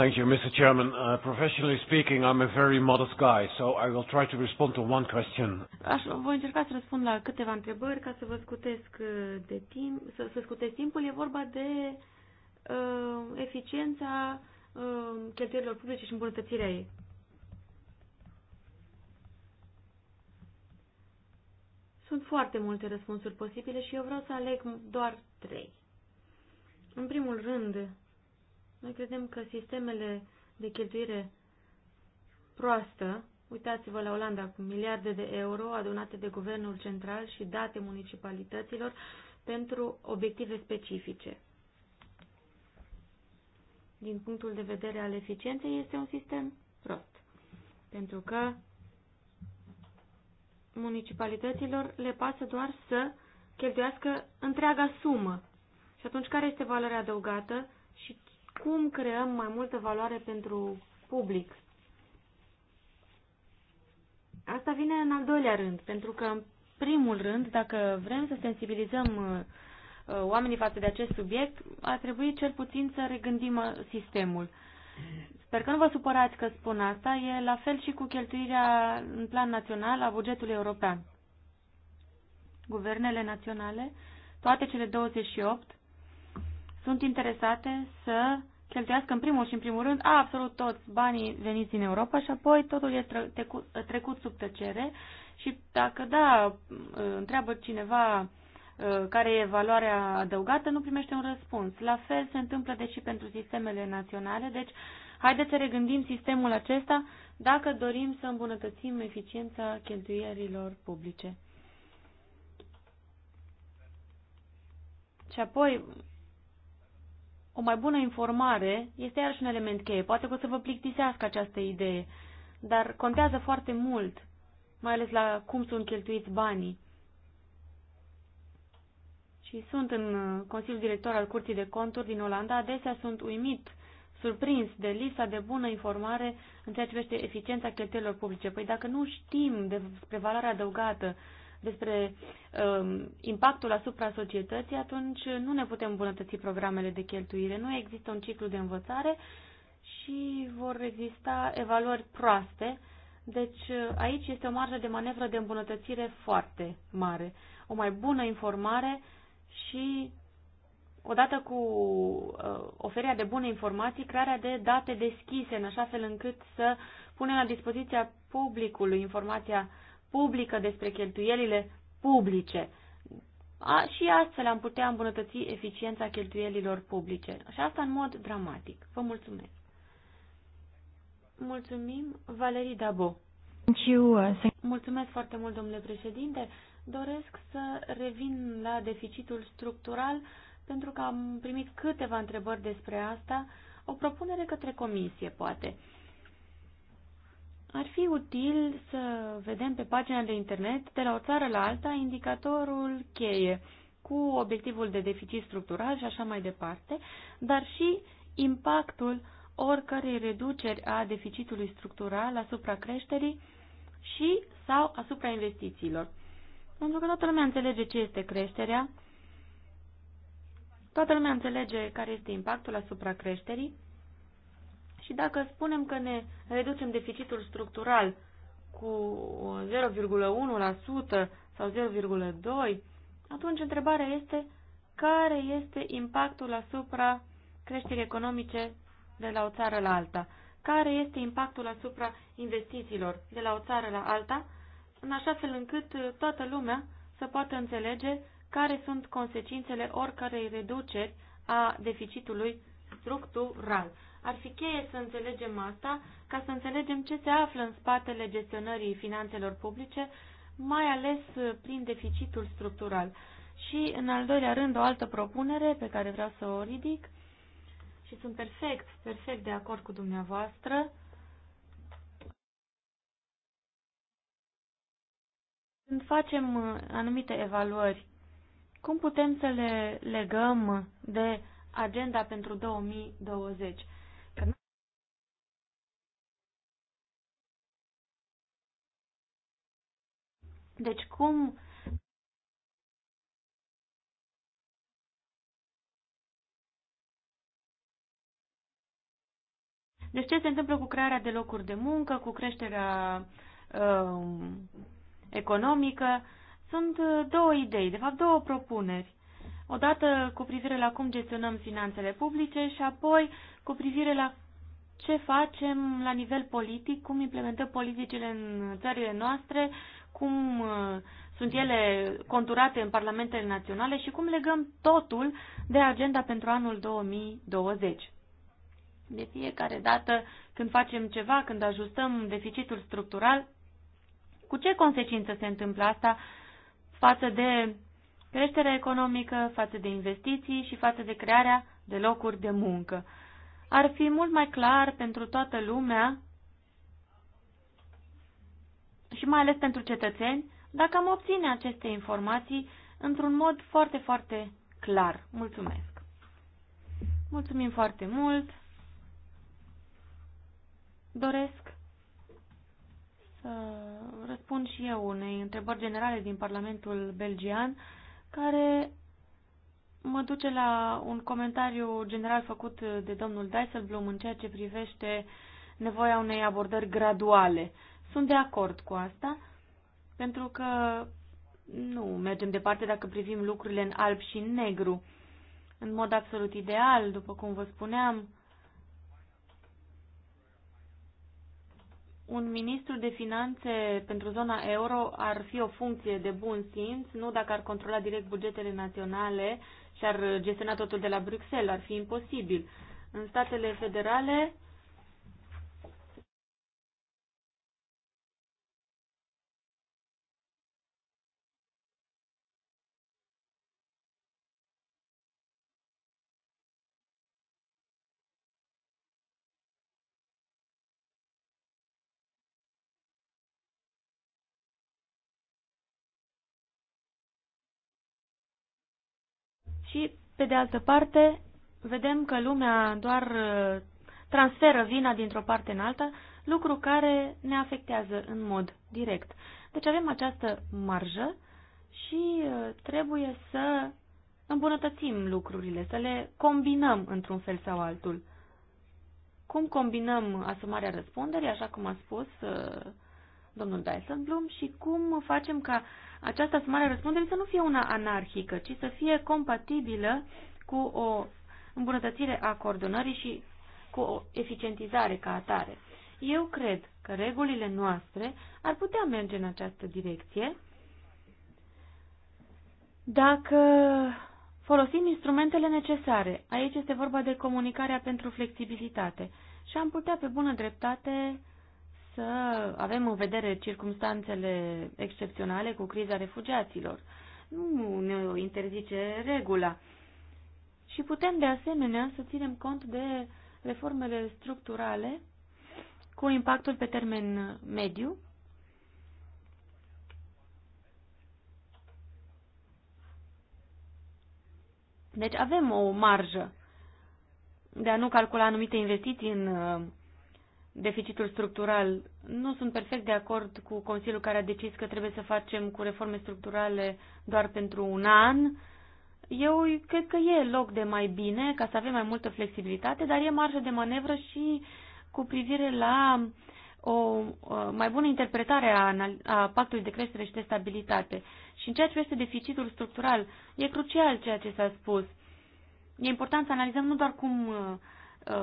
Thank you, Mr. Chairman. Uh, professionally speaking, I'm a very modest guy, so I will try to respond to one question. Aș, voi încerca să răspund la câteva întrebări ca să vă scutesc uh, de timp, să, să scutesc timpul. E vorba de uh, eficiența uh, cheltuielilor publice și îmbunătățirea ei. Sunt foarte multe răspunsuri posibile și eu vreau să aleg doar trei. În primul rând, noi credem că sistemele de cheltuire proastă, uitați-vă la Olanda cu miliarde de euro adunate de guvernul central și date municipalităților pentru obiective specifice. Din punctul de vedere al eficienței, este un sistem prost, pentru că municipalităților le pasă doar să cheltuiască întreaga sumă. Și atunci care este valoarea adăugată și cum creăm mai multă valoare pentru public. Asta vine în al doilea rând, pentru că în primul rând, dacă vrem să sensibilizăm uh, uh, oamenii față de acest subiect, ar trebui cel puțin să regândim uh, sistemul. Sper că nu vă supărați că spun asta, e la fel și cu cheltuirea în plan național a bugetului european. Guvernele naționale, toate cele 28, sunt interesate să cheltuiască în primul și în primul rând absolut toți banii veniți din Europa și apoi totul este trecut sub tăcere și dacă da, întreabă cineva ă, care e valoarea adăugată, nu primește un răspuns. La fel se întâmplă deși pentru sistemele naționale, deci haideți să regândim sistemul acesta dacă dorim să îmbunătățim eficiența cheltuierilor publice. Și apoi o mai bună informare este iarăși un element cheie. Poate că o să vă plictisească această idee, dar contează foarte mult, mai ales la cum sunt cheltuiți banii. Și sunt în uh, Consiliul Director al Curții de Conturi din Olanda, adesea sunt uimit, surprins de lipsa de bună informare în ceea ce privește eficiența cheltuielor publice. Păi dacă nu știm despre valoarea adăugată, despre um, impactul asupra societății, atunci nu ne putem îmbunătăți programele de cheltuire. Nu există un ciclu de învățare și vor exista evaluări proaste. Deci aici este o marjă de manevră de îmbunătățire foarte mare. O mai bună informare și odată cu uh, oferirea de bune informații, crearea de date deschise, în așa fel încât să punem la dispoziția publicului informația publică, despre cheltuielile publice. A, și astfel am putea îmbunătăți eficiența cheltuielilor publice. Și asta în mod dramatic. Vă mulțumesc. Mulțumim, Valerii Dabo. Uh, mulțumesc foarte mult, domnule președinte. Doresc să revin la deficitul structural pentru că am primit câteva întrebări despre asta. O propunere către comisie, poate. Ar fi util să vedem pe pagina de internet, de la o țară la alta, indicatorul cheie cu obiectivul de deficit structural și așa mai departe, dar și impactul oricărei reduceri a deficitului structural asupra creșterii și sau asupra investițiilor. Pentru că toată lumea înțelege ce este creșterea, toată lumea înțelege care este impactul asupra creșterii, și dacă spunem că ne reducem deficitul structural cu 0,1% sau 0,2%, atunci întrebarea este care este impactul asupra creșterii economice de la o țară la alta? Care este impactul asupra investițiilor de la o țară la alta, în așa fel încât toată lumea să poată înțelege care sunt consecințele oricărei reduceri a deficitului structural. Ar fi cheie să înțelegem asta ca să înțelegem ce se află în spatele gestionării finanțelor publice, mai ales prin deficitul structural. Și, în al doilea rând, o altă propunere pe care vreau să o ridic și sunt perfect, perfect de acord cu dumneavoastră. Când facem anumite evaluări, cum putem să le legăm de agenda pentru 2020? Deci cum Deci ce se întâmplă cu crearea de locuri de muncă, cu creșterea uh, economică? Sunt uh, două idei, de fapt două propuneri. Odată cu privire la cum gestionăm finanțele publice și apoi cu privire la ce facem la nivel politic, cum implementăm politicile în țările noastre, cum uh, sunt ele conturate în parlamentele naționale și cum legăm totul de agenda pentru anul 2020. De fiecare dată când facem ceva, când ajustăm deficitul structural, cu ce consecință se întâmplă asta față de creșterea economică, față de investiții și față de crearea de locuri de muncă? ar fi mult mai clar pentru toată lumea și mai ales pentru cetățeni dacă am obține aceste informații într-un mod foarte, foarte clar. Mulțumesc! Mulțumim foarte mult! Doresc să răspund și eu unei întrebări generale din Parlamentul Belgian care mă duce la un comentariu general făcut de domnul Dijsselbloem în ceea ce privește nevoia unei abordări graduale. Sunt de acord cu asta, pentru că nu mergem departe dacă privim lucrurile în alb și în negru. În mod absolut ideal, după cum vă spuneam, un ministru de finanțe pentru zona euro ar fi o funcție de bun simț, nu dacă ar controla direct bugetele naționale și-ar gestiona totul de la Bruxelles, ar fi imposibil. În statele federale, Și, pe de altă parte, vedem că lumea doar uh, transferă vina dintr-o parte în alta, lucru care ne afectează în mod direct. Deci avem această marjă și uh, trebuie să îmbunătățim lucrurile, să le combinăm într-un fel sau altul. Cum combinăm asumarea răspunderii, așa cum a spus uh, domnul Dyson Bloom, și cum facem ca această asumare răspundere să nu fie una anarhică, ci să fie compatibilă cu o îmbunătățire a coordonării și cu o eficientizare ca atare. Eu cred că regulile noastre ar putea merge în această direcție dacă folosim instrumentele necesare. Aici este vorba de comunicarea pentru flexibilitate și am putea pe bună dreptate să avem în vedere circumstanțele excepționale cu criza refugiaților. Nu ne interzice regula. Și putem de asemenea să ținem cont de reformele structurale cu impactul pe termen mediu. Deci avem o marjă de a nu calcula anumite investiții în deficitul structural. Nu sunt perfect de acord cu Consiliul care a decis că trebuie să facem cu reforme structurale doar pentru un an. Eu cred că e loc de mai bine ca să avem mai multă flexibilitate, dar e marjă de manevră și cu privire la o mai bună interpretare a, pactului de creștere și de stabilitate. Și în ceea ce este deficitul structural, e crucial ceea ce s-a spus. E important să analizăm nu doar cum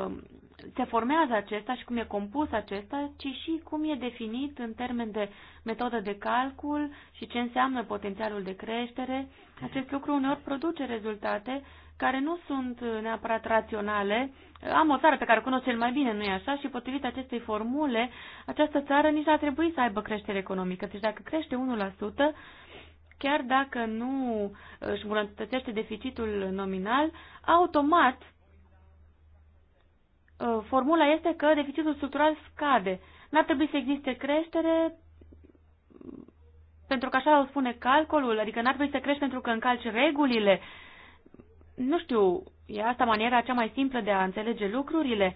Um, se formează acesta și cum e compus acesta, ci și cum e definit în termen de metodă de calcul și ce înseamnă potențialul de creștere. Acest lucru uneori produce rezultate care nu sunt neapărat raționale. Am o țară pe care o cunosc cel mai bine, nu-i așa? Și potrivit acestei formule, această țară nici nu a trebuit să aibă creștere economică. Deci dacă crește 1%, chiar dacă nu își îmbunătățește deficitul nominal, automat Uh, formula este că deficitul structural scade. N-ar trebui să existe creștere pentru că așa o spune calculul, adică n-ar trebui să crești pentru că încalci regulile. Nu știu, e asta maniera cea mai simplă de a înțelege lucrurile.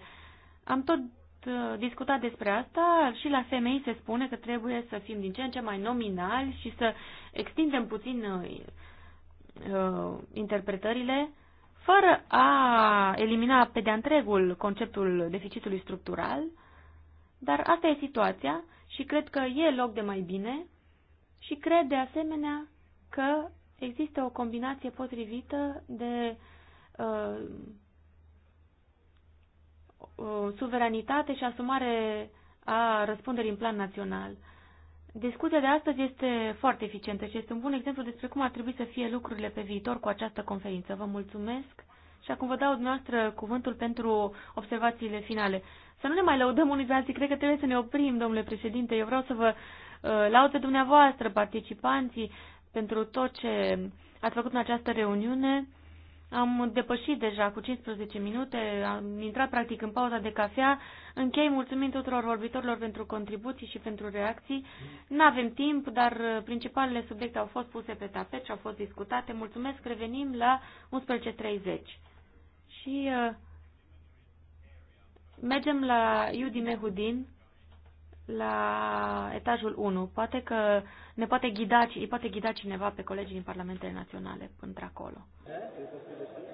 Am tot uh, discutat despre asta și la femei se spune că trebuie să fim din ce în ce mai nominali și să extindem puțin uh, uh interpretările fără a elimina pe de întregul conceptul deficitului structural, dar asta e situația și cred că e loc de mai bine și cred de asemenea că există o combinație potrivită de uh, uh, suveranitate și asumare a răspunderii în plan național. Discuția de astăzi este foarte eficientă și este un bun exemplu despre cum ar trebui să fie lucrurile pe viitor cu această conferință. Vă mulțumesc și acum vă dau dumneavoastră cuvântul pentru observațiile finale. Să nu ne mai lăudăm unii pe alții, cred că trebuie să ne oprim, domnule președinte. Eu vreau să vă uh, laud pe dumneavoastră, participanții, pentru tot ce ați făcut în această reuniune. Am depășit deja cu 15 minute, am intrat practic în pauza de cafea. Închei mulțumind tuturor vorbitorilor pentru contribuții și pentru reacții. Nu avem timp, dar principalele subiecte au fost puse pe tapet și au fost discutate. Mulțumesc, revenim la 11.30. Și uh, mergem la Iudi Mehudin, la etajul 1. Poate că ne poate ghida, îi poate ghida cineva pe colegii din Parlamentele Naționale până acolo. Da,